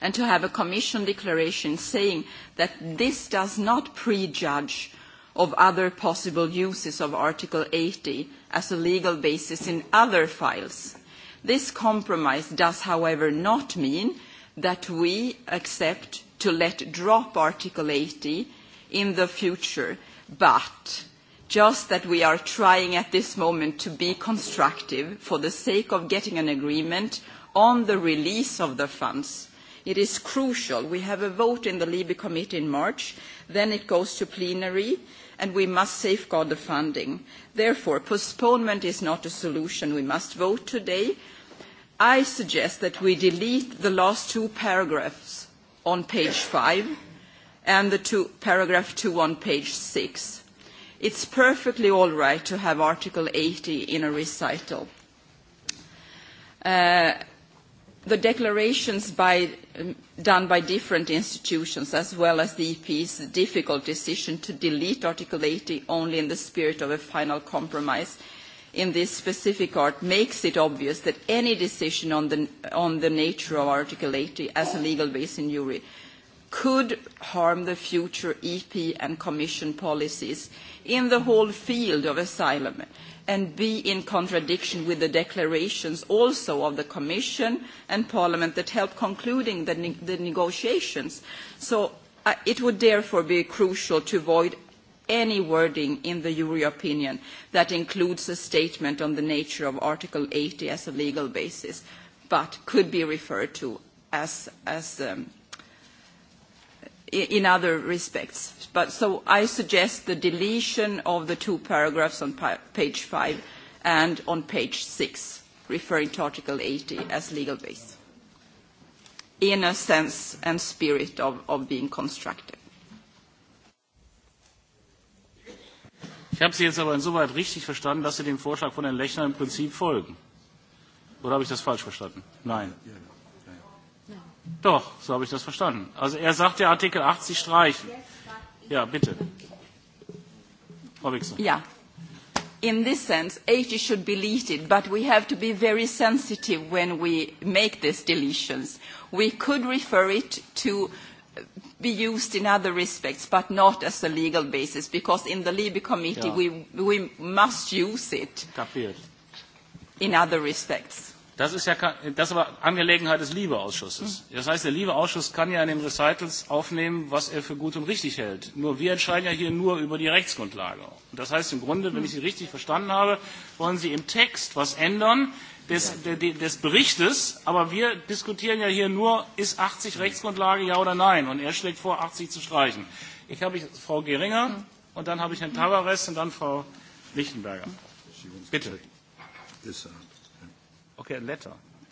and to have a Commission declaration saying that this does not prejudge of other possible uses of Article 80 as a legal basis in other files. This compromise does, however, not mean that we accept to let drop Article 80 in the future, but just that we are trying at this moment to be constructive for the sake of getting an agreement on the release of the funds. It is crucial. We have a vote in the Libby Committee in March, then it goes to plenary, and we must safeguard the funding. Therefore, postponement is not a solution. We must vote today. I suggest that we delete the last two paragraphs on page five and the two, paragraph two on page six it's perfectly all right to have Article 80 in a recital. Uh, the declarations by, um, done by different institutions, as well as the EP's difficult decision to delete Article 80 only in the spirit of a final compromise in this specific art, makes it obvious that any decision on the, on the nature of Article 80 as a legal base in Europe could harm the future EP and commission policies in the whole field of asylum and be in contradiction with the declarations also of the Commission and Parliament that helped concluding the negotiations. So uh, it would therefore be crucial to avoid any wording in the jury opinion that includes a statement on the nature of Article 80 as a legal basis, but could be referred to as um, in other respects. But so I suggest the deletion of the two paragraphs on page 5 and on page 6, referring to Article 80 as legal base, in a sense and spirit of, of being constructive. Ich habe Sie jetzt aber insoweit richtig verstanden, dass Sie dem Vorschlag von Herrn Lechner im Prinzip folgen. Oder habe ich das falsch verstanden? Nein. Ja, ja. Doch, so habe ich das verstanden. Also er sagt ja Artikel 80 streichen. Ja, bitte. Frau Wixner. Ja. In this sense, 80 should be deleted, but we have to be very sensitive when we make these deletions. We could refer it to uh, be used in other respects, but not as a legal basis, because in the Libby Committee ja. we, we must use it Kapiert. in other respects. Das ist ja das war Angelegenheit des Liebeausschusses. Hm. Das heißt, der Liebeausschuss kann ja in den Recitals aufnehmen, was er für gut und richtig hält. Nur wir entscheiden ja hier nur über die Rechtsgrundlage. Das heißt im Grunde, wenn ich Sie richtig verstanden habe, wollen Sie im Text was ändern des, ja. de, de, des Berichtes, aber wir diskutieren ja hier nur, ist 80 hm. Rechtsgrundlage ja oder nein? Und er schlägt vor, 80 zu streichen. Ich habe Frau Geringer hm. und dann habe ich Herrn Tavares und dann Frau Lichtenberger. Bitte. Deshalb.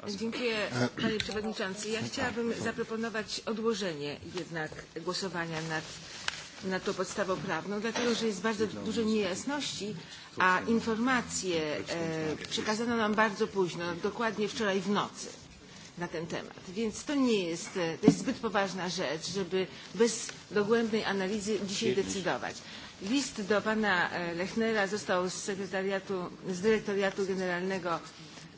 Dziękuję, panie przewodniczący. Ja chciałabym zaproponować odłożenie jednak głosowania nad, nad tą podstawą prawną, dlatego że jest bardzo dużo niejasności, a informacje e, przekazano nam bardzo późno, dokładnie wczoraj w nocy na ten temat. Więc to nie jest, e, to jest zbyt poważna rzecz, żeby bez dogłębnej analizy dzisiaj decydować. List do pana e, Lechnera został z sekretariatu, z dyrektoriatu generalnego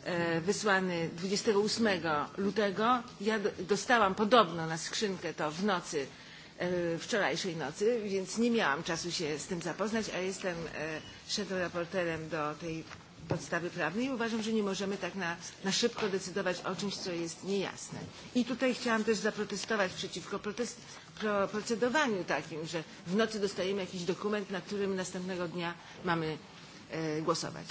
E, wysłany 28 lutego. Ja dostałam podobno na skrzynkę to w nocy, e, wczorajszej nocy, więc nie miałam czasu się z tym zapoznać, a jestem e, shadow raporterem do tej podstawy prawnej i uważam, że nie możemy tak na, na szybko decydować o czymś, co jest niejasne. I tutaj chciałam też zaprotestować przeciwko protest, pro, procedowaniu takim, że w nocy dostajemy jakiś dokument, na którym następnego dnia mamy e, głosować.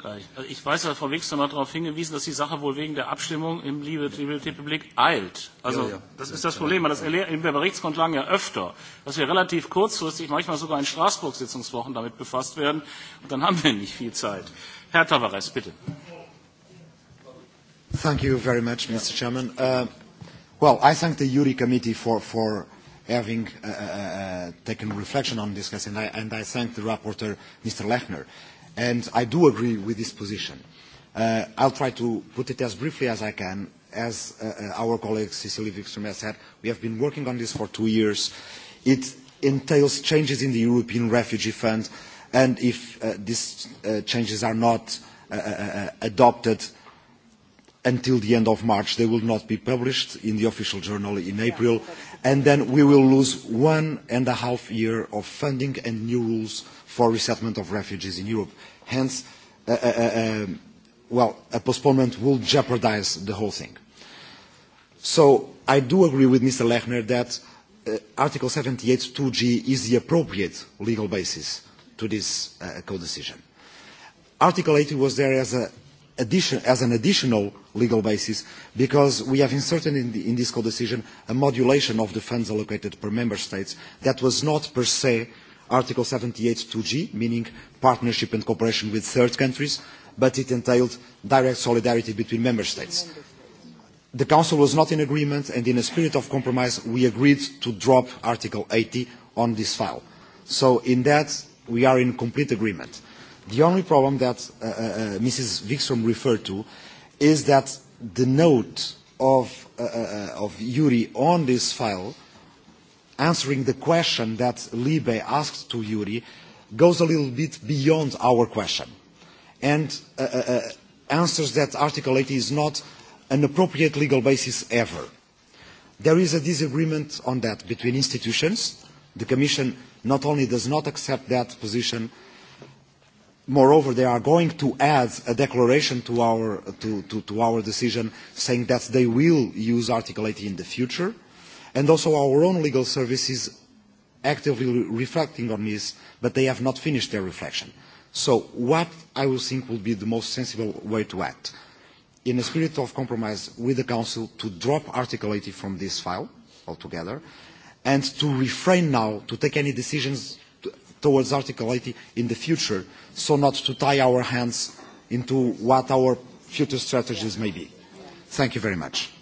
gleich. Ich weiß, dass Frau Wegster mal darauf hingewiesen, dass die Sache wohl wegen der Abstimmung im Liebe Republik ja. eilt. Also ja, ja. das ja, ist das ja. Problem. Das erleben wir Berichtsgrundlagen ja öfter, dass wir relativ kurzfristig, manchmal sogar in Straßburg-Sitzungswochen damit befasst werden. Und dann haben wir nicht viel Zeit. Herr Tavares, bitte. Thank you very much, Mr. Chairman. Uh, well, I thank the Juri Committee for, for having uh, uh, uh, taken reflection on this case, and I, and I thank the rapporteur, Mr. Lechner. Uh, and I do agree with this position. Uh, I'll try to put it as briefly as I can. As uh, uh, our colleague Cecilia Wikström has said, we have been working on this for two years. It entails changes in the European Refugee Fund, and if uh, these uh, changes are not uh, uh, uh adopted until the end of March, they will not be published in the official journal in April, yeah, and then we will lose one and a half year of funding and new rules uh, for resettlement of refugees in Europe. Hence, a, a, a, well, a postponement will jeopardize the whole thing. So I do agree with Mr. Lechner that uh, Article 78 2G is the appropriate legal basis to this uh, co-decision. Article 80 was there as, a addition, as an additional legal basis because we have inserted in, the, in this co-decision a modulation of the funds allocated per member states that was not per se uh, Article 78 2G, meaning partnership and cooperation with third countries, but it entailed direct solidarity between member states. The Council was not in agreement, and in a spirit of compromise, we agreed to drop Article 80 on this file. So in that, we are in complete agreement. The only problem that uh, uh, uh Mrs. Wikstrom referred to is that the note of, uh, uh, uh of Yuri on this file uh, answering the question that Libe asked to Yuri goes a little bit beyond our question and uh, uh, uh answers that Article 80 is not an appropriate legal basis ever. There is a disagreement on that between institutions. The Commission not only does not accept that position, moreover, they are going to add a declaration to our, to, to, to our decision saying that they will use Article 80 in the future. Uh, and also our own legal services actively re reflecting on this, but they have not finished their reflection. So what I would think would be the most sensible way to act? In a spirit of compromise with the Council to drop Article 80 from this file altogether and to refrain now to take any decisions towards Article 80 in the future so not to tie our hands into what our future strategies may be. Thank you very much.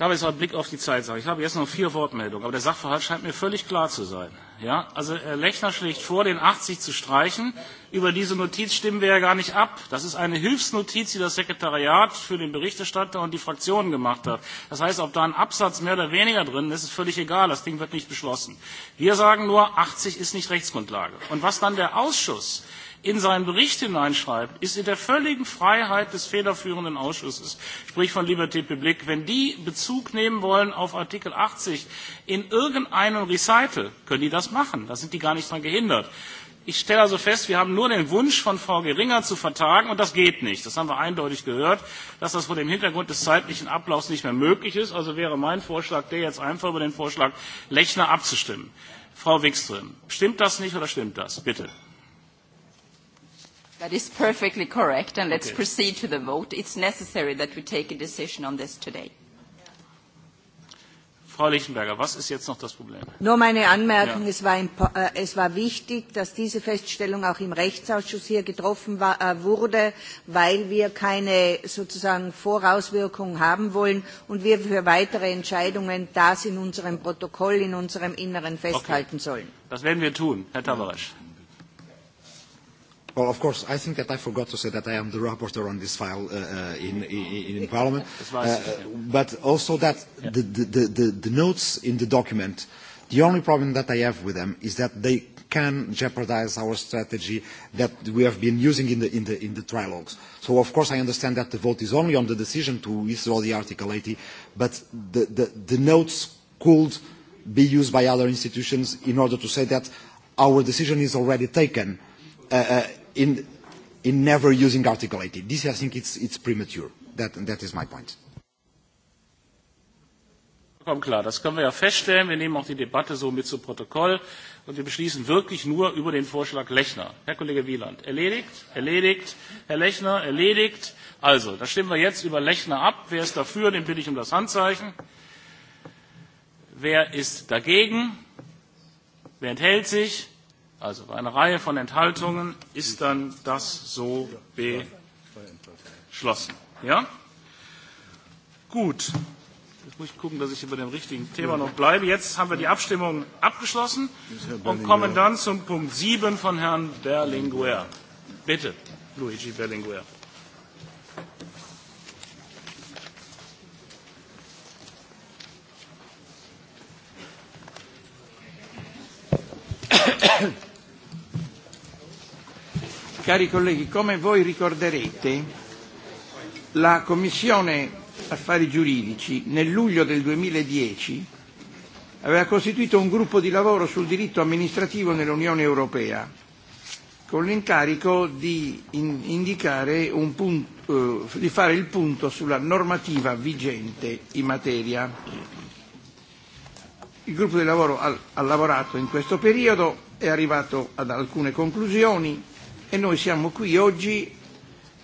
Da habe ich jetzt mal Blick auf die Zeit, sage ich. habe jetzt noch vier Wortmeldungen, aber der Sachverhalt scheint mir völlig klar zu sein. Ja, also Herr äh, Lechner schlägt vor, den 80 zu streichen. Über diese Notiz stimmen wir ja gar nicht ab. Das ist eine Hilfsnotiz, die das Sekretariat für den Berichterstatter und die Fraktionen gemacht hat. Das heißt, ob da ein Absatz mehr oder weniger drin ist, ist völlig egal. Das Ding wird nicht beschlossen. Wir sagen nur, 80 ist nicht Rechtsgrundlage. Und was dann der Ausschuss in seinen bericht hineinschreibt ist in der völligen freiheit des federführenden ausschusses sprich von libert publique wenn die bezug nehmen wollen auf artikel achtzig in irgendeinem erwägungsgrund können die das machen da sind die gar nicht daran gehindert. ich stelle also fest wir haben nur den wunsch von frau geringer zu vertagen und das geht nicht das haben wir eindeutig gehört dass das vor dem hintergrund des zeitlichen ablaufs nicht mehr möglich ist also wäre mein vorschlag der jetzt einfach über den vorschlag lechner abzustimmen. frau wikström stimmt das nicht oder stimmt das bitte? That is perfectly correct, and let's proceed to the vote. It's necessary that we take a decision on this today. Frau Lichtenberger, was ist jetzt noch das Problem? Nur meine Anmerkung, ja. es, war, äh, es war wichtig, dass diese Feststellung auch im Rechtsausschuss hier getroffen war, äh, wurde, weil wir keine sozusagen Vorauswirkungen haben wollen und wir für weitere Entscheidungen das in unserem Protokoll, in unserem Inneren festhalten okay. sollen. Das werden wir tun, Herr Tavares. Ja. Well, of course, I think that I forgot to say that I am the rapporteur on this file uh, uh in, in, in Parliament. Uh, but also that the, the, the, the notes in the document, the only problem that I have with them is that they can jeopardize our strategy that we have been using in the, in, the, in the trilogues. So, of course, I understand that the vote is only on the decision to withdraw the Article 80, but the, the, the notes could be used by other institutions in order to say that our decision is already taken. Uh, uh in, in never using Article 80. This, I think, it's, it's premature. That, that is my point. Kommt klar, das können wir ja feststellen. Wir nehmen auch die Debatte so mit zum Protokoll und wir beschließen wirklich nur über den Vorschlag Lechner. Herr Kollege Wieland, erledigt, erledigt, Herr Lechner, erledigt. Also, da stimmen wir jetzt über Lechner ab. Wer ist dafür, den bitte ich um das Handzeichen. Wer ist dagegen? Wer enthält sich? Also bei einer Reihe von Enthaltungen ist dann das so beschlossen. Ja? Gut. Jetzt muss ich gucken, dass ich hier bei dem richtigen Thema noch bleibe. Jetzt haben wir die Abstimmung abgeschlossen und kommen dann zum Punkt 7 von Herrn Berlinguer. Bitte, Luigi Berlinguer. cari colleghi, come voi ricorderete, la Commissione Affari Giuridici nel luglio del 2010 aveva costituito un gruppo di lavoro sul diritto amministrativo nell'Unione Europea con l'incarico di indicare un punto, eh, di fare il punto sulla normativa vigente in materia. Il gruppo di lavoro ha, ha lavorato in questo periodo, è arrivato ad alcune conclusioni e noi siamo qui oggi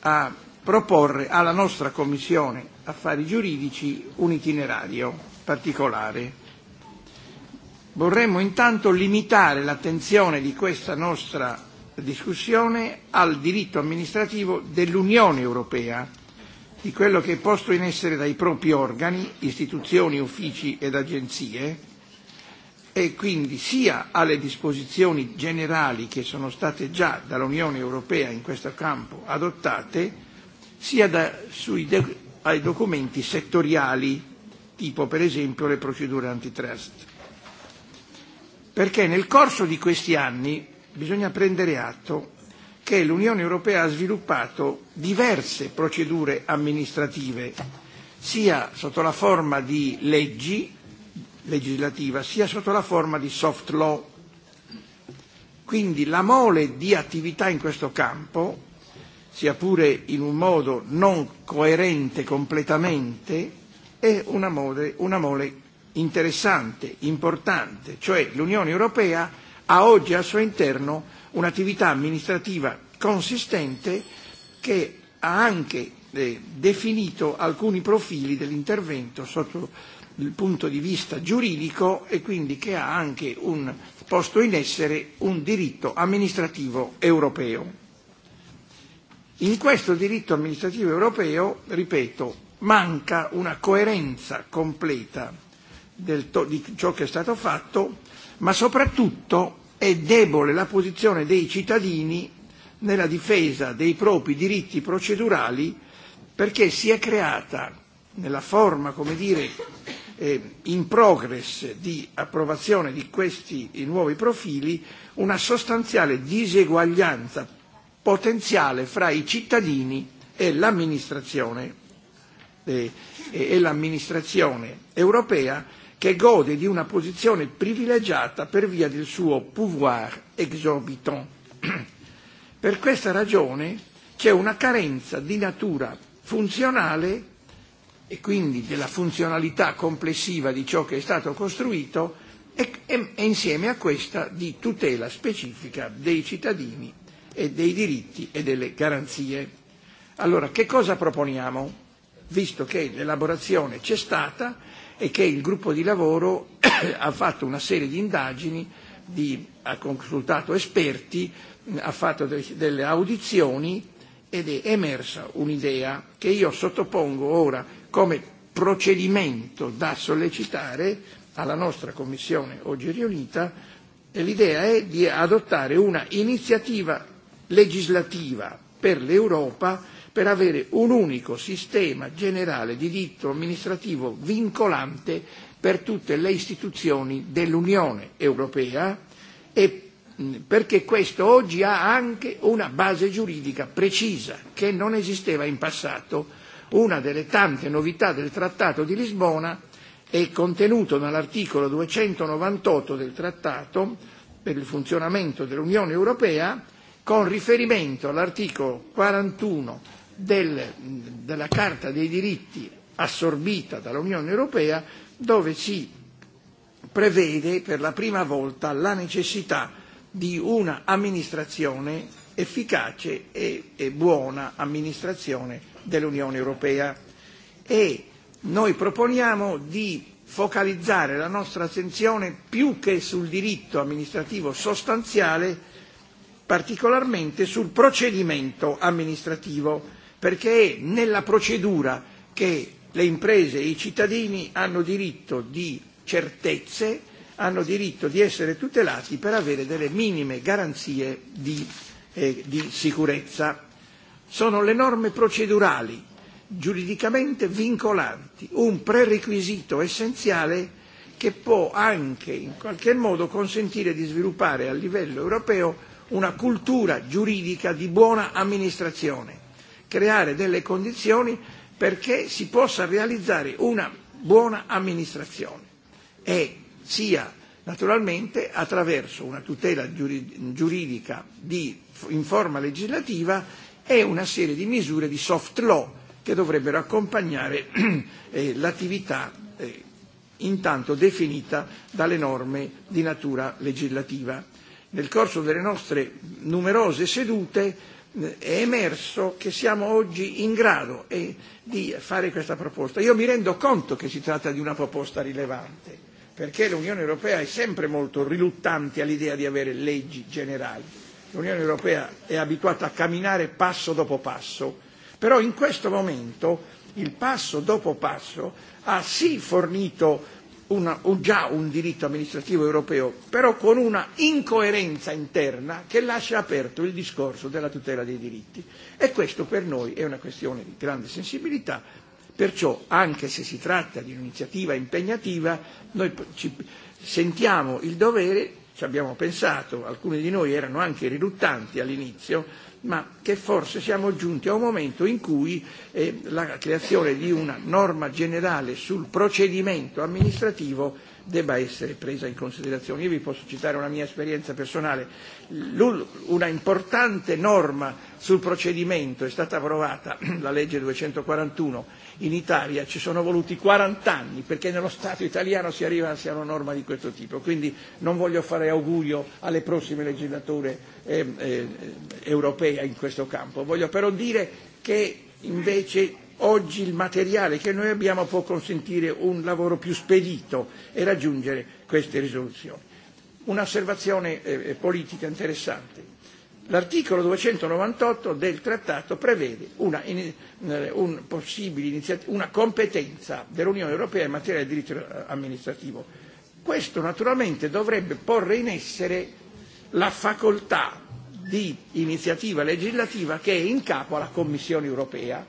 a proporre alla nostra Commissione Affari Giuridici un itinerario particolare. Vorremmo intanto limitare l'attenzione di questa nostra discussione al diritto amministrativo dell'Unione Europea, di quello che è posto in essere dai propri organi, istituzioni, uffici ed agenzie, e quindi sia alle disposizioni generali che sono state già dall'Unione Europea in questo campo adottate, sia da, sui de, ai documenti settoriali, tipo per esempio le procedure antitrust. Perché nel corso di questi anni bisogna prendere atto che l'Unione Europea ha sviluppato diverse procedure amministrative, sia sotto la forma di leggi legislativa, sia sotto la forma di soft law. Quindi la mole di attività in questo campo, sia pure in un modo non coerente completamente, è una mole, una mole interessante, importante, cioè l'Unione Europea ha oggi al suo interno un'attività amministrativa consistente che ha anche eh, definito alcuni profili dell'intervento sotto dal punto di vista giuridico e quindi che ha anche un, posto in essere un diritto amministrativo europeo. In questo diritto amministrativo europeo, ripeto, manca una coerenza completa del to- di ciò che è stato fatto, ma soprattutto è debole la posizione dei cittadini nella difesa dei propri diritti procedurali perché si è creata nella forma, come dire, eh, in progress di approvazione di questi nuovi profili una sostanziale diseguaglianza potenziale fra i cittadini e l'amministrazione, eh, e, e l'amministrazione europea che gode di una posizione privilegiata per via del suo pouvoir exorbitant. Per questa ragione c'è una carenza di natura funzionale e quindi della funzionalità complessiva di ciò che è stato costruito e, e, e insieme a questa di tutela specifica dei cittadini e dei diritti e delle garanzie. Allora, che cosa proponiamo? Visto che l'elaborazione c'è stata e che il gruppo di lavoro ha fatto una serie di indagini, di, ha consultato esperti, ha fatto de- delle audizioni ed è emersa un'idea che io sottopongo ora come procedimento da sollecitare alla nostra Commissione oggi riunita e l'idea è di adottare una iniziativa legislativa per l'Europa per avere un unico sistema generale di diritto amministrativo vincolante per tutte le istituzioni dell'Unione Europea e mm, perché questo oggi ha anche una base giuridica precisa che non esisteva in passato Una delle tante novità del Trattato di Lisbona è contenuto nell'articolo 298 del Trattato per il funzionamento dell'Unione Europea con riferimento all'articolo 41 del, della Carta dei diritti assorbita dall'Unione Europea dove si prevede per la prima volta la necessità di una amministrazione efficace e, e buona amministrazione dell'Unione Europea e noi proponiamo di focalizzare la nostra attenzione più che sul diritto amministrativo sostanziale, particolarmente sul procedimento amministrativo, perché è nella procedura che le imprese e i cittadini hanno diritto di certezze, hanno diritto di essere tutelati per avere delle minime garanzie di, eh, di sicurezza sono le norme procedurali giuridicamente vincolanti, un prerequisito essenziale che può anche in qualche modo consentire di sviluppare a livello europeo una cultura giuridica di buona amministrazione, creare delle condizioni perché si possa realizzare una buona amministrazione e sia naturalmente attraverso una tutela giuridica di, in forma legislativa e una serie di misure di soft law che dovrebbero accompagnare eh, l'attività eh, intanto definita dalle norme di natura legislativa. Nel corso delle nostre numerose sedute eh, è emerso che siamo oggi in grado eh, di fare questa proposta. Io mi rendo conto che si tratta di una proposta rilevante, perché l'Unione Europea è sempre molto riluttante all'idea di avere leggi generali. L'Unione Europea è abituata a camminare passo dopo passo, però in questo momento il passo dopo passo ha sì fornito una, già un diritto amministrativo europeo, però con una incoerenza interna che lascia aperto il discorso della tutela dei diritti. E questo per noi è una questione di grande sensibilità, perciò anche se si tratta di un'iniziativa impegnativa, noi ci sentiamo il dovere ci abbiamo pensato, alcuni di noi erano anche riluttanti all'inizio, ma che forse siamo giunti a un momento in cui eh, la creazione di una norma generale sul procedimento amministrativo debba essere presa in considerazione. Io vi posso citare una mia esperienza personale. L'ul- una importante norma sul procedimento è stata approvata, la legge 241, in Italia. Ci sono voluti 40 anni perché nello Stato italiano si arrivasse a una norma di questo tipo. Quindi non voglio fare augurio alle prossime legislature eh, eh, europea in questo campo. Voglio però dire che invece oggi il materiale che noi abbiamo può consentire un lavoro più spedito e raggiungere queste risoluzioni. Un'osservazione eh, eh politica interessante. L'articolo 298 del trattato prevede una, in, eh, un iniziat- una competenza dell'Unione Europea in materia di diritto eh, amministrativo. Questo naturalmente dovrebbe porre in essere la facoltà di iniziativa legislativa che è in capo alla Commissione europea.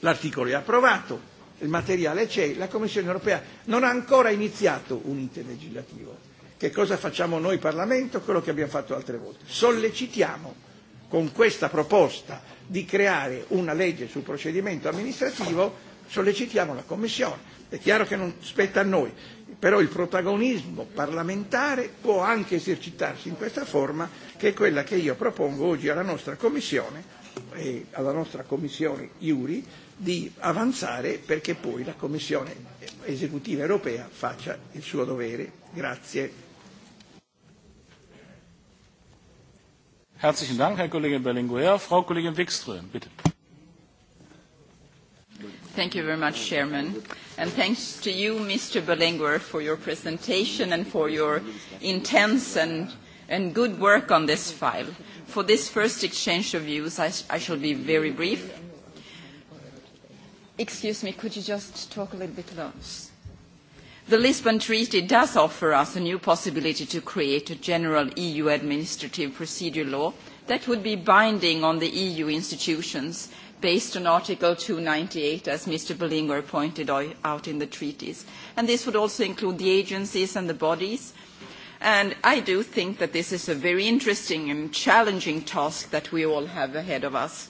L'articolo è approvato, il materiale c'è, la Commissione europea non ha ancora iniziato un iter legislativo. Che cosa facciamo noi Parlamento? Quello che abbiamo fatto altre volte. Sollecitiamo con questa proposta di creare una legge sul procedimento amministrativo, sollecitiamo la Commissione. È chiaro che non spetta a noi, però il protagonismo parlamentare può anche esercitarsi in questa forma che è quella che io propongo oggi alla nostra Commissione e alla nostra Commissione Iuri di avanzare perché poi la Commissione esecutiva europea faccia il suo dovere. Grazie. Herzlichen Dank, Herr Kollege Berlinguer. Frau Kollegin Wikström, bitte. Thank you very much, Chairman. Thanks to you, Mr. Berlinguer, for your presentation and for your intense and, and good work on this file. For this first exchange of views, I, sh I shall be very brief. Excuse me, could you just talk a little bit louder? The Lisbon Treaty does offer us a new possibility to create a general EU administrative procedure law that would be binding on the EU institutions based on Article 298, as Mr. Bollinger pointed out in the treaties. And this would also include the agencies and the bodies. And I do think that this is a very interesting and challenging task that we all have ahead of us.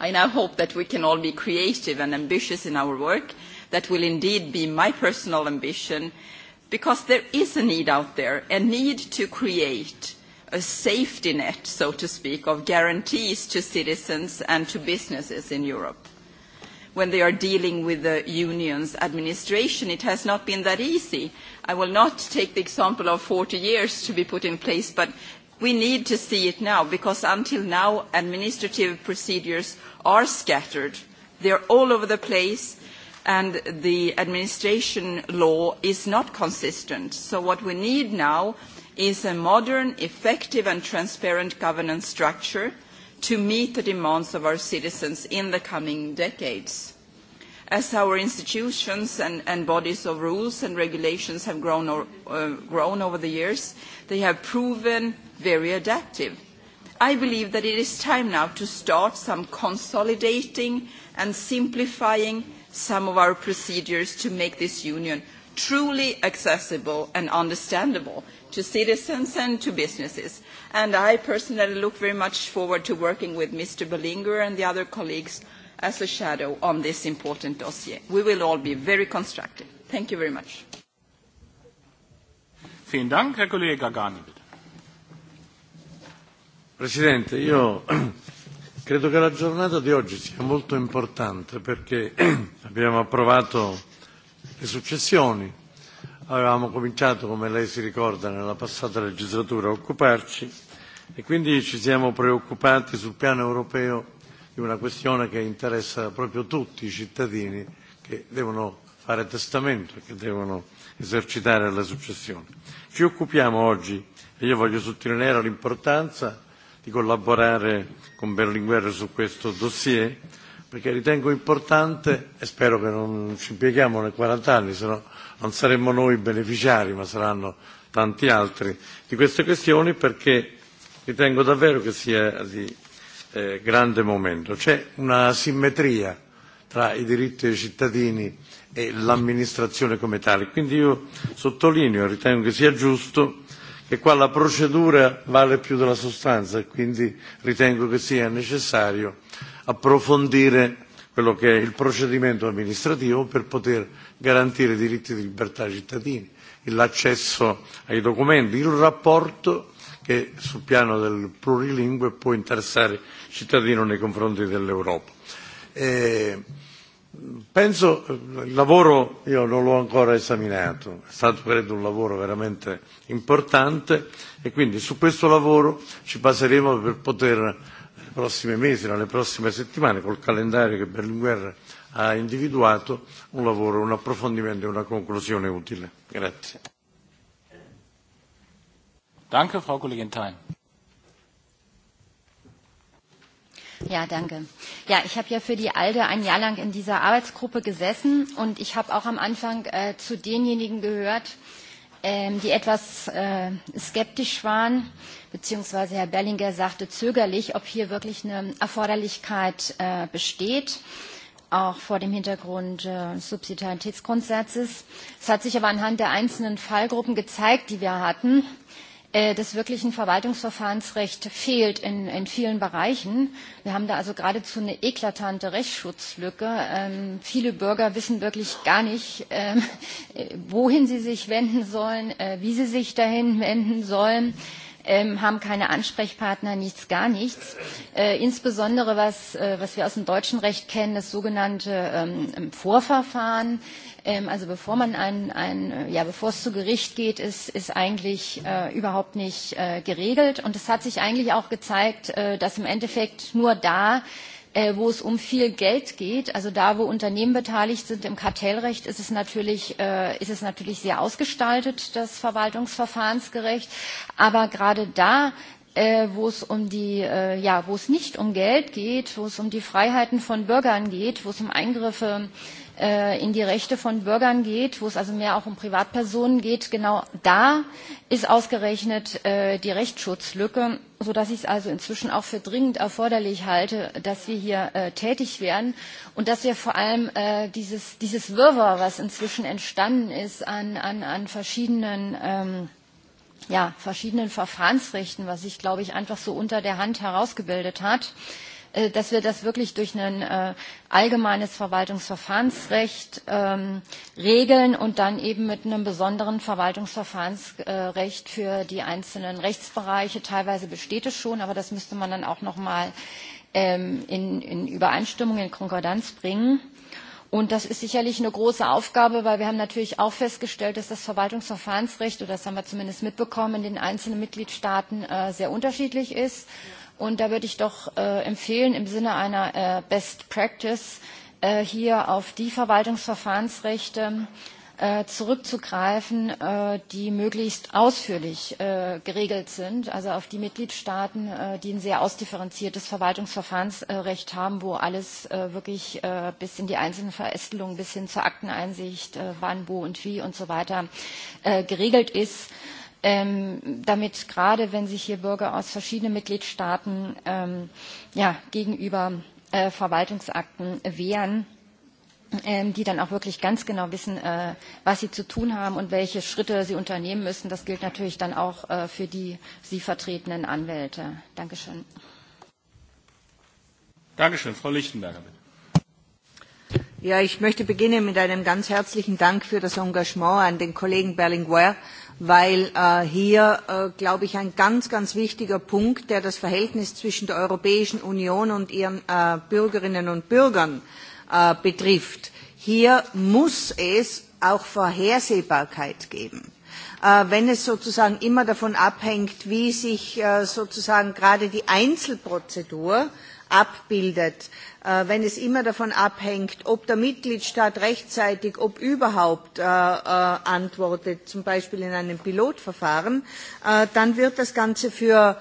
I now hope that we can all be creative and ambitious in our work. That will indeed be my personal ambition, because there is a need out there, a need to create a safety net, so to speak, of guarantees to citizens and to businesses in Europe. When they are dealing with the union's administration, it has not been that easy. I will not take the example of 40 years to be put in place, but we need to see it now, because until now, administrative procedures are scattered. They are all over the place and the administration law is not consistent. So what we need now is a modern, effective, and transparent governance structure to meet the demands of our citizens in the coming decades. As our institutions and bodies of rules and regulations have uh, grown over the years, they have proven very adaptive. I believe that it is time now to start some consolidating and simplifying some of our procedures to make this union truly accessible and understandable to citizens and to businesses. And I personally look very much forward to working with Mr. Belinger and the other colleagues as a shadow on this important dossier. We will all be very constructive. Thank you very much. Vielen Dank, Herr Kollege Gagani, bitte. Presidente, io credo che la giornata di oggi sia molto importante perché abbiamo approvato le successioni. Avevamo cominciato, come lei si ricorda, nella passata legislatura a occuparci e quindi ci siamo preoccupati sul piano europeo di una questione che interessa proprio tutti i cittadini che devono fare testamento e che devono esercitare la successione. Ci occupiamo oggi, e io voglio sottolineare l'importanza di collaborare con Berlinguer su questo dossier, perché ritengo importante e spero che non ci impieghiamo nei 40 anni, se no non saremmo noi beneficiari, ma saranno tanti altri di queste questioni, perché ritengo davvero che sia di eh, grande momento. C'è una simmetria tra i diritti dei cittadini e l'amministrazione come tale. Quindi io sottolineo e ritengo che sia giusto che qua la procedura vale più della sostanza e quindi ritengo che sia necessario approfondire quello che è il procedimento amministrativo per poter garantire i diritti di libertà ai cittadini, l'accesso ai documenti, il rapporto che sul piano del plurilingue può interessare il cittadino nei confronti dell'Europa. E, penso il lavoro io non l'ho ancora esaminato, è stato credo un lavoro veramente importante e quindi su questo lavoro ci baseremo per poter nei prossimi mesi, nelle prossime settimane, col calendario che Berlinguer ha individuato, un lavoro, un approfondimento e una conclusione utile. Grazie. Danke, Frau Kollegin Thein. Ja, danke. Ja, ich habe ja für die ALDE ein Jahr lang in dieser Arbeitsgruppe gesessen und ich habe auch am Anfang äh, zu denjenigen gehört, ähm, die etwas äh, skeptisch waren, beziehungsweise Herr Bellinger sagte zögerlich, ob hier wirklich eine Erforderlichkeit äh, besteht, auch vor dem Hintergrund des äh, Subsidiaritätsgrundsatzes. Es hat sich aber anhand der einzelnen Fallgruppen gezeigt, die wir hatten, äh, Äh, des wirklichen Verwaltungsverfahrensrechts fehlt in, in vielen Bereichen. Wir haben da also geradezu eine eklatante Rechtsschutzlücke. Ähm, viele Bürger wissen wirklich gar nicht, ähm, wohin sie sich wenden sollen, äh, wie sie sich dahin wenden sollen. Äh, ähm, haben keine Ansprechpartner, nichts, gar nichts. Äh, insbesondere was, äh, was wir aus dem deutschen Recht kennen, das sogenannte ähm, ähm Vorverfahren. Ähm, also bevor man ein, ein, äh, ja, bevor es zu Gericht geht, ist, ist eigentlich äh, überhaupt nicht äh, geregelt. Und es hat sich eigentlich auch gezeigt, äh, dass im Endeffekt nur da Äh, wo es um viel Geld geht, also da, wo Unternehmen beteiligt sind im Kartellrecht, ist es natürlich, äh, ist es natürlich sehr ausgestaltet, das Verwaltungsverfahrensgerecht. Aber gerade da, äh, wo, es um die, äh, ja, wo es nicht um Geld geht, wo es um die Freiheiten von Bürgern geht, wo es um Eingriffe Äh, in die Rechte von Bürgern geht, wo es also mehr auch um Privatpersonen geht, genau da ist ausgerechnet äh, die Rechtsschutzlücke, sodass ich es also inzwischen auch für dringend erforderlich halte, dass wir hier äh, tätig werden und dass wir vor allem äh, dieses, dieses Wirrwarr, was inzwischen entstanden ist an, an, an verschiedenen, ähm, ja, verschiedenen Verfahrensrechten, was sich, glaube ich, einfach so unter der Hand herausgebildet hat, äh, Äh, dass wir das wirklich durch ein äh, allgemeines Verwaltungsverfahrensrecht ähm, regeln und dann eben mit einem besonderen Verwaltungsverfahrensrecht für die einzelnen Rechtsbereiche. Teilweise besteht es schon, aber das müsste man dann auch nochmal ähm, in, in Übereinstimmung, in Konkordanz bringen. Und das ist sicherlich eine große Aufgabe, weil wir haben natürlich auch festgestellt, dass das Verwaltungsverfahrensrecht, oder das haben wir zumindest mitbekommen, in den einzelnen Mitgliedstaaten äh, sehr unterschiedlich ist. Ja. Und da würde ich doch äh, empfehlen, im Sinne einer äh, Best Practice äh, hier auf die Verwaltungsverfahrensrechte äh, zurückzugreifen, äh, die möglichst ausführlich äh, geregelt sind, also auf die Mitgliedstaaten, äh, die ein sehr ausdifferenziertes Verwaltungsverfahrensrecht äh, haben, wo alles äh, wirklich äh, bis in die einzelnen Verästelungen, bis hin zur Akteneinsicht, äh, wann, wo und wie und so weiter äh, geregelt ist ähm, damit gerade wenn sich hier Bürger aus verschiedenen Mitgliedstaaten ähm, ja, gegenüber äh, Verwaltungsakten wehren, ähm, die dann auch wirklich ganz genau wissen, äh, was sie zu tun haben und welche Schritte sie unternehmen müssen. Das gilt natürlich dann auch äh, für die Sie vertretenen Anwälte. Dankeschön. Dankeschön. Frau Lichtenberger, bitte. Ja, ich möchte beginnen mit einem ganz herzlichen Dank für das Engagement an den Kollegen Berlinguer weil äh, hier, äh, glaube ich, ein ganz, ganz wichtiger Punkt, der das Verhältnis zwischen der Europäischen Union und ihren äh, Bürgerinnen und Bürgern äh, betrifft. Hier muss es auch Vorhersehbarkeit geben. Äh, wenn es sozusagen immer davon abhängt, wie sich äh, sozusagen gerade die Einzelprozedur abbildet, Äh, wenn es immer davon abhängt, ob der Mitgliedstaat rechtzeitig, ob überhaupt äh, äh, antwortet, zum Beispiel in einem Pilotverfahren, dann wird das Ganze für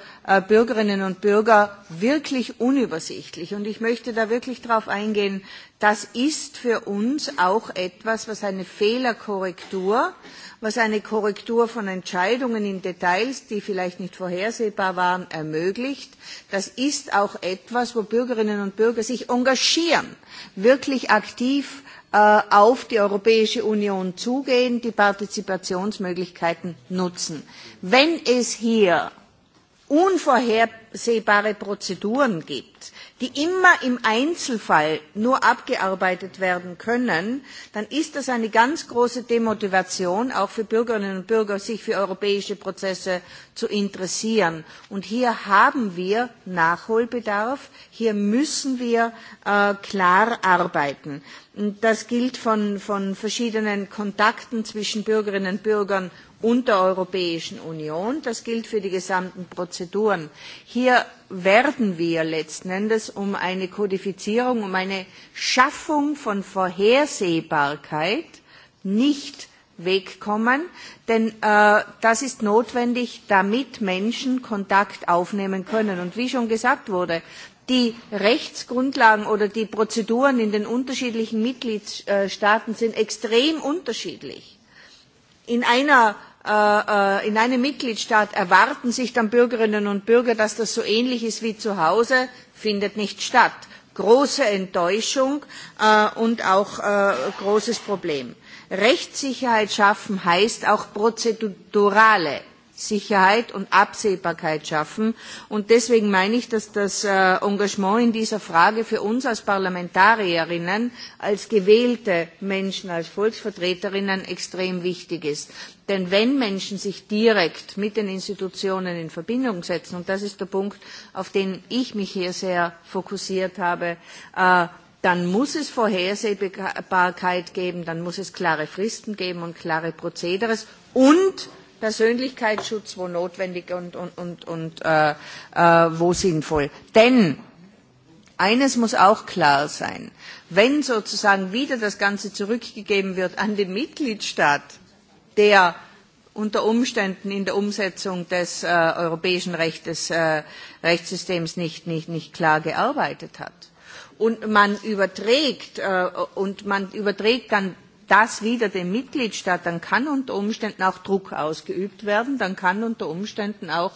Bürgerinnen und Bürger wirklich unübersichtlich. Und ich möchte da wirklich darauf eingehen, das ist für uns auch etwas, was eine Fehlerkorrektur, was eine Korrektur von Entscheidungen in Details, die vielleicht nicht vorhersehbar waren, ermöglicht. Das ist auch etwas, wo Bürgerinnen und Bürger sich engagieren, wirklich aktiv äh, auf die Europäische Union zugehen, die Partizipationsmöglichkeiten nutzen. Wenn es hier unvorhersehbare Prozeduren gibt, die immer im Einzelfall nur abgearbeitet werden können, dann ist das eine ganz große Demotivation auch für Bürgerinnen und Bürger, sich für europäische Prozesse zu interessieren. Und hier haben wir Nachholbedarf, hier müssen wir äh, klar arbeiten. Und das gilt von, von verschiedenen Kontakten zwischen Bürgerinnen und Bürgern und der Europäischen Union. Das gilt für die gesamten Prozeduren. Hier werden wir letzten Endes um eine Kodifizierung, um eine Schaffung von Vorhersehbarkeit nicht wegkommen, denn äh, das ist notwendig, damit Menschen Kontakt aufnehmen können. Und wie schon gesagt wurde, die Rechtsgrundlagen oder die Prozeduren in den unterschiedlichen Mitgliedstaaten sind extrem unterschiedlich. In einer Äh, äh, in einem Mitgliedstaat erwarten sich dann Bürgerinnen und Bürger, dass das so ähnlich ist wie zu Hause, findet nicht statt. Große Enttäuschung äh, und auch großes Problem. Rechtssicherheit schaffen heißt auch prozedurale Sicherheit und Absehbarkeit schaffen. Und deswegen meine ich, dass das äh, Engagement in dieser Frage für uns als Parlamentarierinnen, als gewählte Menschen, als Volksvertreterinnen extrem wichtig ist. Denn wenn Menschen sich direkt mit den Institutionen in Verbindung setzen, und das ist der Punkt, auf den ich mich hier sehr fokussiert habe, äh, dann muss es Vorhersehbarkeit geben, dann muss es klare Fristen geben und klare Prozederes und Persönlichkeitsschutz, wo notwendig und, und, und, und äh, äh, wo sinnvoll. Denn eines muss auch klar sein, wenn sozusagen wieder das Ganze zurückgegeben wird an den Mitgliedstaat, der unter Umständen in der Umsetzung des äh, europäischen Rechtes, äh, Rechtssystems nicht, nicht, nicht klar gearbeitet hat. Und man überträgt, äh, und man überträgt dann dass wieder den Mitgliedstaat, dann kann unter Umständen auch Druck ausgeübt werden, dann kann unter Umständen auch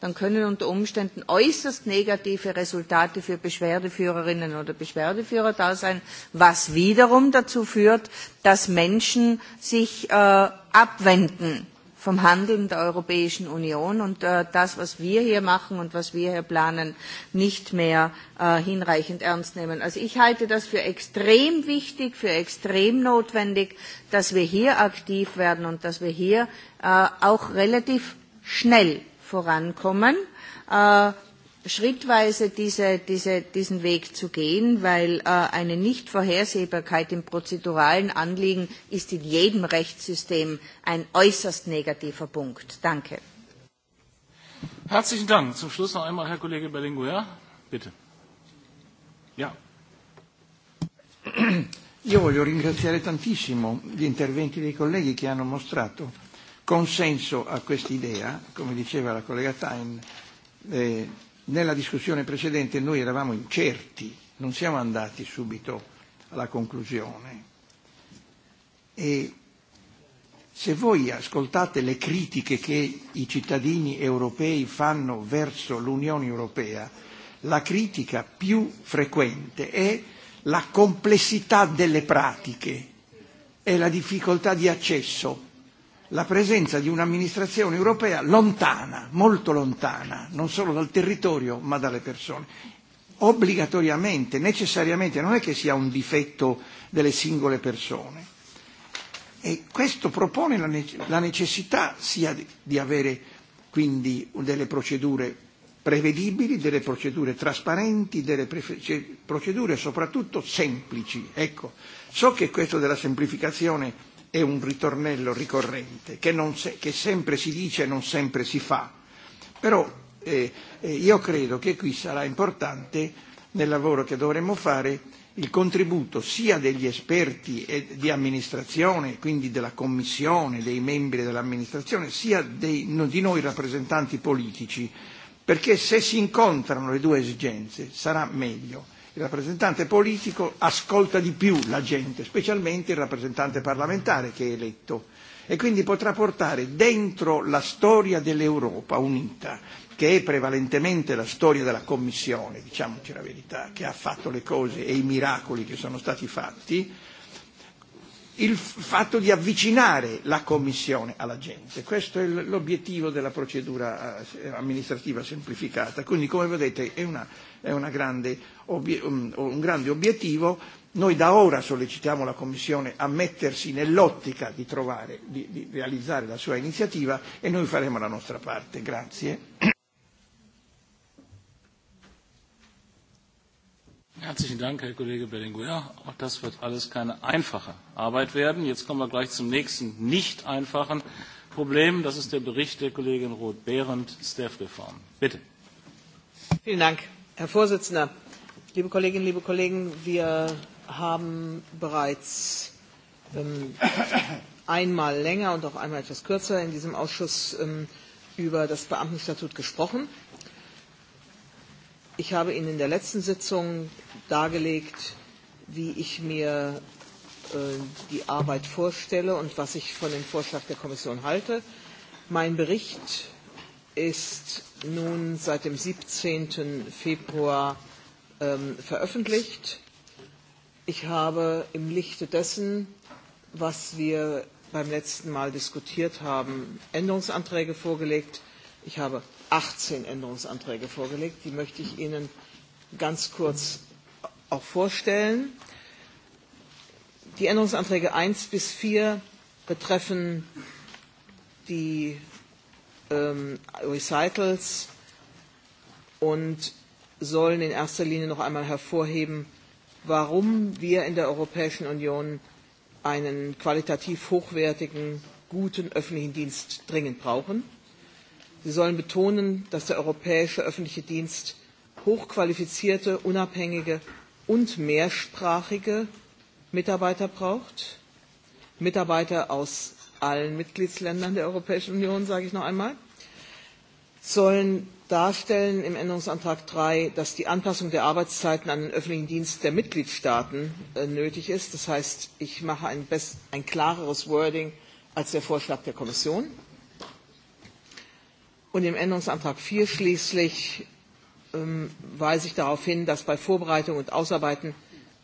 dann können unter Umständen äußerst negative Resultate für Beschwerdeführerinnen oder Beschwerdeführer da sein, was wiederum dazu führt, dass Menschen sich äh, abwenden vom Handeln der Europäischen Union und äh, das, was wir hier machen und was wir hier planen, nicht mehr äh, hinreichend ernst nehmen. Also ich halte das für extrem wichtig, für extrem notwendig, dass wir hier aktiv werden und dass wir hier äh, auch relativ schnell vorankommen. Äh, schrittweise diese, diese, diesen Weg zu gehen, weil äh, eine Nichtvorhersehbarkeit im prozeduralen Anliegen ist in jedem Rechtssystem ein äußerst negativer Punkt. Danke. Herzlichen Dank. Zum Schluss noch einmal Herr Kollege Berlinguer. Bitte. Ja. Io voglio ringraziare tantissimo gli interventi dei colleghi che hanno mostrato consenso a quest'idea, come diceva la collega Tain, eh, nella discussione precedente noi eravamo incerti, non siamo andati subito alla conclusione. E se voi ascoltate le critiche che i cittadini europei fanno verso l'Unione Europea, la critica più frequente è la complessità delle pratiche e la difficoltà di accesso la presenza di un'amministrazione europea lontana, molto lontana, non solo dal territorio ma dalle persone. Obbligatoriamente, necessariamente, non è che sia un difetto delle singole persone. E questo propone la, ne- la necessità sia di-, di avere quindi delle procedure prevedibili, delle procedure trasparenti, delle pre- cioè, procedure soprattutto semplici. Ecco, so che questo della semplificazione è un ritornello ricorrente che, non se, che sempre si dice e non sempre si fa. Però eh, eh, io credo che qui sarà importante nel lavoro che dovremmo fare il contributo sia degli esperti e di amministrazione, quindi della Commissione, dei membri dell'amministrazione, sia dei, no, di noi rappresentanti politici, perché se si incontrano le due esigenze sarà meglio il rappresentante politico ascolta di più la gente, specialmente il rappresentante parlamentare che è eletto e quindi potrà portare dentro la storia dell'Europa unita, che è prevalentemente la storia della Commissione, diciamoci la verità, che ha fatto le cose e i miracoli che sono stati fatti, il fatto di avvicinare la Commissione alla gente. Questo è l'obiettivo della procedura eh, amministrativa semplificata. Quindi, come vedete, è una è una grande obiet- um, un grande obiettivo. Noi da ora sollecitiamo la Commissione a mettersi nell'ottica di, trovare, di, di realizzare la sua iniziativa e noi faremo la nostra parte. Grazie. Herzlichen Dank, Herr Kollege Berlinguer. Auch das wird alles keine einfache Arbeit werden. Jetzt kommen wir gleich zum nächsten nicht einfachen Problem. Das ist der Bericht der Kollegin Roth-Behrendt, Staff-Reform. Bitte. Vielen Dank. Herr Präsident, liebe Kolleginnen, liebe Kollegen! Wir haben bereits ähm, einmal länger und auch einmal etwas kürzer in diesem Ausschuss ähm, über das Beamtenstatut gesprochen. Ich habe Ihnen in der letzten Sitzung dargelegt, wie ich mir äh, die Arbeit vorstelle und was ich von dem Vorschlag der Kommission halte. Mein Bericht ist nun seit dem 17. Februar ähm, veröffentlicht. Ich habe im Lichte dessen, was wir beim letzten Mal diskutiert haben, Änderungsanträge vorgelegt. Ich habe 18 Änderungsanträge vorgelegt. Die möchte ich Ihnen ganz kurz auch vorstellen. Die Änderungsanträge 1 bis 4 betreffen die ähm, Recitals und sollen in erster Linie noch einmal hervorheben, warum wir in der Europäischen Union einen qualitativ hochwertigen, guten öffentlichen Dienst dringend brauchen. Sie sollen betonen, dass der europäische öffentliche Dienst hochqualifizierte, unabhängige und mehrsprachige Mitarbeiter braucht. Mitarbeiter aus allen Mitgliedsländern der Europäischen Union, sage ich noch einmal, sollen darstellen im Änderungsantrag 3, dass die Anpassung der Arbeitszeiten an den öffentlichen Dienst der Mitgliedstaaten äh, nötig ist. Das heißt, ich mache ein, ein klareres Wording als der Vorschlag der Kommission. Und im Änderungsantrag 4 schließlich ähm, weise ich darauf hin, dass bei Vorbereitung und Ausarbeiten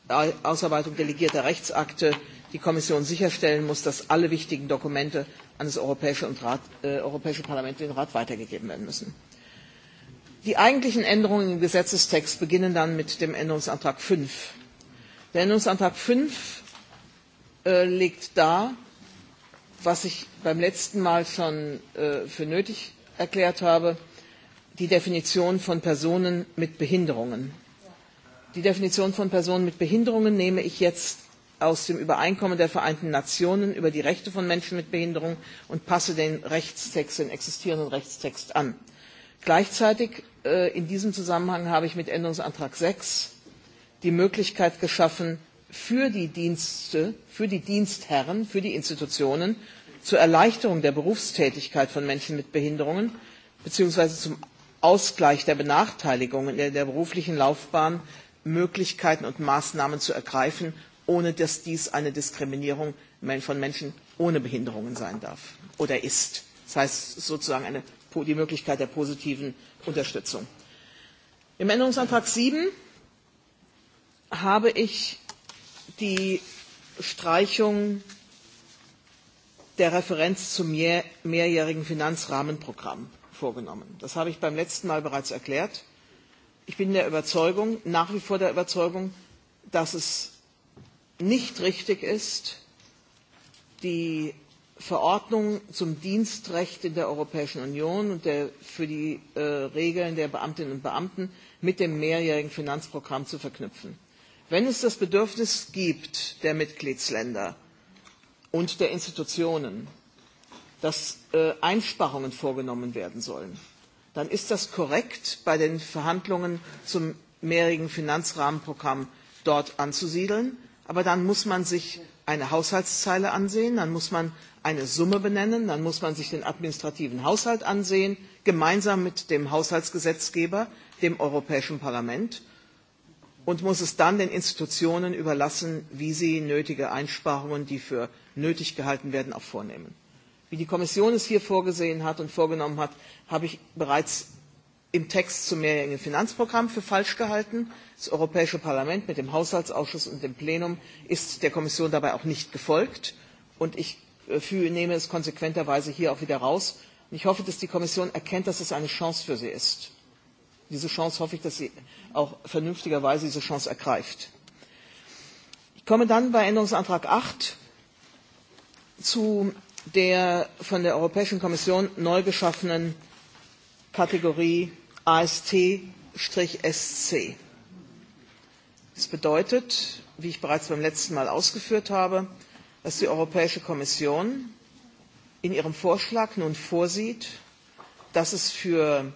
Ausarbeitung delegierter Rechtsakte die Kommission sicherstellen muss, dass alle wichtigen Dokumente an das Europäische, und Rat, äh, Europäische Parlament und den Rat weitergegeben werden müssen. Die eigentlichen Änderungen im Gesetzestext beginnen dann mit dem Änderungsantrag 5. Der Änderungsantrag 5 äh, legt dar, was ich beim letzten Mal schon äh, für nötig erklärt habe, die Definition von Personen mit Behinderungen. Die Definition von Personen mit Behinderungen nehme ich jetzt aus dem Übereinkommen der Vereinten Nationen über die Rechte von Menschen mit Behinderung und passe den Rechtstext, den existierenden Rechtstext an. Gleichzeitig äh, in diesem Zusammenhang habe ich mit Änderungsantrag 6 die Möglichkeit geschaffen, für die Dienste, für die Dienstherren, für die Institutionen zur Erleichterung der Berufstätigkeit von Menschen mit Behinderungen beziehungsweise zum Ausgleich der Benachteiligungen in der beruflichen Laufbahn Möglichkeiten und Maßnahmen zu ergreifen, ohne dass dies eine Diskriminierung von Menschen ohne Behinderungen sein darf oder ist. Das heißt sozusagen eine, die Möglichkeit der positiven Unterstützung. Im Änderungsantrag 7 habe ich die Streichung der Referenz zum mehrjährigen Finanzrahmenprogramm vorgenommen. Das habe ich beim letzten Mal bereits erklärt. Ich bin der Überzeugung, nach wie vor der Überzeugung, dass es nicht richtig ist, die Verordnung zum Dienstrecht in der Europäischen Union und der, für die äh, Regeln der Beamtinnen und Beamten mit dem mehrjährigen Finanzprogramm zu verknüpfen. Wenn es das Bedürfnis gibt der Mitgliedsländer und der Institutionen, dass äh, Einsparungen vorgenommen werden sollen, dann ist das korrekt bei den Verhandlungen zum mehrjährigen Finanzrahmenprogramm dort anzusiedeln. Aber dann muss man sich eine Haushaltszeile ansehen, dann muss man eine Summe benennen, dann muss man sich den administrativen Haushalt ansehen, gemeinsam mit dem Haushaltsgesetzgeber, dem Europäischen Parlament, und muss es dann den Institutionen überlassen, wie sie nötige Einsparungen, die für nötig gehalten werden, auch vornehmen wie die Kommission es hier vorgesehen hat und vorgenommen hat, habe ich bereits im Text zum mehrjährigen Finanzprogramm für falsch gehalten. Das Europäische Parlament mit dem Haushaltsausschuss und dem Plenum ist der Kommission dabei auch nicht gefolgt. Und ich äh, nehme es konsequenterweise hier auch wieder raus. Und ich hoffe, dass die Kommission erkennt, dass es eine Chance für sie ist. Diese Chance hoffe ich, dass sie auch vernünftigerweise diese Chance ergreift. Ich komme dann bei Änderungsantrag 8 zu der von der Europäischen Kommission neu geschaffenen Kategorie AST-SC. Das bedeutet, wie ich bereits beim letzten Mal ausgeführt habe, dass die Europäische Kommission in ihrem Vorschlag nun vorsieht, dass es für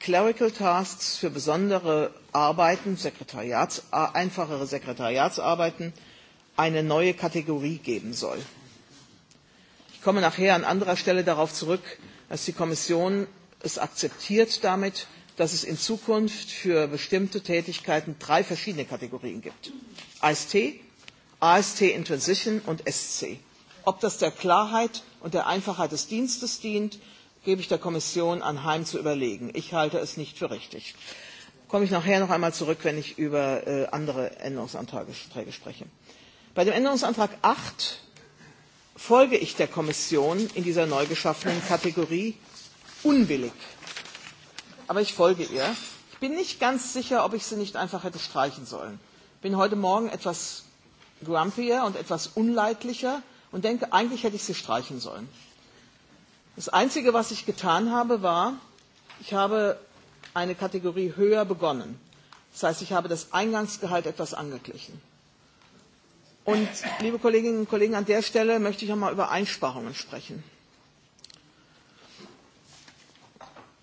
Clerical Tasks, für besondere Arbeiten, Sekretariats, einfachere Sekretariatsarbeiten, eine neue Kategorie geben soll komme nachher an anderer Stelle darauf zurück, dass die Kommission es akzeptiert damit, dass es in Zukunft für bestimmte Tätigkeiten drei verschiedene Kategorien gibt. AST, AST in Transition und SC. Ob das der Klarheit und der Einfachheit des Dienstes dient, gebe ich der Kommission anheim zu überlegen. Ich halte es nicht für richtig. Komme ich nachher noch einmal zurück, wenn ich über äh, andere Änderungsanträge spreche. Bei dem Änderungsantrag 8 folge ich der Kommission in dieser neu geschaffenen Kategorie unwillig. Aber ich folge ihr. Ich bin nicht ganz sicher, ob ich sie nicht einfach hätte streichen sollen. Ich bin heute Morgen etwas grumpier und etwas unleidlicher und denke, eigentlich hätte ich sie streichen sollen. Das Einzige, was ich getan habe, war, ich habe eine Kategorie höher begonnen. Das heißt, ich habe das Eingangsgehalt etwas angeglichen. Und, liebe Kolleginnen und Kollegen, an der Stelle möchte ich einmal über Einsparungen sprechen.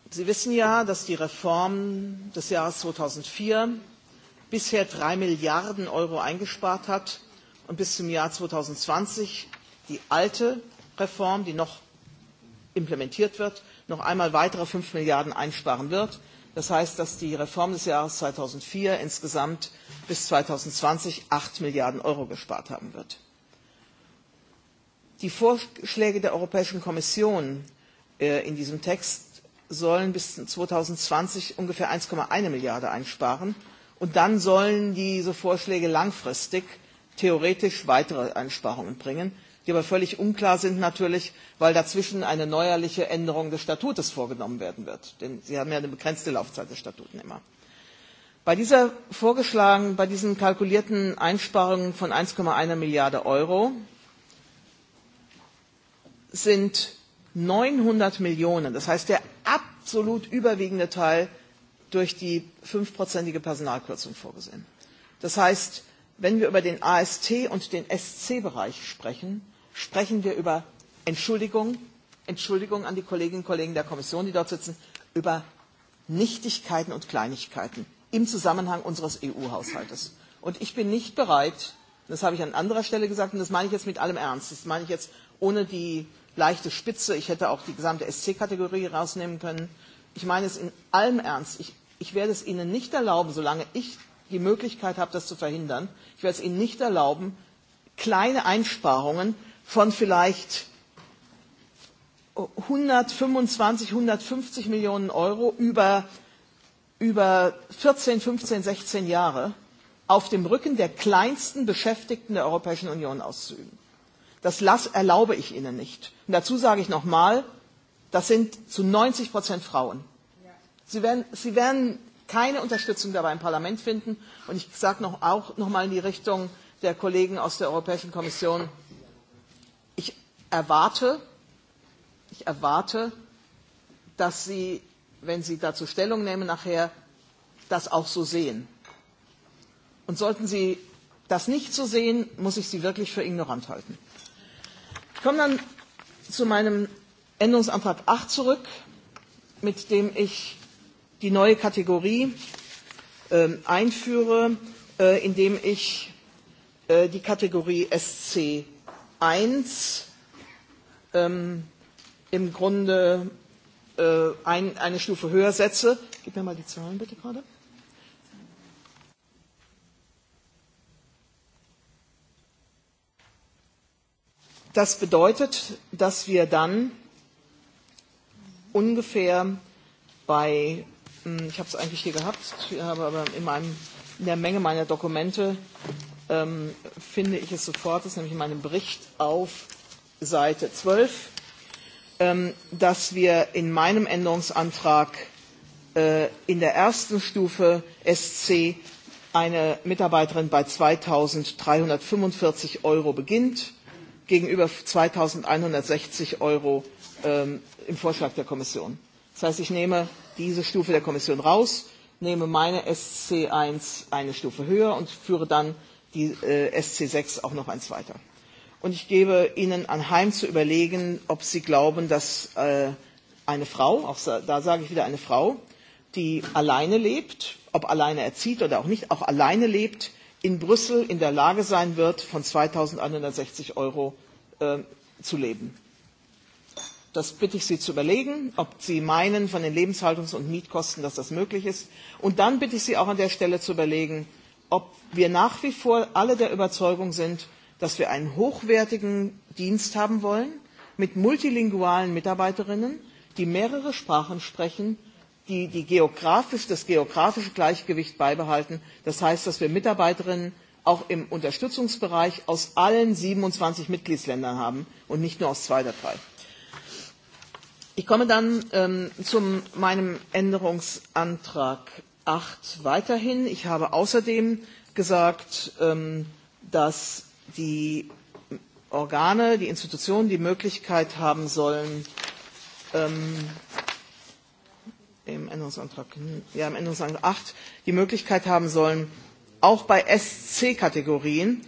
Sie wissen ja, dass die Reform des Jahres 2004 bisher drei Milliarden Euro eingespart hat und bis zum Jahr 2020 die alte Reform, die noch implementiert wird, noch einmal weitere fünf Milliarden einsparen wird. Das heißt, dass die Reform des Jahres 2004 insgesamt bis 2020 8 Milliarden Euro gespart haben wird. Die Vorschläge der Europäischen Kommission äh, in diesem Text sollen bis 2020 ungefähr 1,1 Milliarde einsparen. Und dann sollen diese Vorschläge langfristig theoretisch weitere Einsparungen bringen die aber völlig unklar sind natürlich, weil dazwischen eine neuerliche Änderung des Statutes vorgenommen werden wird. Denn Sie haben ja eine begrenzte Laufzeit des Statuten immer. Bei dieser vorgeschlagenen, bei diesen kalkulierten Einsparungen von 1,1 Milliarde Euro sind 900 Millionen, das heißt der absolut überwiegende Teil, durch die fünfprozentige Personalkürzung vorgesehen. Das heißt, wenn wir über den AST und den SC-Bereich sprechen, sprechen wir über Entschuldigung, Entschuldigung an die Kolleginnen und Kollegen der Kommission, die dort sitzen, über Nichtigkeiten und Kleinigkeiten im Zusammenhang unseres EU-Haushaltes. Und ich bin nicht bereit, das habe ich an anderer Stelle gesagt, und das meine ich jetzt mit allem Ernst, das meine ich jetzt ohne die leichte Spitze, ich hätte auch die gesamte SC-Kategorie rausnehmen können, ich meine es in allem Ernst, ich, ich werde es Ihnen nicht erlauben, solange ich die Möglichkeit habe, das zu verhindern, ich werde es Ihnen nicht erlauben, kleine Einsparungen von vielleicht 125, 150 Millionen Euro über, über 14, 15, 16 Jahre auf dem Rücken der kleinsten Beschäftigten der Europäischen Union auszuüben. Das las, erlaube ich Ihnen nicht. Und dazu sage ich nochmal, das sind zu 90 Prozent Frauen. Sie werden, Sie werden keine Unterstützung dabei im Parlament finden. Und ich sage noch, auch nochmal in die Richtung der Kollegen aus der Europäischen Kommission, erwarte, ich erwarte, dass Sie, wenn Sie dazu Stellung nehmen nachher, das auch so sehen. Und sollten Sie das nicht so sehen, muss ich Sie wirklich für ignorant halten. Ich komme dann zu meinem Änderungsantrag 8 zurück, mit dem ich die neue Kategorie äh, einführe, äh, indem ich äh, die Kategorie SC 1 ähm, im Grunde äh, ein, eine Stufe höher setze. Gib mir mal die Zahlen bitte gerade. Das bedeutet, dass wir dann ungefähr bei, hm, ich habe es eigentlich hier gehabt, aber in, meinem, in der Menge meiner Dokumente ähm, finde ich es sofort, das ist nämlich in meinem Bericht auf Seite 12, ähm, dass wir in meinem Änderungsantrag äh, in der ersten Stufe SC eine Mitarbeiterin bei 2.345 Euro beginnt gegenüber 2.160 Euro ähm, im Vorschlag der Kommission. Das heißt, ich nehme diese Stufe der Kommission raus, nehme meine SC1 eine Stufe höher und führe dann die äh, SC6 auch noch eins weiter und ich gebe Ihnen anheim zu überlegen, ob Sie glauben, dass äh, eine Frau, auch da sage ich wieder eine Frau, die alleine lebt, ob alleine erzieht oder auch nicht, auch alleine lebt, in Brüssel in der Lage sein wird, von 2.160 Euro äh, zu leben. Das bitte ich Sie zu überlegen, ob Sie meinen von den Lebenshaltungs- und Mietkosten, dass das möglich ist. Und dann bitte ich Sie auch an der Stelle zu überlegen, ob wir nach wie vor alle der Überzeugung sind, dass wir einen hochwertigen Dienst haben wollen mit multilingualen Mitarbeiterinnen, die mehrere Sprachen sprechen, die, die geografisch, das geografische Gleichgewicht beibehalten. Das heißt, dass wir Mitarbeiterinnen auch im Unterstützungsbereich aus allen 27 Mitgliedsländern haben und nicht nur aus zwei der drei. Ich komme dann ähm, zu meinem Änderungsantrag 8 weiterhin. Ich habe außerdem gesagt, ähm, dass die Organe, die Institutionen die Möglichkeit haben sollen, ähm, im Änderungsantrag, ja, im Änderungsantrag 8, die Möglichkeit haben sollen, auch bei SC-Kategorien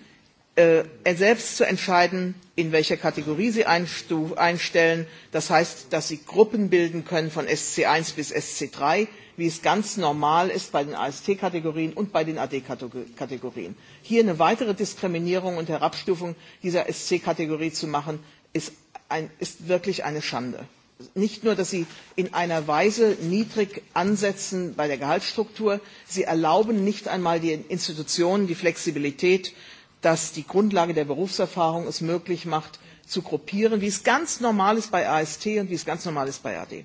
äh, er selbst zu entscheiden, in welche Kategorie sie einstellen. Das heißt, dass sie Gruppen bilden können von SC1 bis SC3 wie es ganz normal ist bei den AST-Kategorien und bei den AD-Kategorien. Hier eine weitere Diskriminierung und Herabstufung dieser SC-Kategorie zu machen, ist, ein, ist wirklich eine Schande. Nicht nur, dass sie in einer Weise niedrig ansetzen bei der Gehaltsstruktur, sie erlauben nicht einmal den Institutionen die Flexibilität, dass die Grundlage der Berufserfahrung es möglich macht, zu gruppieren, wie es ganz normal ist bei AST und wie es ganz normal ist bei AD.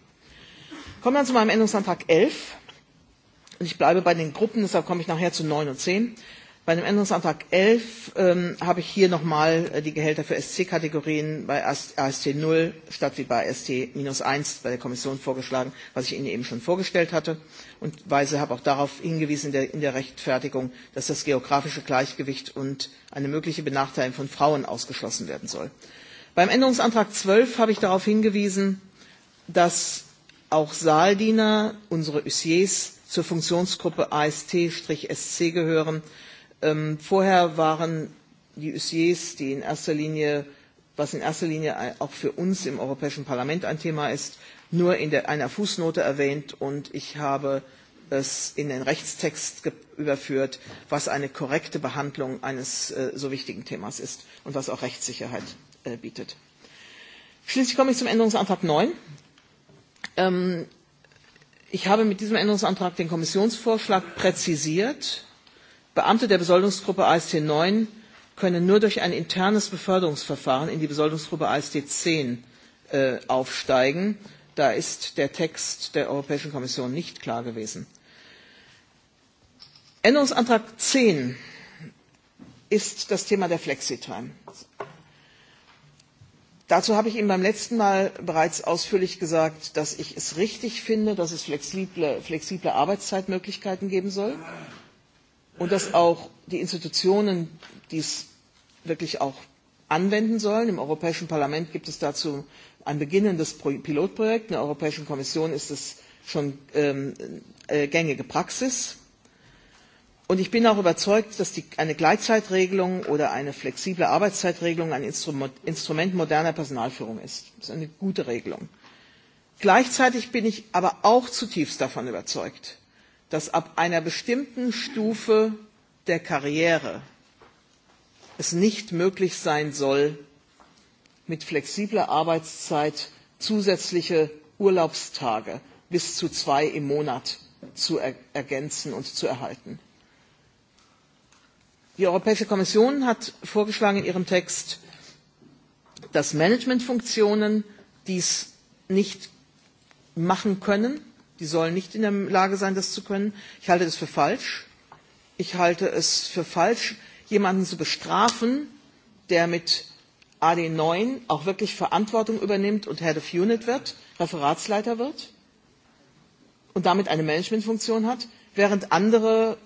Kommen wir zu meinem Änderungsantrag 11. Ich bleibe bei den Gruppen, deshalb komme ich nachher zu 9 und 10. Bei dem Änderungsantrag 11 ähm, habe ich hier nochmal äh, die Gehälter für SC-Kategorien bei AST 0 statt wie bei AST 1 bei der Kommission vorgeschlagen, was ich Ihnen eben schon vorgestellt hatte. Und weise habe auch darauf hingewiesen in der, in der Rechtfertigung, dass das geografische Gleichgewicht und eine mögliche Benachteiligung von Frauen ausgeschlossen werden soll. Beim Änderungsantrag 12 habe ich darauf hingewiesen, dass auch Saaldiener, unsere Usiers zur Funktionsgruppe AST-SC gehören. Ähm, vorher waren die Usiers, die in erster Linie, was in erster Linie auch für uns im Europäischen Parlament ein Thema ist, nur in der, einer Fußnote erwähnt und ich habe es in den Rechtstext überführt, was eine korrekte Behandlung eines äh, so wichtigen Themas ist und was auch Rechtssicherheit äh, bietet. Schließlich komme ich zum Änderungsantrag 9. Ähm, ich habe mit diesem Änderungsantrag den Kommissionsvorschlag präzisiert. Beamte der Besoldungsgruppe AST 9 können nur durch ein internes Beförderungsverfahren in die Besoldungsgruppe AST 10 äh, aufsteigen. Da ist der Text der Europäischen Kommission nicht klar gewesen. Änderungsantrag 10 ist das Thema der Flexitime. Dazu habe ich Ihnen beim letzten Mal bereits ausführlich gesagt, dass ich es richtig finde, dass es flexible, flexible Arbeitszeitmöglichkeiten geben soll und dass auch die Institutionen dies wirklich auch anwenden sollen. Im Europäischen Parlament gibt es dazu ein beginnendes Pilotprojekt. In der Europäischen Kommission ist es schon ähm, äh, gängige Praxis. Und ich bin auch überzeugt, dass die, eine Gleitzeitregelung oder eine flexible Arbeitszeitregelung ein Instrument, Instrument moderner Personalführung ist. Das ist eine gute Regelung. Gleichzeitig bin ich aber auch zutiefst davon überzeugt, dass ab einer bestimmten Stufe der Karriere es nicht möglich sein soll, mit flexibler Arbeitszeit zusätzliche Urlaubstage bis zu zwei im Monat zu er ergänzen und zu erhalten. Die Europäische Kommission hat vorgeschlagen in ihrem Text, dass Managementfunktionen dies nicht machen können. Die sollen nicht in der Lage sein, das zu können. Ich halte das für falsch. Ich halte es für falsch, jemanden zu bestrafen, der mit AD9 auch wirklich Verantwortung übernimmt und Head of Unit wird, Referatsleiter wird und damit eine Managementfunktion hat, während andere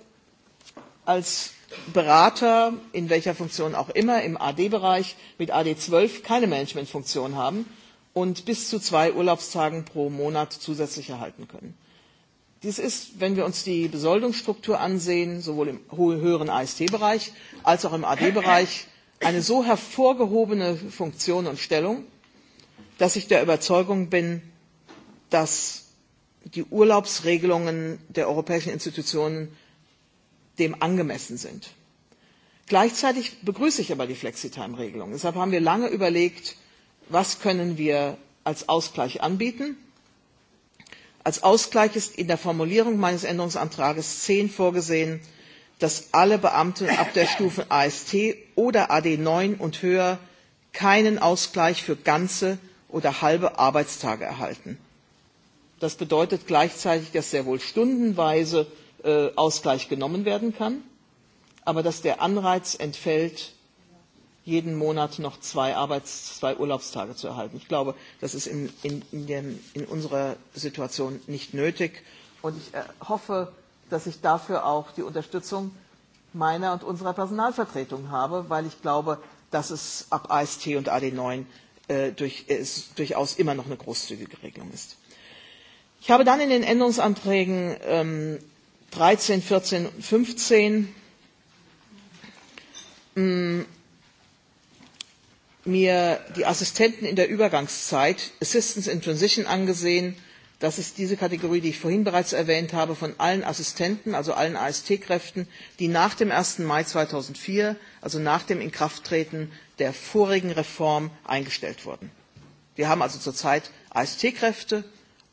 als berater in welcher funktion auch immer im ad bereich mit ad zwölf keine managementfunktion haben und bis zu zwei urlaubstagen pro monat zusätzlich erhalten können. dies ist wenn wir uns die besoldungsstruktur ansehen sowohl im höheren ast bereich als auch im ad bereich eine so hervorgehobene funktion und stellung dass ich der überzeugung bin dass die urlaubsregelungen der europäischen institutionen dem angemessen sind. Gleichzeitig begrüße ich aber die Flexitime Regelung. Deshalb haben wir lange überlegt, was können wir als Ausgleich anbieten? Als Ausgleich ist in der Formulierung meines Änderungsantrags 10 vorgesehen, dass alle Beamten ab der Stufe AST oder AD 9 und höher keinen Ausgleich für ganze oder halbe Arbeitstage erhalten. Das bedeutet gleichzeitig, dass sehr wohl stundenweise Äh, Ausgleich genommen werden kann, aber dass der Anreiz entfällt, jeden Monat noch zwei Arbeits-, zwei Urlaubstage zu erhalten. Ich glaube, das ist in, in, in, dem, in unserer Situation nicht nötig. Und ich äh, hoffe, dass ich dafür auch die Unterstützung meiner und unserer Personalvertretung habe, weil ich glaube, dass es ab AST und AD9 äh, durch, ist, durchaus immer noch eine großzügige Regelung ist. Ich habe dann in den Änderungsanträgen ähm, 13, 14 und 15. Mir die Assistenten in der Übergangszeit, Assistance in Transition, angesehen. Das ist diese Kategorie, die ich vorhin bereits erwähnt habe, von allen Assistenten, also allen AST-Kräften, die nach dem 1. Mai 2004, also nach dem Inkrafttreten der vorigen Reform, eingestellt wurden. Wir haben also zurzeit AST-Kräfte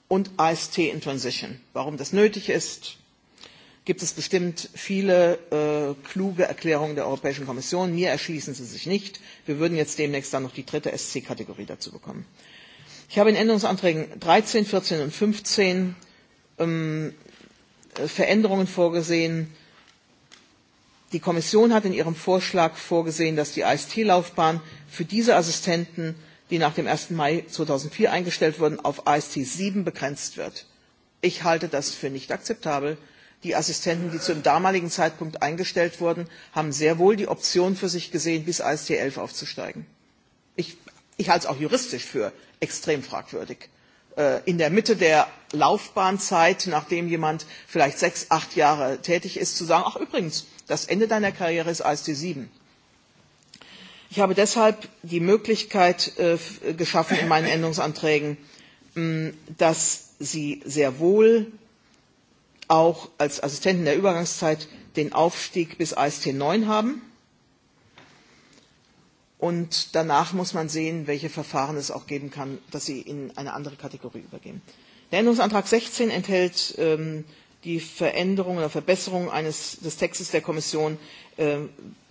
und AST in Transition. Warum das nötig ist, gibt es bestimmt viele äh, kluge Erklärungen der Europäischen Kommission. Mir erschließen sie sich nicht. Wir würden jetzt demnächst dann noch die dritte SC-Kategorie dazu bekommen. Ich habe in Änderungsanträgen 13, 14 und 15 ähm, äh, Veränderungen vorgesehen. Die Kommission hat in ihrem Vorschlag vorgesehen, dass die AST-Laufbahn für diese Assistenten, die nach dem 1. Mai 2004 eingestellt wurden, auf AST 7 begrenzt wird. Ich halte das für nicht akzeptabel die assistenten die zum damaligen zeitpunkt eingestellt wurden haben sehr wohl die option für sich gesehen bis ast elf aufzusteigen. ich halte es auch juristisch für extrem fragwürdig äh, in der mitte der laufbahnzeit nachdem jemand vielleicht sechs acht jahre tätig ist zu sagen ach übrigens das ende deiner karriere ist ast sieben. ich habe deshalb die möglichkeit äh, geschaffen in meinen änderungsanträgen dass sie sehr wohl auch als Assistenten der Übergangszeit den Aufstieg bis AST 9 haben. Und danach muss man sehen, welche Verfahren es auch geben kann, dass sie in eine andere Kategorie übergehen. Der Änderungsantrag 16 enthält ähm, die Veränderung oder Verbesserung eines, des Textes der Kommission, äh,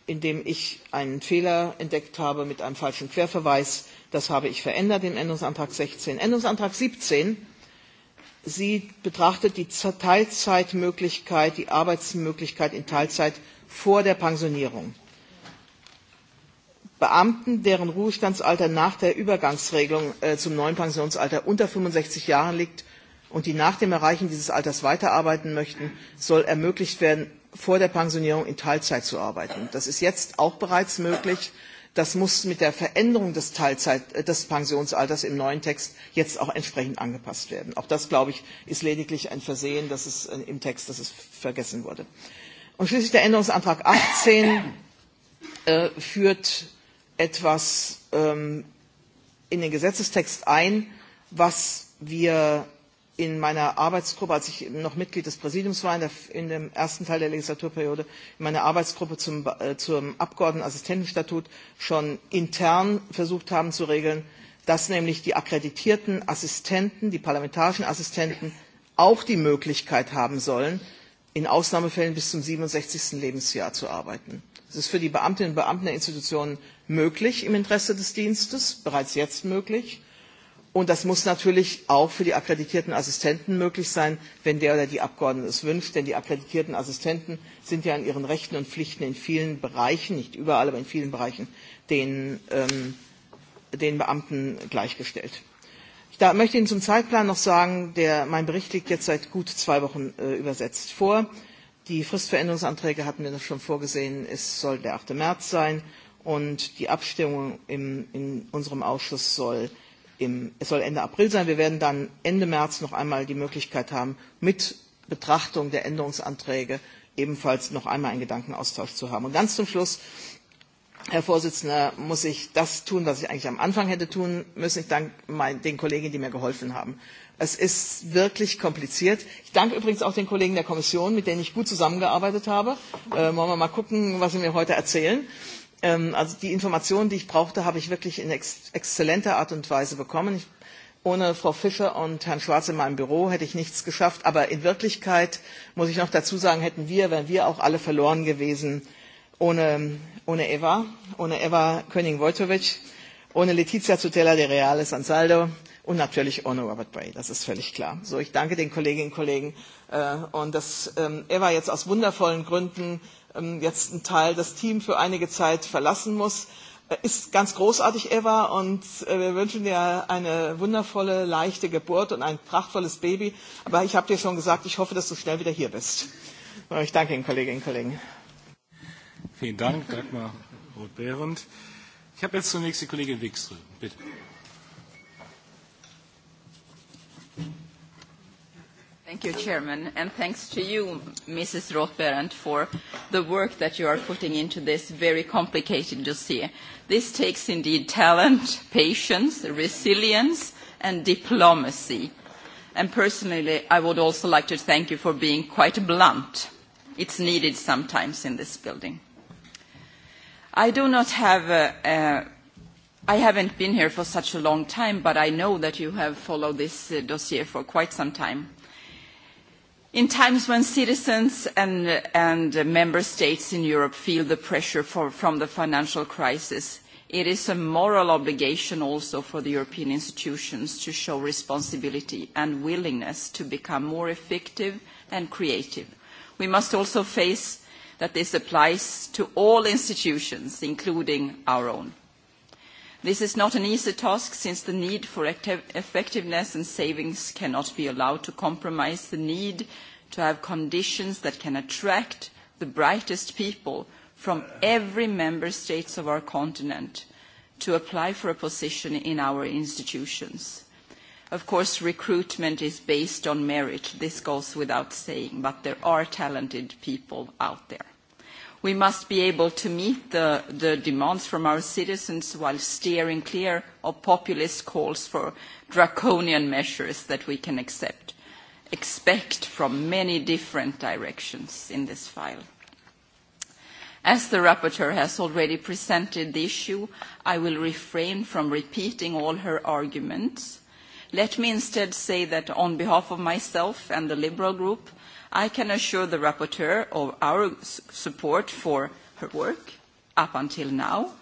in dem ich einen Fehler entdeckt habe mit einem falschen Querverweis. Das habe ich verändert im Änderungsantrag 16. Änderungsantrag 17 äh, Sie betrachtet die Teilzeitmöglichkeit, die Arbeitsmöglichkeit in Teilzeit vor der Pensionierung. Beamten, deren Ruhestandsalter nach der Übergangsregelung äh, zum neuen Pensionsalter unter 65 Jahren liegt und die nach dem Erreichen dieses Alters weiterarbeiten möchten, soll ermöglicht werden, vor der Pensionierung in Teilzeit zu arbeiten. Das ist jetzt auch bereits möglich das muss mit der Veränderung des, Teilzeit, äh, des Pensionsalters im neuen Text jetzt auch entsprechend angepasst werden. Auch das, glaube ich, ist lediglich ein Versehen dass es äh, im Text, dass es vergessen wurde. Und schließlich der Änderungsantrag 18 äh, führt etwas ähm, in den Gesetzestext ein, was wir in meiner Arbeitsgruppe, als ich noch Mitglied des Präsidiums war in, der, in dem ersten Teil der Legislaturperiode, in meiner Arbeitsgruppe zum, äh, zum Abgeordnetenassistentenstatut schon intern versucht haben zu regeln, dass nämlich die akkreditierten Assistenten, die parlamentarischen Assistenten, auch die Möglichkeit haben sollen, in Ausnahmefällen bis zum 67. Lebensjahr zu arbeiten. Es ist für die Beamtinnen und Beamten der Institutionen möglich im Interesse des Dienstes, bereits jetzt möglich, Und das muss natürlich auch für die akkreditierten Assistenten möglich sein, wenn der oder die Abgeordnete es wünscht. Denn die akkreditierten Assistenten sind ja in ihren Rechten und Pflichten in vielen Bereichen, nicht überall, aber in vielen Bereichen, den, ähm, den Beamten gleichgestellt. Ich da möchte Ihnen zum Zeitplan noch sagen, der, mein Bericht liegt jetzt seit gut zwei Wochen äh, übersetzt vor. Die Fristveränderungsanträge hatten wir noch schon vorgesehen. Es soll der 8. März sein und die Abstimmung im, in unserem Ausschuss soll im, es soll Ende April sein. Wir werden dann Ende März noch einmal die Möglichkeit haben, mit Betrachtung der Änderungsanträge ebenfalls noch einmal einen Gedankenaustausch zu haben. Und ganz zum Schluss, Herr Vorsitzender, muss ich das tun, was ich eigentlich am Anfang hätte tun müssen. Ich danke den Kollegen, die mir geholfen haben. Es ist wirklich kompliziert. Ich danke übrigens auch den Kollegen der Kommission, mit denen ich gut zusammengearbeitet habe. Äh, wollen wir mal gucken, was sie mir heute erzählen. Äh, Ähm, also die Informationen, die ich brauchte, habe ich wirklich in ex exzellenter Art und Weise bekommen. Ich, ohne Frau Fischer und Herrn Schwarz in meinem Büro hätte ich nichts geschafft. Aber in Wirklichkeit muss ich noch dazu sagen, hätten wir, wären wir auch alle verloren gewesen ohne, ohne Eva, ohne Eva König Wojtowicz, ohne Letizia Zutella de Reales Ansaldo und natürlich ohne Robert Bray. Das ist völlig klar. So, ich danke den Kolleginnen und Kollegen. Äh, und dass ähm, Eva jetzt aus wundervollen Gründen äh, Ähm, jetzt ein Teil das Team für einige Zeit verlassen muss. Äh, ist ganz großartig, Eva, und äh, wir wünschen dir eine wundervolle, leichte Geburt und ein prachtvolles Baby. Aber ich habe dir schon gesagt, ich hoffe, dass du schnell wieder hier bist. Ich danke Ihnen, Kolleginnen und Kollegen. Vielen Dank, Dagmar Roth-Behrendt. Ich habe jetzt zunächst die Kollegin Wikström. Bitte. Thank you, Chairman, and thanks to you, Mrs. Rothberendt, for the work that you are putting into this very complicated dossier. This takes indeed talent, patience, resilience, and diplomacy. Personally, I would also like to thank you for being quite blunt. It's needed sometimes in this building. I uh, uh, haven't been here for such a long time, but I know that you have followed this uh, dossier for quite some time. In times when citizens and, and member states in Europe feel the pressure for, from the financial crisis, it is a moral obligation also for the European institutions to show responsibility and willingness to become more effective and creative. We must also face that this applies to all institutions, including our own. This is not an easy task since the need for effectiveness and savings cannot be allowed to compromise the need to have conditions that can attract the brightest people from every member states of our continent to apply for a position in our institutions. Of course, recruitment is based on merit. This goes without saying, but there are talented people out there. We must be able to meet the, the demands from our citizens while steering clear of populist calls for draconian measures that we can accept, expect from many different directions in this file. As the rapporteur has already presented the issue, I will refrain from repeating all her arguments. Let me instead say that on behalf of myself and the Liberal Group, I can assure the rapporteur of our support for her work up until now.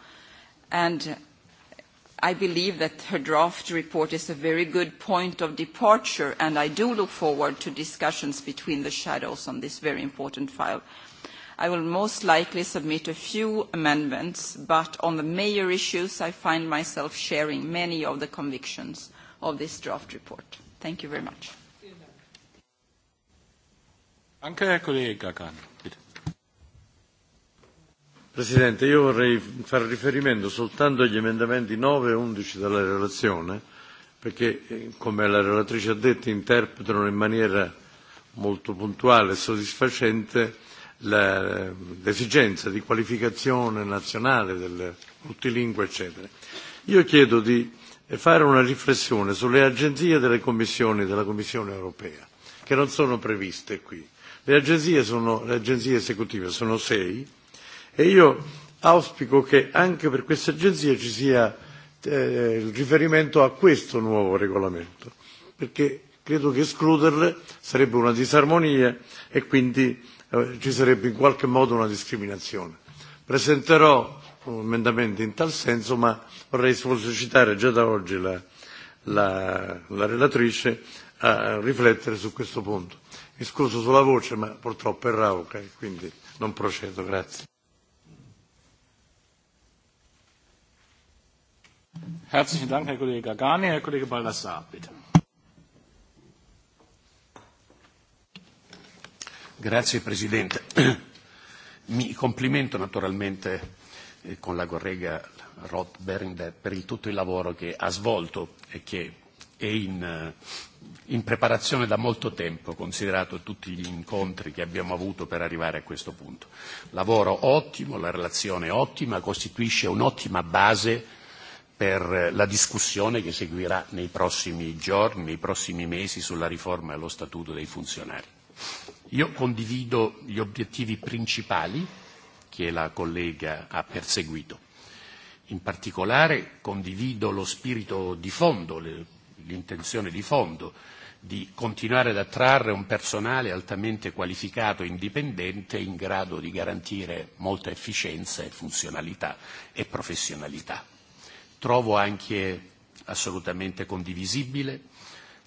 And I believe that her draft report is a very good point of departure, and I do look forward to discussions between the shadows on this very important file. I will most likely submit a few amendments, but on the major issues, I find myself sharing many of the convictions of this draft report. Thank you very much. Anche il collega Khan. Presidente, io vorrei fare riferimento soltanto agli emendamenti 9 e 11 della relazione, perché, eh, come la relatrice ha detto, interpretano in maniera molto puntuale e soddisfacente l'esigenza di qualificazione nazionale del multilingue, eccetera. Io chiedo di eh, fare una riflessione sulle agenzie delle commissioni della Commissione europea, che non sono previste qui le agenzie, sono, le agenzie esecutive sono sei e io auspico che anche per queste agenzie ci sia eh, il riferimento a questo nuovo regolamento, perché credo che escluderle sarebbe una disarmonia e quindi eh, ci sarebbe in qualche modo una discriminazione. Presenterò un emendamento in tal senso, ma vorrei sollecitare già da oggi la, la, la relatrice a riflettere su questo punto mi scuso sulla voce ma purtroppo è rauca e quindi non procedo grazie Herzlichen Dank, Herr Kollege Gargani. Herr Kollege Baldassar, bitte. Grazie Presidente. Mi complimento naturalmente eh, con la collega Roth Berendt per il tutto il lavoro che ha svolto e che è in, eh, in preparazione da molto tempo, considerato tutti gli incontri che abbiamo avuto per arrivare a questo punto. Lavoro ottimo, la relazione ottima, costituisce un'ottima base per la discussione che seguirà nei prossimi giorni, nei prossimi mesi sulla riforma dello Statuto dei funzionari. Io condivido gli obiettivi principali che la collega ha perseguito. In particolare condivido lo spirito di fondo, l'intenzione di fondo di continuare ad attrarre un personale altamente qualificato e indipendente in grado di garantire molta efficienza e funzionalità e professionalità. Trovo anche assolutamente condivisibile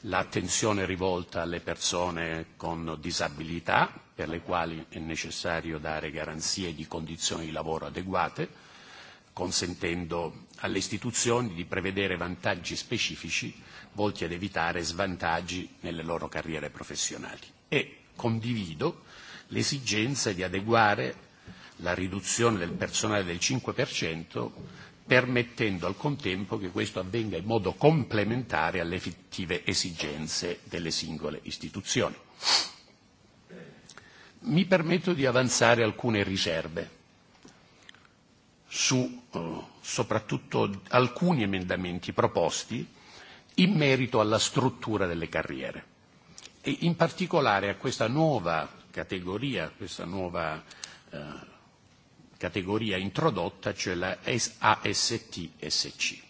l'attenzione rivolta alle persone con disabilità per le quali è necessario dare garanzie di condizioni di lavoro adeguate, consentendo alle istituzioni di prevedere vantaggi specifici volti ad evitare svantaggi nelle loro carriere professionali. E condivido l'esigenza di adeguare la riduzione del personale del 5% permettendo al contempo che questo avvenga in modo complementare alle effettive esigenze delle singole istituzioni. Mi permetto di avanzare alcune riserve su eh, soprattutto alcuni emendamenti proposti in merito alla struttura delle carriere e in particolare a questa nuova categoria, questa nuova eh, categoria introdotta, cioè la ASTSC.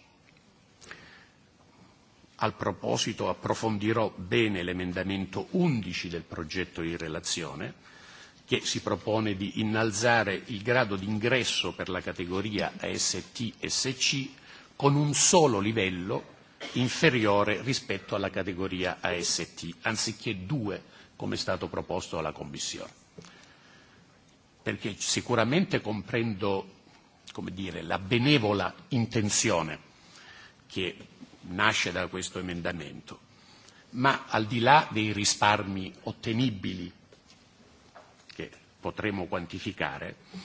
Al proposito approfondirò bene l'emendamento 11 del progetto di relazione che si propone di innalzare il grado d'ingresso per la categoria ASTSC con un solo livello inferiore rispetto alla categoria AST, anziché due come è stato proposto dalla Commissione. Perché sicuramente comprendo come dire, la benevola intenzione che nasce da questo emendamento, ma al di là dei risparmi ottenibili che potremo quantificare, eh,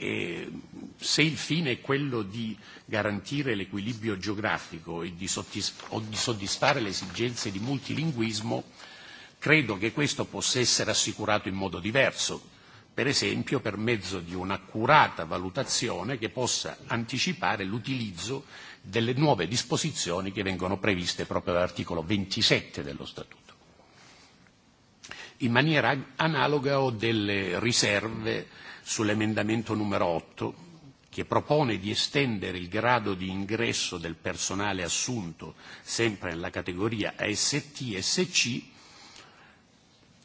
E se il fine è quello di garantire l'equilibrio geografico e di soddisf- o di soddisfare le esigenze di multilinguismo, credo che questo possa essere assicurato in modo diverso, per esempio per mezzo di un'accurata valutazione che possa anticipare l'utilizzo delle nuove disposizioni che vengono previste proprio dall'articolo 27 dello Statuto. In maniera analoga ho delle riserve. Mm sull'emendamento numero 8 che propone di estendere il grado di ingresso del personale assunto sempre nella categoria ST-SC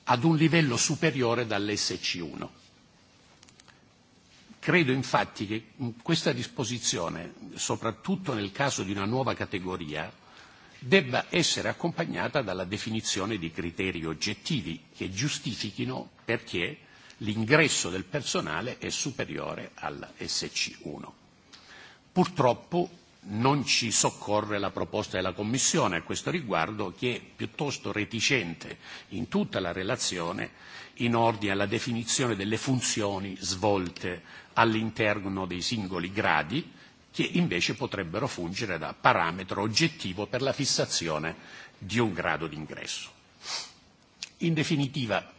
ad un livello superiore dall'SC1. Credo infatti che questa disposizione, soprattutto nel caso di una nuova categoria, debba essere accompagnata dalla definizione di criteri oggettivi che giustifichino perché l'ingresso del personale è superiore al SC1. Purtroppo non ci soccorre la proposta della Commissione a questo riguardo, che è piuttosto reticente in tutta la relazione in ordine alla definizione delle funzioni svolte all'interno dei singoli gradi, che invece potrebbero fungere da parametro oggettivo per la fissazione di un grado d'ingresso. In definitiva,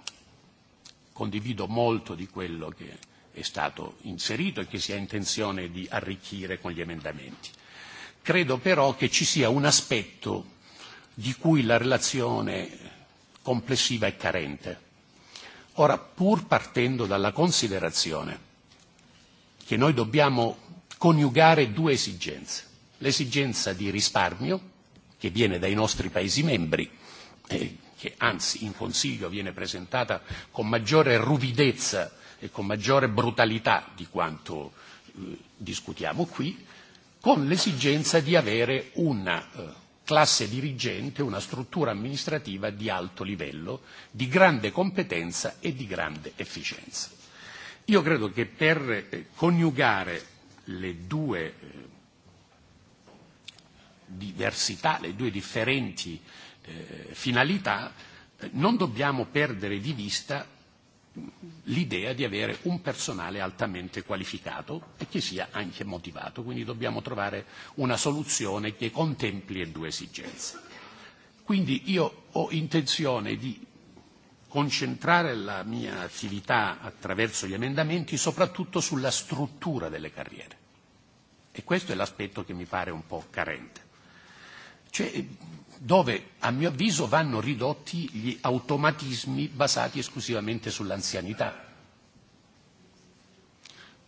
condivido molto di quello che è stato inserito e che si ha intenzione di arricchire con gli emendamenti. Credo però che ci sia un aspetto di cui la relazione complessiva è carente. Ora, pur partendo dalla considerazione che noi dobbiamo coniugare due esigenze, l'esigenza di risparmio, che viene dai nostri Paesi membri, eh, che anzi in Consiglio viene presentata con maggiore ruvidezza e con maggiore brutalità di quanto eh, discutiamo qui, con l'esigenza di avere una eh, classe dirigente, una struttura amministrativa di alto livello, di grande competenza e di grande efficienza. Io credo che per eh, coniugare le due diversità, le due differenti eh, eh, finalità, non dobbiamo perdere di vista l'idea di avere un personale altamente qualificato e che sia anche motivato, quindi dobbiamo trovare una soluzione che contempli le due esigenze. Quindi io ho intenzione di concentrare la mia attività attraverso gli emendamenti soprattutto sulla struttura delle carriere e questo è l'aspetto che mi pare un po' carente. Cioè, dove a mio avviso vanno ridotti gli automatismi basati esclusivamente sull'anzianità.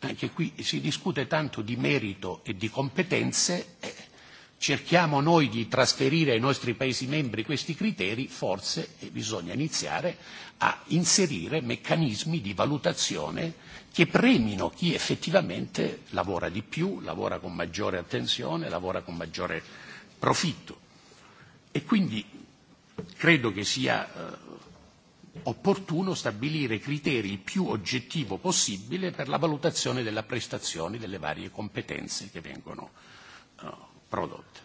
Anche qui si discute tanto di merito e di competenze, eh, cerchiamo noi di trasferire ai nostri Paesi membri questi criteri, forse eh, bisogna iniziare a inserire meccanismi di valutazione che premino chi effettivamente lavora di più, lavora con maggiore attenzione, lavora con maggiore profitto. E quindi credo che sia eh, opportuno stabilire criteri il più oggettivo possibile per la valutazione della prestazione delle varie competenze che vengono eh, prodotte.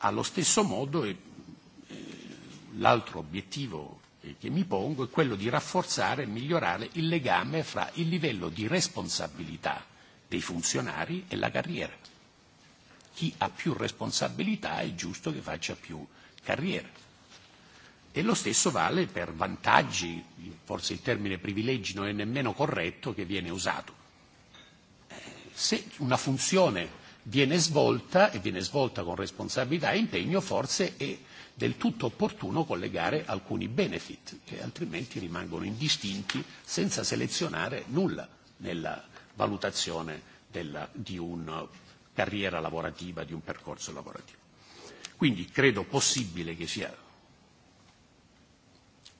Allo stesso modo e, eh, l'altro obiettivo eh, che mi pongo è quello di rafforzare e migliorare il legame fra il livello di responsabilità dei funzionari e la carriera chi ha più responsabilità è giusto che faccia più carriera. E lo stesso vale per vantaggi, forse il termine privilegi non è nemmeno corretto, che viene usato. Eh, se una funzione viene svolta e viene svolta con responsabilità e impegno, forse è del tutto opportuno collegare alcuni benefit che altrimenti rimangono indistinti senza selezionare nulla nella valutazione della, di un carriera lavorativa, di un percorso lavorativo. Quindi credo possibile che sia,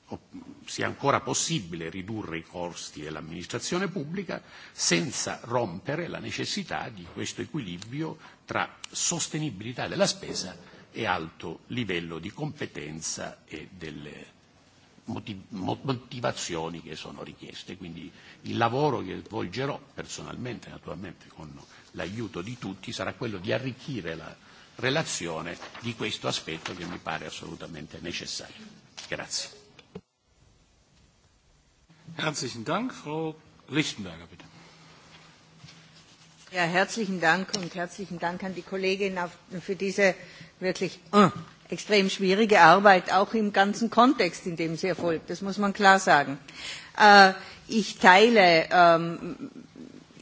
o sia ancora possibile ridurre i costi dell'amministrazione pubblica senza rompere la necessità di questo equilibrio tra sostenibilità della spesa e alto livello di competenza e delle motivazioni che sono richieste. Quindi il lavoro che svolgerò personalmente, naturalmente, con l'aiuto di tutti sarà quello di arricchire la relazione di questo aspetto che mi pare assolutamente necessario. Grazie. Herzlichen Dank, Frau Lichtenberger, bitte. Ja, herzlichen Dank und herzlichen Dank an die Kollegin für diese wirklich äh, extrem schwierige Arbeit, auch im ganzen Kontext, in dem sie erfolgt. Das muss man klar sagen. Äh, ich teile ähm,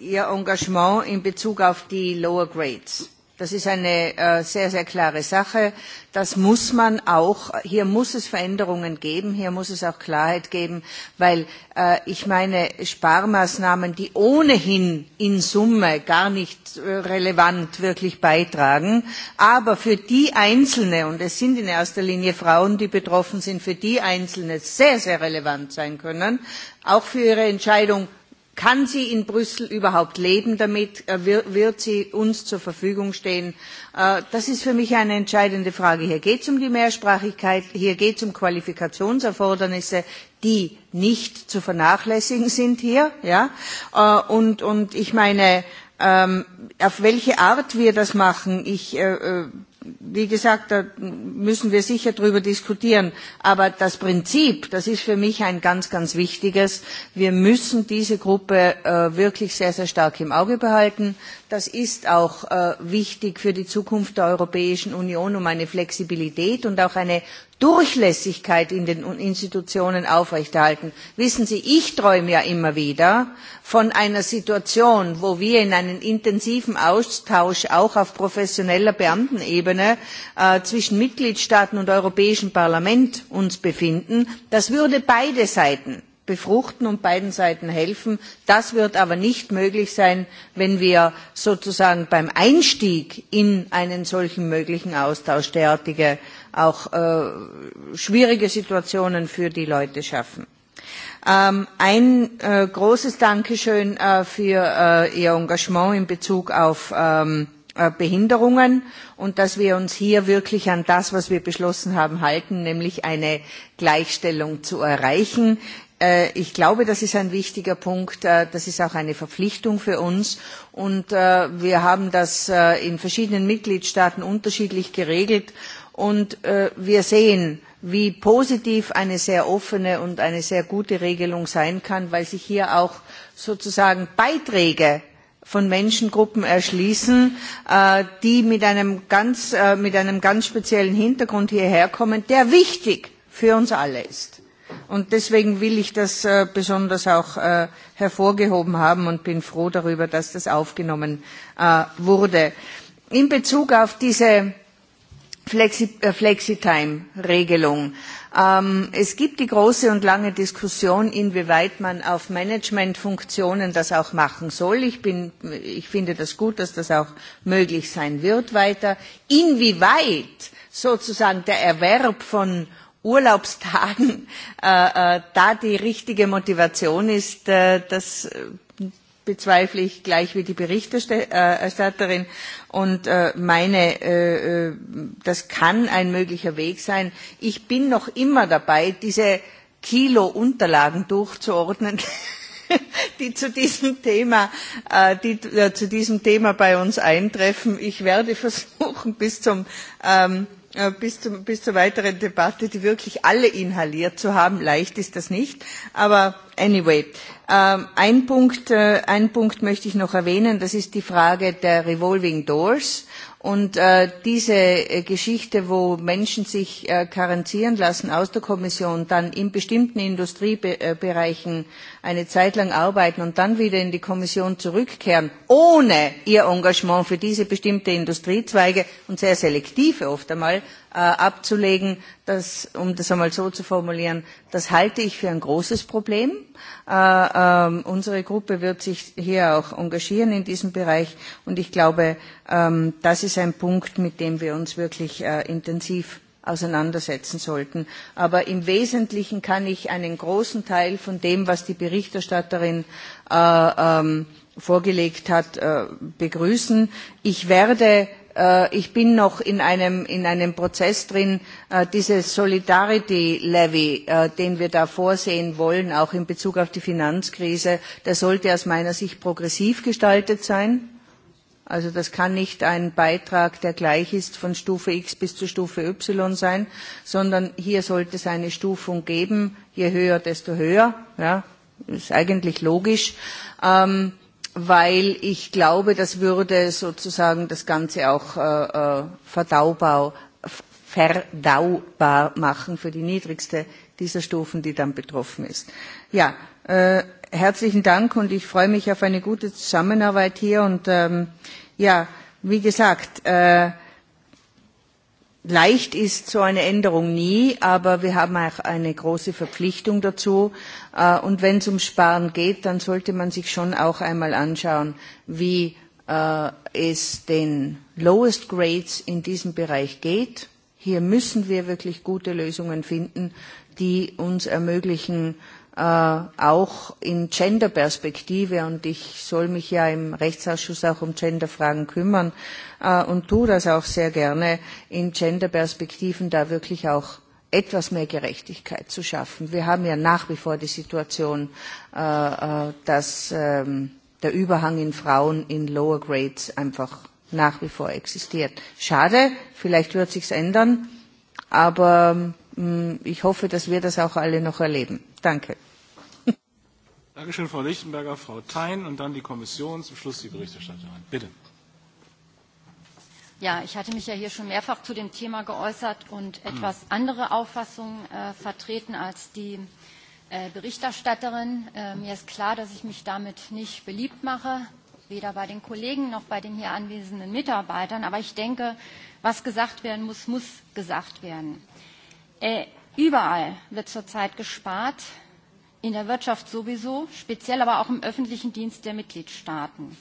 Ihr Engagement in Bezug auf die Lower Grades. Das ist eine äh, sehr, sehr klare Sache. Das muss man auch, hier muss es Veränderungen geben, hier muss es auch Klarheit geben, weil äh, ich meine, Sparmaßnahmen, die ohnehin in Summe gar nicht äh, relevant wirklich beitragen, aber für die Einzelne, und es sind in erster Linie Frauen, die betroffen sind, für die Einzelne sehr, sehr relevant sein können, auch für ihre Entscheidung, kann sie in Brüssel überhaupt leben damit? Äh, wird sie uns zur Verfügung stehen? Äh, das ist für mich eine entscheidende Frage. Hier geht es um die Mehrsprachigkeit, hier geht es um Qualifikationserfordernisse, die nicht zu vernachlässigen sind hier. Ja? Äh, und, und ich meine, ähm, auf welche Art wir das machen, ich wie gesagt, da müssen wir sicher drüber diskutieren. Aber das Prinzip, das ist für mich ein ganz, ganz wichtiges. Wir müssen diese Gruppe äh, wirklich sehr, sehr stark im Auge behalten. Das ist auch äh, wichtig für die Zukunft der Europäischen Union, um eine Flexibilität und auch eine Durchlässigkeit in den Institutionen aufrechterhalten. Wissen Sie, ich träume ja immer wieder von einer Situation, wo wir in einem intensiven Austausch auch auf professioneller Beamtenebene äh, zwischen Mitgliedstaaten und Europäischem Parlament uns befinden. Das würde beide Seiten befruchten und beiden Seiten helfen. Das wird aber nicht möglich sein, wenn wir sozusagen beim Einstieg in einen solchen möglichen Austausch derartige auch äh, schwierige Situationen für die Leute schaffen. Ähm, ein äh, großes Dankeschön äh, für äh, Ihr Engagement in Bezug auf ähm, äh, Behinderungen und dass wir uns hier wirklich an das, was wir beschlossen haben, halten, nämlich eine Gleichstellung zu erreichen. Äh, ich glaube, das ist ein wichtiger Punkt. Äh, das ist auch eine Verpflichtung für uns. Und äh, wir haben das in verschiedenen Mitgliedstaaten unterschiedlich geregelt. Und wir sehen, wie positiv eine sehr offene und eine sehr gute Regelung sein kann, weil sich hier auch sozusagen Beiträge von Menschengruppen erschließen, die mit einem ganz, mit einem ganz speziellen Hintergrund hierher kommen, der wichtig für uns alle ist. Und deswegen will ich das äh, besonders auch äh, hervorgehoben haben und bin froh darüber, dass das aufgenommen äh, wurde. In Bezug auf diese Flexitime-Regelung. Ähm, es gibt die große und lange Diskussion, inwieweit man auf Managementfunktionen das auch machen soll. Ich, bin, ich finde das gut, dass das auch möglich sein wird weiter. Inwieweit sozusagen der Erwerb von Urlaubstagen äh, äh, da die richtige Motivation ist, äh, das äh, bezweifle ich gleich wie die Berichterstatterin. Und äh, meine, äh, äh, das kann ein möglicher Weg sein. Ich bin noch immer dabei, diese Kilo Unterlagen durchzuordnen, die zu diesem Thema, äh, die äh, zu diesem Thema bei uns eintreffen. Ich werde versuchen, bis zum ähm, Äh, bis, zum, bis zur weiteren Debatte, die wirklich alle inhaliert zu haben. Leicht ist das nicht. Aber anyway, ähm, ein Punkt, äh, ein Punkt möchte ich noch erwähnen. Das ist die Frage der Revolving Doors. Und äh, diese äh, Geschichte, wo Menschen sich äh, karenzieren lassen aus der Kommission, dann in bestimmten Industriebereichen eine Zeit lang arbeiten und dann wieder in die Kommission zurückkehren, ohne ihr Engagement für diese bestimmte Industriezweige und sehr selektive oft einmal, äh, abzulegen, das, um das einmal so zu formulieren, das halte ich für ein großes Problem. Äh, ähm, unsere Gruppe wird sich hier auch engagieren in diesem Bereich und ich glaube, ähm, das ist ein Punkt, mit dem wir uns wirklich äh, intensiv auseinandersetzen sollten. Aber im Wesentlichen kann ich einen großen Teil von dem, was die Berichterstatterin äh, ähm, vorgelegt hat, äh, begrüßen. Ich werde Äh, ich bin noch in einem, in einem Prozess drin, äh, diese Solidarity Levy, äh, den wir da vorsehen wollen, auch in Bezug auf die Finanzkrise, der sollte aus meiner Sicht progressiv gestaltet sein. Also das kann nicht ein Beitrag, der gleich ist von Stufe X bis zur Stufe Y sein, sondern hier sollte es eine Stufung geben, je höher, desto höher. Ja, ist eigentlich logisch. Ähm, weil ich glaube, das würde sozusagen das Ganze auch äh, äh verdaubar, verdaubar machen für die niedrigste dieser Stufen, die dann betroffen ist. Ja, äh, herzlichen Dank und ich freue mich auf eine gute Zusammenarbeit hier. Und ähm, ja, wie gesagt, äh, leicht ist so eine Änderung nie, aber wir haben auch eine große Verpflichtung dazu. Äh, und wenn es um Sparen geht, dann sollte man sich schon auch einmal anschauen, wie äh, es den Lowest Grades in diesem Bereich geht. Hier müssen wir wirklich gute Lösungen finden, die uns ermöglichen, äh, auch in Gender-Perspektive, und ich soll mich ja im Rechtsausschuss auch um Gender-Fragen kümmern und tue das auch sehr gerne, in Gender-Perspektiven da wirklich auch etwas mehr Gerechtigkeit zu schaffen. Wir haben ja nach wie vor die Situation, äh, äh, dass ähm, der Überhang in Frauen in Lower Grades einfach nach wie vor existiert. Schade, vielleicht wird sich's ändern, aber mm, ich hoffe, dass wir das auch alle noch erleben. Danke. Dankeschön, Frau Lichtenberger, Frau Thein und dann die Kommission. Zum Schluss die Berichterstatterin. Bitte. Ja, ich hatte mich ja hier schon mehrfach zu dem Thema geäußert und hm. etwas andere Auffassungen äh, vertreten als die äh, Berichterstatterin. Äh, hm. mir ist klar, dass ich mich damit nicht beliebt mache, weder bei den Kollegen noch bei den hier anwesenden Mitarbeitern. Aber ich denke, was gesagt werden muss, muss gesagt werden. Äh, überall wird zurzeit gespart, in der Wirtschaft sowieso, speziell aber auch im öffentlichen Dienst der Mitgliedstaaten.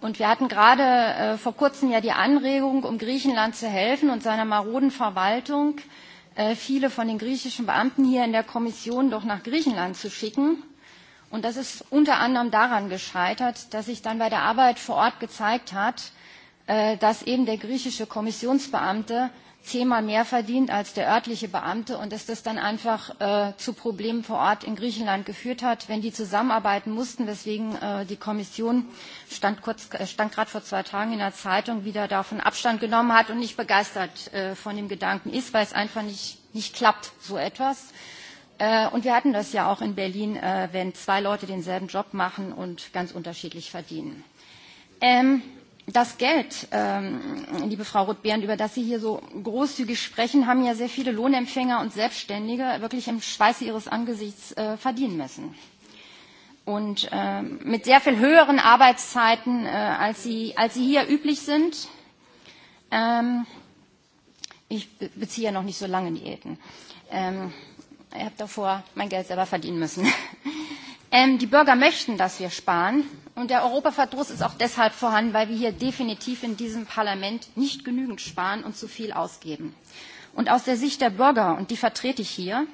Und wir hatten gerade äh, vor kurzem ja die Anregung, um Griechenland zu helfen und seiner maroden Verwaltung äh, viele von den griechischen Beamten hier in der Kommission doch nach Griechenland zu schicken. Und das ist unter anderem daran gescheitert, dass sich dann bei der Arbeit vor Ort gezeigt hat, äh, dass eben der griechische Kommissionsbeamte zehnmal mehr verdient als der örtliche Beamte und dass das dann einfach äh, zu Problemen vor Ort in Griechenland geführt hat, wenn die zusammenarbeiten mussten, weswegen äh, die Kommission stand, äh, stand gerade vor zwei Tagen in der Zeitung wieder davon Abstand genommen hat und nicht begeistert äh, von dem Gedanken ist, weil es einfach nicht, nicht klappt, so etwas. Äh, und wir hatten das ja auch in Berlin, äh, wenn zwei Leute denselben Job machen und ganz unterschiedlich verdienen. Ähm, das Geld, ähm, liebe Frau Roth-Behrendt, über das Sie hier so großzügig sprechen, haben ja sehr viele Lohnempfänger und Selbstständige wirklich im Schweiße ihres Angesichts äh, verdienen müssen. Und äh, mit sehr viel höheren Arbeitszeiten, äh, als, sie, als sie hier üblich sind. Ähm, ich beziehe ja noch nicht so lange Diäten. Ähm, ich habe davor mein Geld selber verdienen müssen. Ähm, die Bürger möchten, dass wir sparen Und der Europaverdruss ist auch deshalb vorhanden, weil wir hier definitiv in diesem Parlament nicht genügend sparen und zu viel ausgeben. Und aus der Sicht der Bürger, und die vertrete ich hier,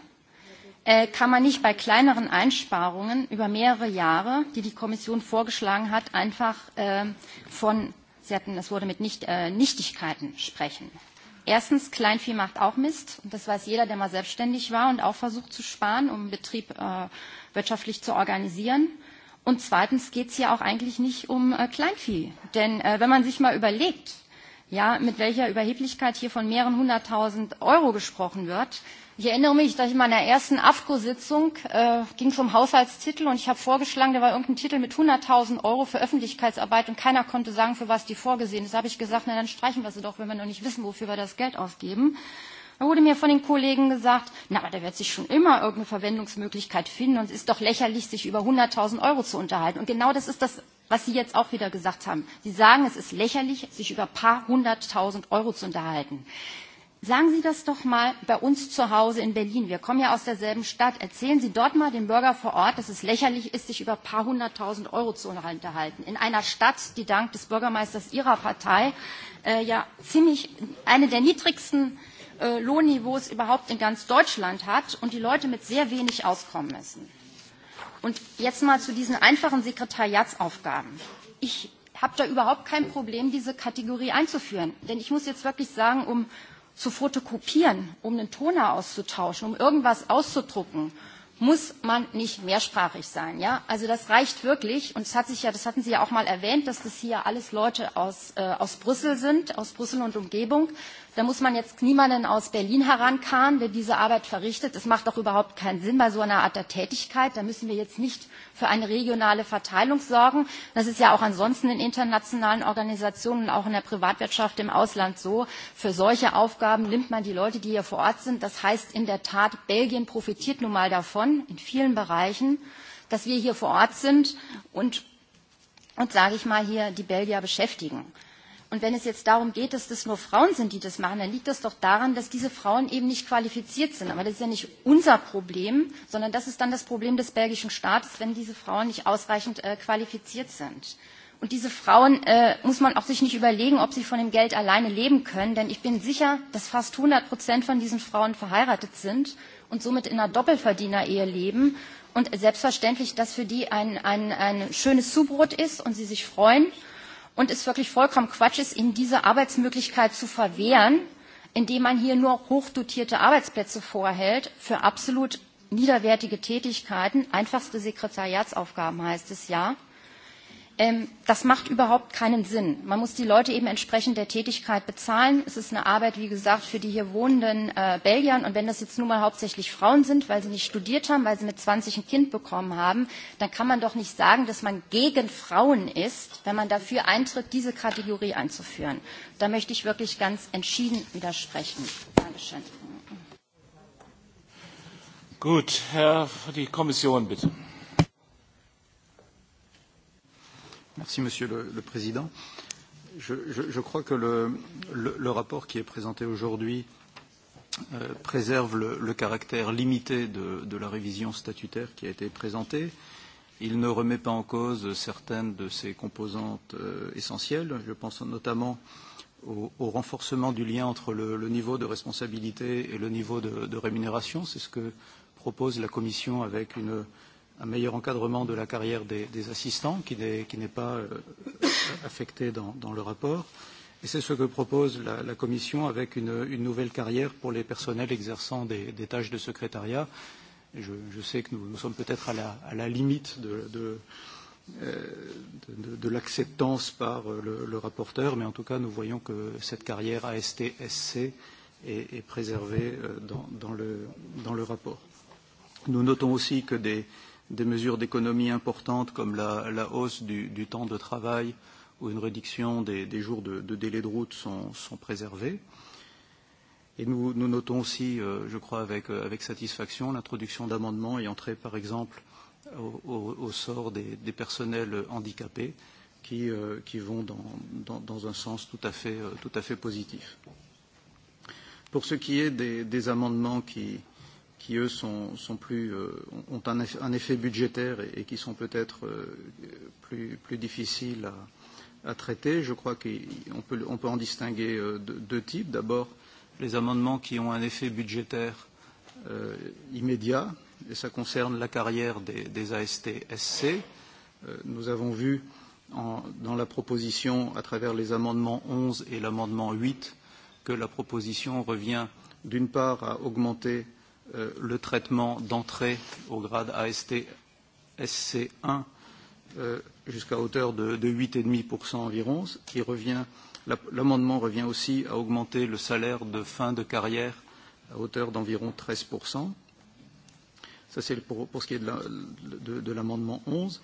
äh, kann man nicht bei kleineren Einsparungen über mehrere Jahre, die die Kommission vorgeschlagen hat, einfach ähm, von, Sie hatten, das wurde mit nicht, äh, Nichtigkeiten sprechen. Erstens, Kleinvieh macht auch Mist. Und das weiß jeder, der mal selbstständig war und auch versucht zu sparen, um Betrieb äh, wirtschaftlich zu organisieren. Und zweitens geht es hier ja auch eigentlich nicht um äh, Kleinvieh. Denn äh, wenn man sich mal überlegt, ja, mit welcher Überheblichkeit hier von mehreren hunderttausend Euro gesprochen wird. Ich erinnere mich, dass ich in meiner ersten AFCO-Sitzung äh, ging es um Haushaltstitel und ich habe vorgeschlagen, da war irgendein Titel mit 100.000 Euro für Öffentlichkeitsarbeit und keiner konnte sagen, für was die vorgesehen ist. Da habe ich gesagt, na dann streichen wir sie doch, wenn wir noch nicht wissen, wofür wir das Geld ausgeben. Da wurde mir von den Kollegen gesagt, na, aber der wird sich schon immer irgendeine Verwendungsmöglichkeit finden und es ist doch lächerlich, sich über 100.000 Euro zu unterhalten. Und genau das ist das, was Sie jetzt auch wieder gesagt haben. Sie sagen, es ist lächerlich, sich über ein paar hunderttausend Euro zu unterhalten. Sagen Sie das doch mal bei uns zu Hause in Berlin. Wir kommen ja aus derselben Stadt. Erzählen Sie dort mal dem Bürger vor Ort, dass es lächerlich ist, sich über ein paar hunderttausend Euro zu unterhalten. In einer Stadt, die dank des Bürgermeisters Ihrer Partei äh, ja ziemlich eine der niedrigsten äh, äh, Lohnniveaus überhaupt in ganz Deutschland hat und die Leute mit sehr wenig auskommen müssen. Und jetzt mal zu diesen einfachen Sekretariatsaufgaben. Ich habe da überhaupt kein Problem, diese Kategorie einzuführen. Denn ich muss jetzt wirklich sagen, um zu fotokopieren, um einen Toner auszutauschen, um irgendwas auszudrucken, muss man nicht mehrsprachig sein. Ja? Also das reicht wirklich. Und hat sich ja, das hatten Sie ja auch mal erwähnt, dass das hier alles Leute aus, äh, aus Brüssel sind, aus Brüssel und Umgebung. Da muss man jetzt niemanden aus Berlin herankarren, der diese Arbeit verrichtet. Es macht doch überhaupt keinen Sinn bei so einer Art der Tätigkeit. Da müssen wir jetzt nicht für eine regionale Verteilung sorgen. Das ist ja auch ansonsten in internationalen Organisationen, auch in der Privatwirtschaft im Ausland so. Für solche Aufgaben nimmt man die Leute, die hier vor Ort sind. Das heißt in der Tat, Belgien profitiert nun mal davon, in vielen Bereichen, dass wir hier vor Ort sind und, und sage ich mal, hier die Belgier beschäftigen. Und wenn es jetzt darum geht, dass das nur Frauen sind, die das machen, dann liegt das doch daran, dass diese Frauen eben nicht qualifiziert sind. Aber das ist ja nicht unser Problem, sondern das ist dann das Problem des belgischen Staates, wenn diese Frauen nicht ausreichend äh, qualifiziert sind. Und diese Frauen äh, muss man auch sich nicht überlegen, ob sie von dem Geld alleine leben können, denn ich bin sicher, dass fast 100 Prozent von diesen Frauen verheiratet sind und somit in einer Doppelverdiener-Ehe leben. Und selbstverständlich, dass für die ein, ein, ein schönes Zubrot ist und sie sich freuen und es wirklich vollkommen Quatsch ist, ihnen diese Arbeitsmöglichkeit zu verwehren, indem man hier nur hochdotierte Arbeitsplätze vorhält für absolut niederwertige Tätigkeiten. Einfachste Sekretariatsaufgaben heißt es ja. Ähm, das macht überhaupt keinen Sinn. Man muss die Leute eben entsprechend der Tätigkeit bezahlen. Es ist eine Arbeit, wie gesagt, für die hier wohnenden äh, Belgier. Und wenn das jetzt nun mal hauptsächlich Frauen sind, weil sie nicht studiert haben, weil sie mit 20 ein Kind bekommen haben, dann kann man doch nicht sagen, dass man gegen Frauen ist, wenn man dafür eintritt, diese Kategorie einzuführen. Da möchte ich wirklich ganz entschieden widersprechen. Dankeschön. Gut, Herr, die Kommission bitte. Merci Monsieur le, le Président. Je, je, je crois que le, le, le rapport qui est présenté aujourd'hui euh, préserve le, le caractère limité de, de la révision statutaire qui a été présentée. Il ne remet pas en cause certaines de ses composantes euh, essentielles. Je pense notamment au, au renforcement du lien entre le, le niveau de responsabilité et le niveau de, de rémunération. C'est ce que propose la Commission avec une, un meilleur encadrement de la carrière des, des assistants qui n'est, qui n'est pas euh, affecté dans, dans le rapport. Et c'est ce que propose la, la Commission avec une, une nouvelle carrière pour les personnels exerçant des, des tâches de secrétariat. Je, je sais que nous, nous sommes peut-être à la, à la limite de, de, euh, de, de, de l'acceptance par euh, le, le rapporteur, mais en tout cas, nous voyons que cette carrière ASTSC est, est préservée euh, dans, dans, le, dans le rapport. Nous notons aussi que des, euh, des mesures d'économie importantes comme la, la hausse du, du temps de travail ou une réduction des, des jours de, de délai de route sont, sont préservées. Et nous, nous notons aussi, euh, je crois, avec, euh, avec satisfaction l'introduction d'amendements ayant trait, par exemple, au, au, au sort des, des personnels handicapés qui, euh, qui vont dans, dans, dans un sens tout à, fait, euh, tout à fait positif. Pour ce qui est des, des amendements qui, euh, qui eux sont, sont plus, euh, ont un, eff, un effet budgétaire et, et qui sont peut-être euh, plus, plus difficiles à, à traiter. Je crois qu'on peut, on peut en distinguer euh, de, deux types. D'abord, les amendements qui ont un effet budgétaire euh, immédiat, et ça concerne la carrière des, des AST-SC. Euh, nous avons vu en, dans la proposition, à travers les amendements 11 et l'amendement 8, que la proposition revient d'une part à augmenter euh, Euh, le traitement d'entrée au grade AST SC1 euh, jusqu'à hauteur de, de 8,5% environ. L'amendement revient aussi à augmenter le salaire de fin de carrière à hauteur d'environ 13%. Ça, c'est pour, pour ce qui est de l'amendement la, 11.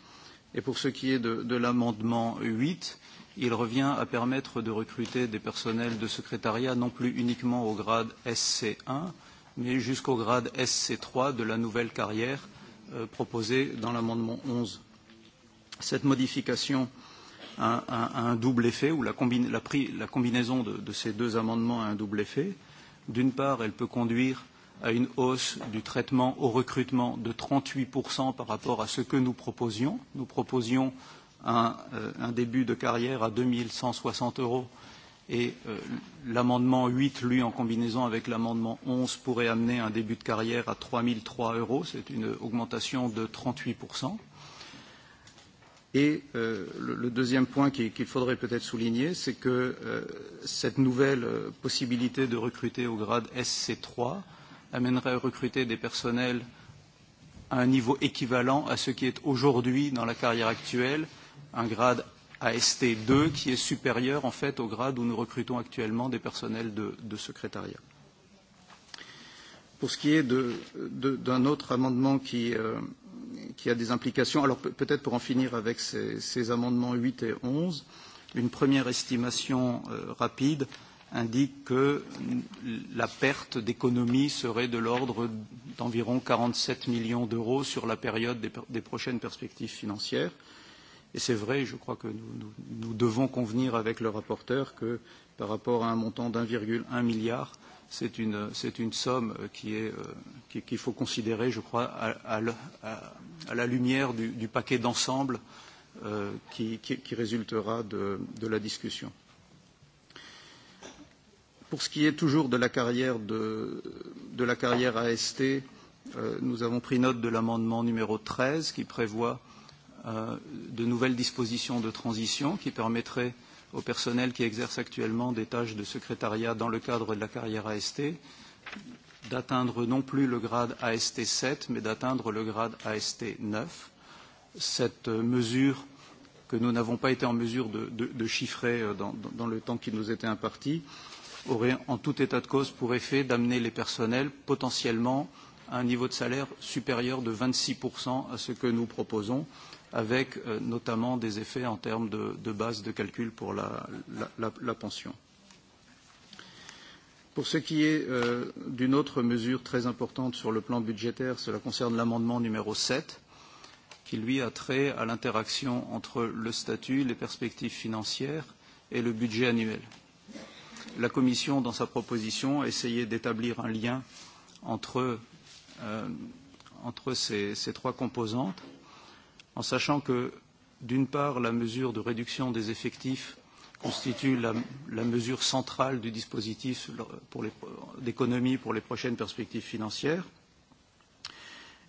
Et pour ce qui est de, de l'amendement 8, il revient à permettre de recruter des personnels de secrétariat non plus uniquement au grade SC1, mais jusqu'au grade SC3 de la nouvelle carrière euh, proposée dans l'amendement 11. Cette modification a un, un, un double effet, ou la, combina la, pri la combinaison de, de ces deux amendements a un double effet. D'une part, elle peut conduire à une hausse du traitement au recrutement de 38% par rapport à ce que nous proposions. Nous proposions un, euh, un début de carrière à 2160 euros et euh, l'amendement 8, lui, en combinaison avec l'amendement 11, pourrait amener un début de carrière à 3003 euros. C'est une augmentation de 38%. Et euh, le, le deuxième point qu'il qui faudrait peut-être souligner, c'est que euh, cette nouvelle euh, possibilité de recruter au grade SC3 amènerait à recruter des personnels à un niveau équivalent à ce qui est aujourd'hui dans la carrière actuelle, un grade à ST2, qui est supérieur en fait au grade où nous recrutons actuellement des personnels de, de secrétariat. Pour ce qui est de, de, d'un autre amendement qui, euh, qui a des implications, alors peut-être pour en finir avec ces, ces amendements 8 et 11, une première estimation euh, rapide indique que la perte d'économie serait de l'ordre d'environ 47 millions d'euros sur la période des, des prochaines perspectives financières. Et c'est vrai, je crois que nous, nous, nous devons convenir avec le rapporteur que par rapport à un montant d'1,1 milliard, c'est une, c'est une somme qui est, euh, qu'il faut considérer, je crois, à, à, le, à, à la lumière du, du paquet d'ensemble euh, qui, qui, qui résultera de, de la discussion. Pour ce qui est toujours de la carrière, de, de la carrière AST, euh, nous avons pris note de l'amendement numéro 13 qui prévoit euh, Euh, de nouvelles dispositions de transition qui permettraient au personnel qui exerce actuellement des tâches de secrétariat dans le cadre de la carrière AST d'atteindre non plus le grade AST 7, mais d'atteindre le grade AST 9. Cette euh, mesure que nous n'avons pas été en mesure de, de, de chiffrer euh, dans, dans, dans le temps qui nous était imparti aurait en tout état de cause pour effet d'amener les personnels potentiellement à un niveau de salaire supérieur de 26% à ce que nous proposons, avec euh, notamment des effets en termes de, de base de calcul pour la, la, la, la pension. Pour ce qui est euh, d'une autre mesure très importante sur le plan budgétaire, cela concerne l'amendement numéro 7, qui lui a trait à l'interaction entre le statut, les perspectives financières et le budget annuel. La Commission, dans sa proposition, a essayé d'établir un lien entre, euh, entre ces, ces trois composantes en sachant que, d'une part, la mesure de réduction des effectifs constitue la, la mesure centrale du dispositif d'économie pour les prochaines perspectives financières,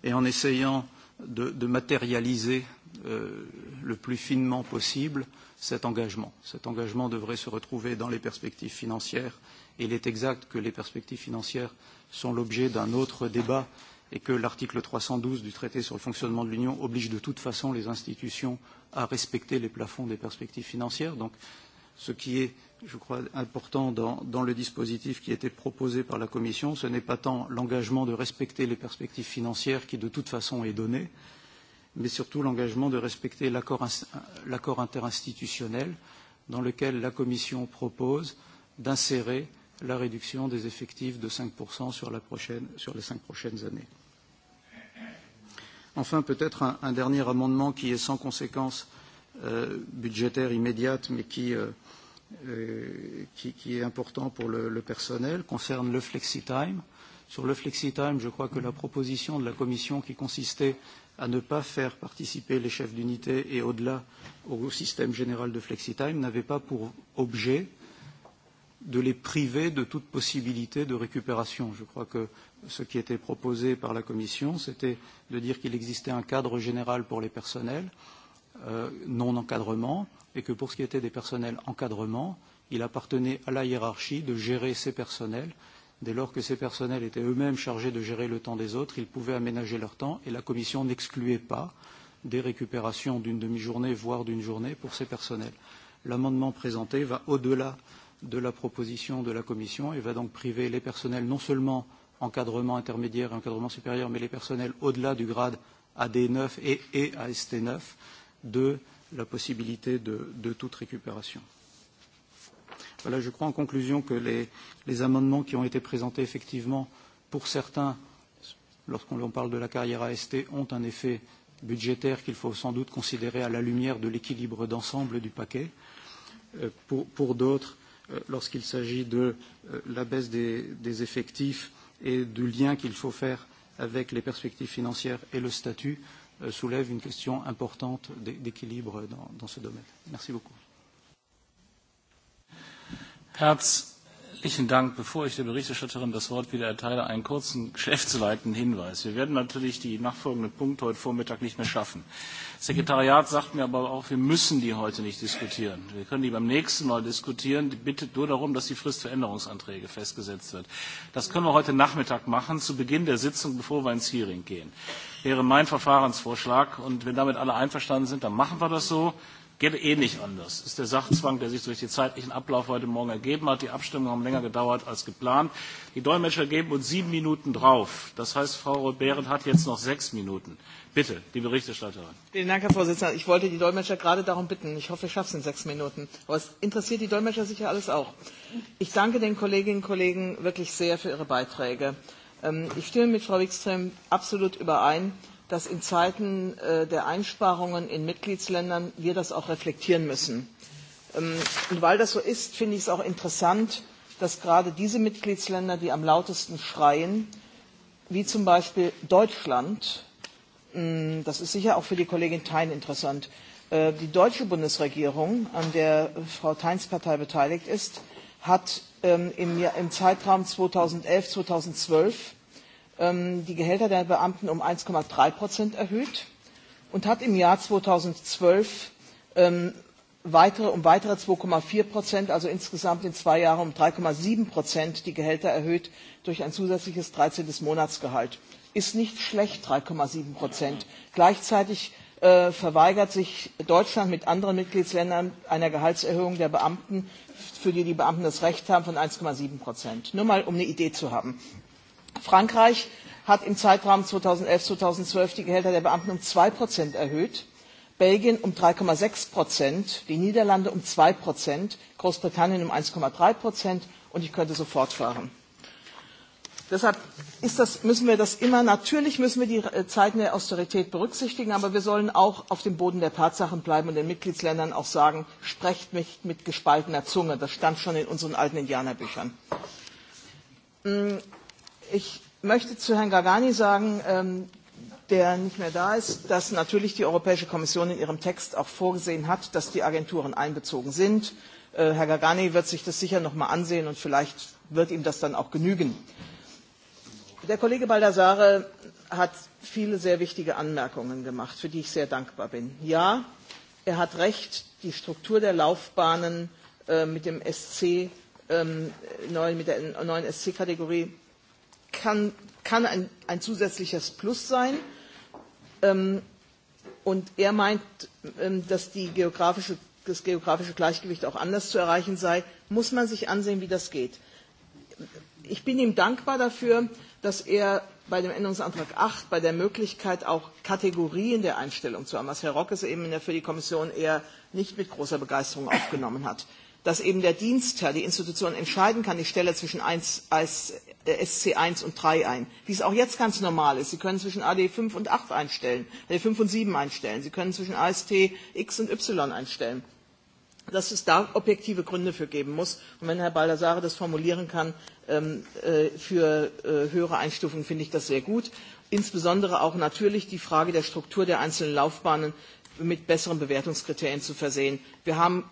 et en essayant de, de matérialiser euh, le plus finement possible cet engagement. Cet engagement devrait se retrouver dans les perspectives financières. Il est exact que les perspectives financières sont l'objet d'un autre débat et que l'article 312 du traité sur le fonctionnement de l'Union oblige de toute façon les institutions à respecter les plafonds des perspectives financières. Donc, ce qui est, je crois, important dans, dans le dispositif qui a été proposé par la Commission, ce n'est pas tant l'engagement de respecter les perspectives financières qui, de toute façon, est donné, mais surtout l'engagement de respecter l'accord interinstitutionnel dans lequel la Commission propose d'insérer la réduction des effectifs de 5% sur, la prochaine, sur les cinq prochaines années. Enfin, peut-être un, un dernier amendement qui est sans conséquence euh, budgétaire immédiate, mais qui, euh, euh, qui, qui est important pour le, le personnel, concerne le flexi-time. Sur le flexi-time, je crois que la proposition de la Commission qui consistait à ne pas faire participer les chefs d'unité et au-delà au système général de flexi-time n'avait pas pour objet de les priver de toute possibilité de récupération. Je crois que ce qui était proposé par la Commission, c'était de dire qu'il existait un cadre général pour les personnels euh, non encadrement et que pour ce qui était des personnels encadrement, il appartenait à la hiérarchie de gérer ces personnels. Dès lors que ces personnels étaient eux-mêmes chargés de gérer le temps des autres, ils pouvaient aménager leur temps et la Commission n'excluait pas des récupérations d'une demi-journée, voire d'une journée, pour ces personnels. L'amendement présenté va au-delà de la proposition de la Commission et va donc priver les personnels non seulement encadrement intermédiaire et encadrement supérieur, mais les personnels au-delà du grade AD9 et, et AST9 de la possibilité de, de toute récupération. Voilà, je crois en conclusion que les, les amendements qui ont été présentés, effectivement, pour certains, lorsqu'on parle de la carrière AST, ont un effet budgétaire qu'il faut sans doute considérer à la lumière de l'équilibre d'ensemble du paquet. Euh, pour, pour d'autres, euh, lorsqu'il s'agit de euh, la baisse des, des effectifs, et du lien qu'il faut faire avec les perspectives financières et le statut euh, soulève une question importante d'équilibre dans ce domaine. Merci beaucoup. Herz Herzlichen Dank. Bevor ich der Berichterstatterin das Wort wieder erteile, einen kurzen geschäftsleitenden Hinweis. Wir werden natürlich die nachfolgenden Punkte heute Vormittag nicht mehr schaffen. Das Sekretariat sagt mir aber auch, wir müssen die heute nicht diskutieren. Wir können die beim nächsten Mal diskutieren. Die bittet nur darum, dass die Frist für Änderungsanträge festgesetzt wird. Das können wir heute Nachmittag machen, zu Beginn der Sitzung, bevor wir ins Hearing gehen. Das wäre mein Verfahrensvorschlag. Und wenn damit alle einverstanden sind, dann machen wir das so geht eh nicht anders. Das ist der Sachzwang, der sich durch den zeitlichen Ablauf heute Morgen ergeben hat. Die Abstimmungen haben länger gedauert als geplant. Die Dolmetscher geben uns sieben Minuten drauf. Das heißt, Frau Rot-Behrendt hat jetzt noch sechs Minuten. Bitte, die Berichterstatterin. Vielen Dank, Herr Vorsitzender. Ich wollte die Dolmetscher gerade darum bitten. Ich hoffe, ich schaffe es in sechs Minuten. Aber es interessiert die Dolmetscher sicher alles auch. Ich danke den Kolleginnen und Kollegen wirklich sehr für ihre Beiträge. Ähm, ich stimme mit Frau Wikström absolut überein dass in Zeiten äh, der Einsparungen in Mitgliedsländern wir das auch reflektieren müssen. Ähm, und weil das so ist, finde ich es auch interessant, dass gerade diese Mitgliedsländer, die am lautesten schreien, wie zum Beispiel Deutschland, hm, das ist sicher auch für die Kollegin Thein interessant, äh, die deutsche Bundesregierung, an der Frau Theins Partei beteiligt ist, hat ähm, im Zeitraum 2011, 2012 Ähm, die Gehälter der Beamten um 1,3 Prozent erhöht und hat im Jahr 2012 ähm, weitere, um weitere 2,4 Prozent, also insgesamt in zwei Jahren um 3,7 Prozent die Gehälter erhöht durch ein zusätzliches 13. Monatsgehalt. Ist nicht schlecht, 3,7 Prozent. Gleichzeitig äh, verweigert sich Deutschland mit anderen Mitgliedsländern einer Gehaltserhöhung der Beamten, für die die Beamten das Recht haben, von 1,7 Prozent. Nur mal, um eine Idee zu haben frankreich hat im zeitraum zweitausendelf zweitausendzwölf die gehälter der beamten um zwei erhöht belgien um drei sechs die niederlande um zwei großbritannien um. eins drei und ich könnte so fortfahren. deshalb müssen wir das immer natürlich müssen wir die äh, zeiten der austerität berücksichtigen aber wir sollen auch auf dem boden der tatsachen bleiben und den mitgliedstaaten auch sagen sprecht nicht mit gespaltener zunge das stand schon in unseren alten indianerbüchern. Mm, Ich möchte zu Herrn Gargani sagen, ähm, der nicht mehr da ist, dass natürlich die Europäische Kommission in ihrem Text auch vorgesehen hat, dass die Agenturen einbezogen sind. Äh, Herr Gargani wird sich das sicher noch mal ansehen und vielleicht wird ihm das dann auch genügen. Der Kollege Baldassare hat viele sehr wichtige Anmerkungen gemacht, für die ich sehr dankbar bin. Ja, er hat recht, die Struktur der Laufbahnen äh, mit, dem SC, ähm, neu, mit der neuen SC-Kategorie kann, kann ein, ein zusätzliches Plus sein. Ähm, und er meint, ähm, dass die geografische, das geografische Gleichgewicht auch anders zu erreichen sei. Muss man sich ansehen, wie das geht. Ich bin ihm dankbar dafür, dass er bei dem Änderungsantrag 8 bei der Möglichkeit auch Kategorien der Einstellung zu haben, was Herr Rock es eben für die Kommission eher nicht mit großer Begeisterung aufgenommen hat dass eben der Dienstherr die Institution entscheiden kann, ich stelle zwischen 1, als SC1 und 3 ein, wie es auch jetzt ganz normal ist. Sie können zwischen AD5 und 8 einstellen, AD5 äh, und 7 einstellen, Sie können zwischen AST X und Y einstellen. Dass es da objektive Gründe für geben muss. Und wenn Herr Baldassare das formulieren kann ähm, äh, für äh, höhere Einstufungen, finde ich das sehr gut. Insbesondere auch natürlich die Frage der Struktur der einzelnen Laufbahnen mit besseren Bewertungskriterien zu versehen. Wir haben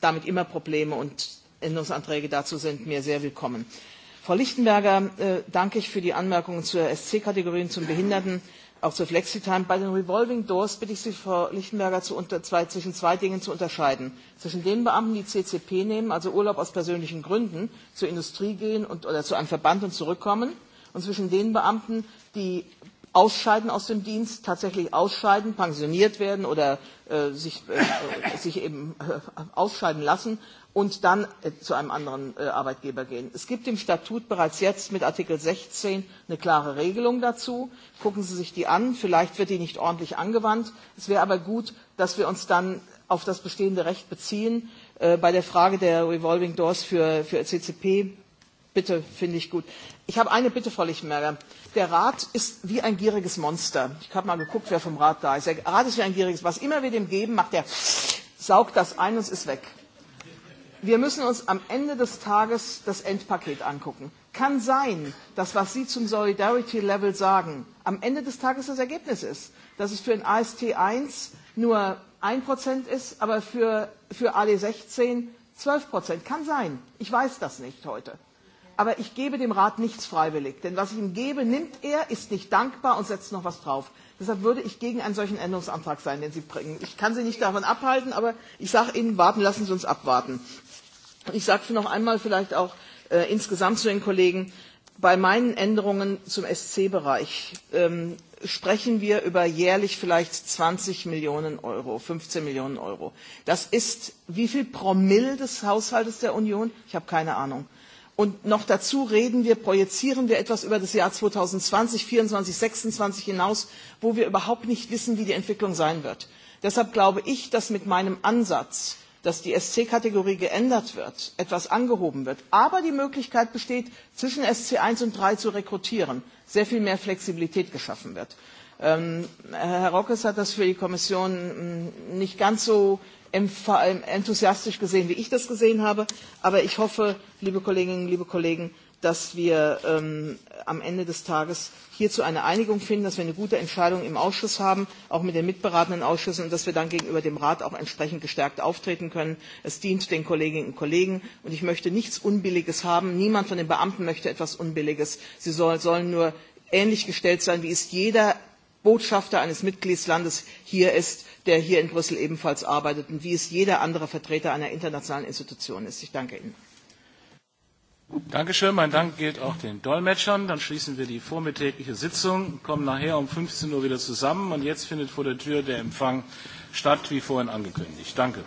damit immer Probleme und Änderungsanträge dazu sind mir sehr willkommen. Frau Lichtenberger, äh, danke ich für die Anmerkungen zur SC-Kategorien zum Behinderten, auch zur Flexitime. Bei den Revolving Doors bitte ich Sie, Frau Lichtenberger, zu unter zwei, zwischen zwei Dingen zu unterscheiden. Zwischen den Beamten, die CCP nehmen, also Urlaub aus persönlichen Gründen, zur Industrie gehen und, oder zu einem Verband und zurückkommen, und zwischen den Beamten, die ausscheiden aus dem Dienst, tatsächlich ausscheiden, pensioniert werden oder äh, sich, äh, äh, sich eben äh, ausscheiden lassen und dann äh, zu einem anderen äh, Arbeitgeber gehen. Es gibt im Statut bereits jetzt mit Artikel 16 eine klare Regelung dazu. Gucken Sie sich die an. Vielleicht wird die nicht ordentlich angewandt. Es wäre aber gut, dass wir uns dann auf das bestehende Recht beziehen. Äh, bei der Frage der Revolving Doors für, für CCP Bitte finde ich gut. Ich habe eine Bitte, Frau Lichtenberger. Der Rat ist wie ein gieriges Monster. Ich habe mal geguckt, wer vom Rat da ist. Der Rat ist wie ein gieriges Was immer wir dem geben, macht er, saugt das ein und es ist weg. Wir müssen uns am Ende des Tages das Endpaket angucken. Kann sein, dass was Sie zum Solidarity Level sagen, am Ende des Tages das Ergebnis ist. Dass es für den AST1 nur 1% ist, aber für, für AD16 12%. Kann sein. Ich weiß das nicht heute aber ich gebe dem Rat nichts freiwillig. Denn was ich ihm gebe, nimmt er, ist nicht dankbar und setzt noch was drauf. Deshalb würde ich gegen einen solchen Änderungsantrag sein, den Sie bringen. Ich kann Sie nicht davon abhalten, aber ich sage Ihnen, warten, lassen Sie uns abwarten. Ich sage noch einmal vielleicht auch äh, insgesamt zu den Kollegen, bei meinen Änderungen zum SC-Bereich ähm, sprechen wir über jährlich vielleicht 20 Millionen Euro, 15 Millionen Euro. Das ist wie viel Promille des Haushaltes der Union? Ich habe keine Ahnung. Und noch dazu reden wir, projizieren wir etwas über das Jahr 2020, 2024, 2026 hinaus, wo wir überhaupt nicht wissen, wie die Entwicklung sein wird. Deshalb glaube ich, dass mit meinem Ansatz, dass die SC-Kategorie geändert wird, etwas angehoben wird, aber die Möglichkeit besteht, zwischen SC1 und 3 zu rekrutieren, sehr viel mehr Flexibilität geschaffen wird. Ähm, Herr Rockes hat das für die Kommission hm, nicht ganz so äh, enthusiastisch gesehen, wie ich das gesehen habe. Aber ich hoffe, liebe Kolleginnen, liebe Kollegen, dass wir ähm, am Ende des Tages hierzu eine Einigung finden, dass wir eine gute Entscheidung im Ausschuss haben, auch mit den mitberatenden Ausschüssen, und dass wir dann gegenüber dem Rat auch entsprechend gestärkt auftreten können. Es dient den Kolleginnen und Kollegen, und ich möchte nichts Unbilliges haben. Niemand von den Beamten möchte etwas Unbilliges. Sie soll, sollen nur ähnlich gestellt sein, wie es jeder Botschafter eines Mitgliedslandes hier ist der hier in Brüssel ebenfalls arbeitet und wie es jeder andere Vertreter einer internationalen Institution ist. Ich danke Ihnen. Dankeschön. Mein Dank gilt auch den Dolmetschern. Dann schließen wir die vormittägliche Sitzung, kommen nachher um 15 Uhr wieder zusammen und jetzt findet vor der Tür der Empfang statt, wie vorhin angekündigt. Danke.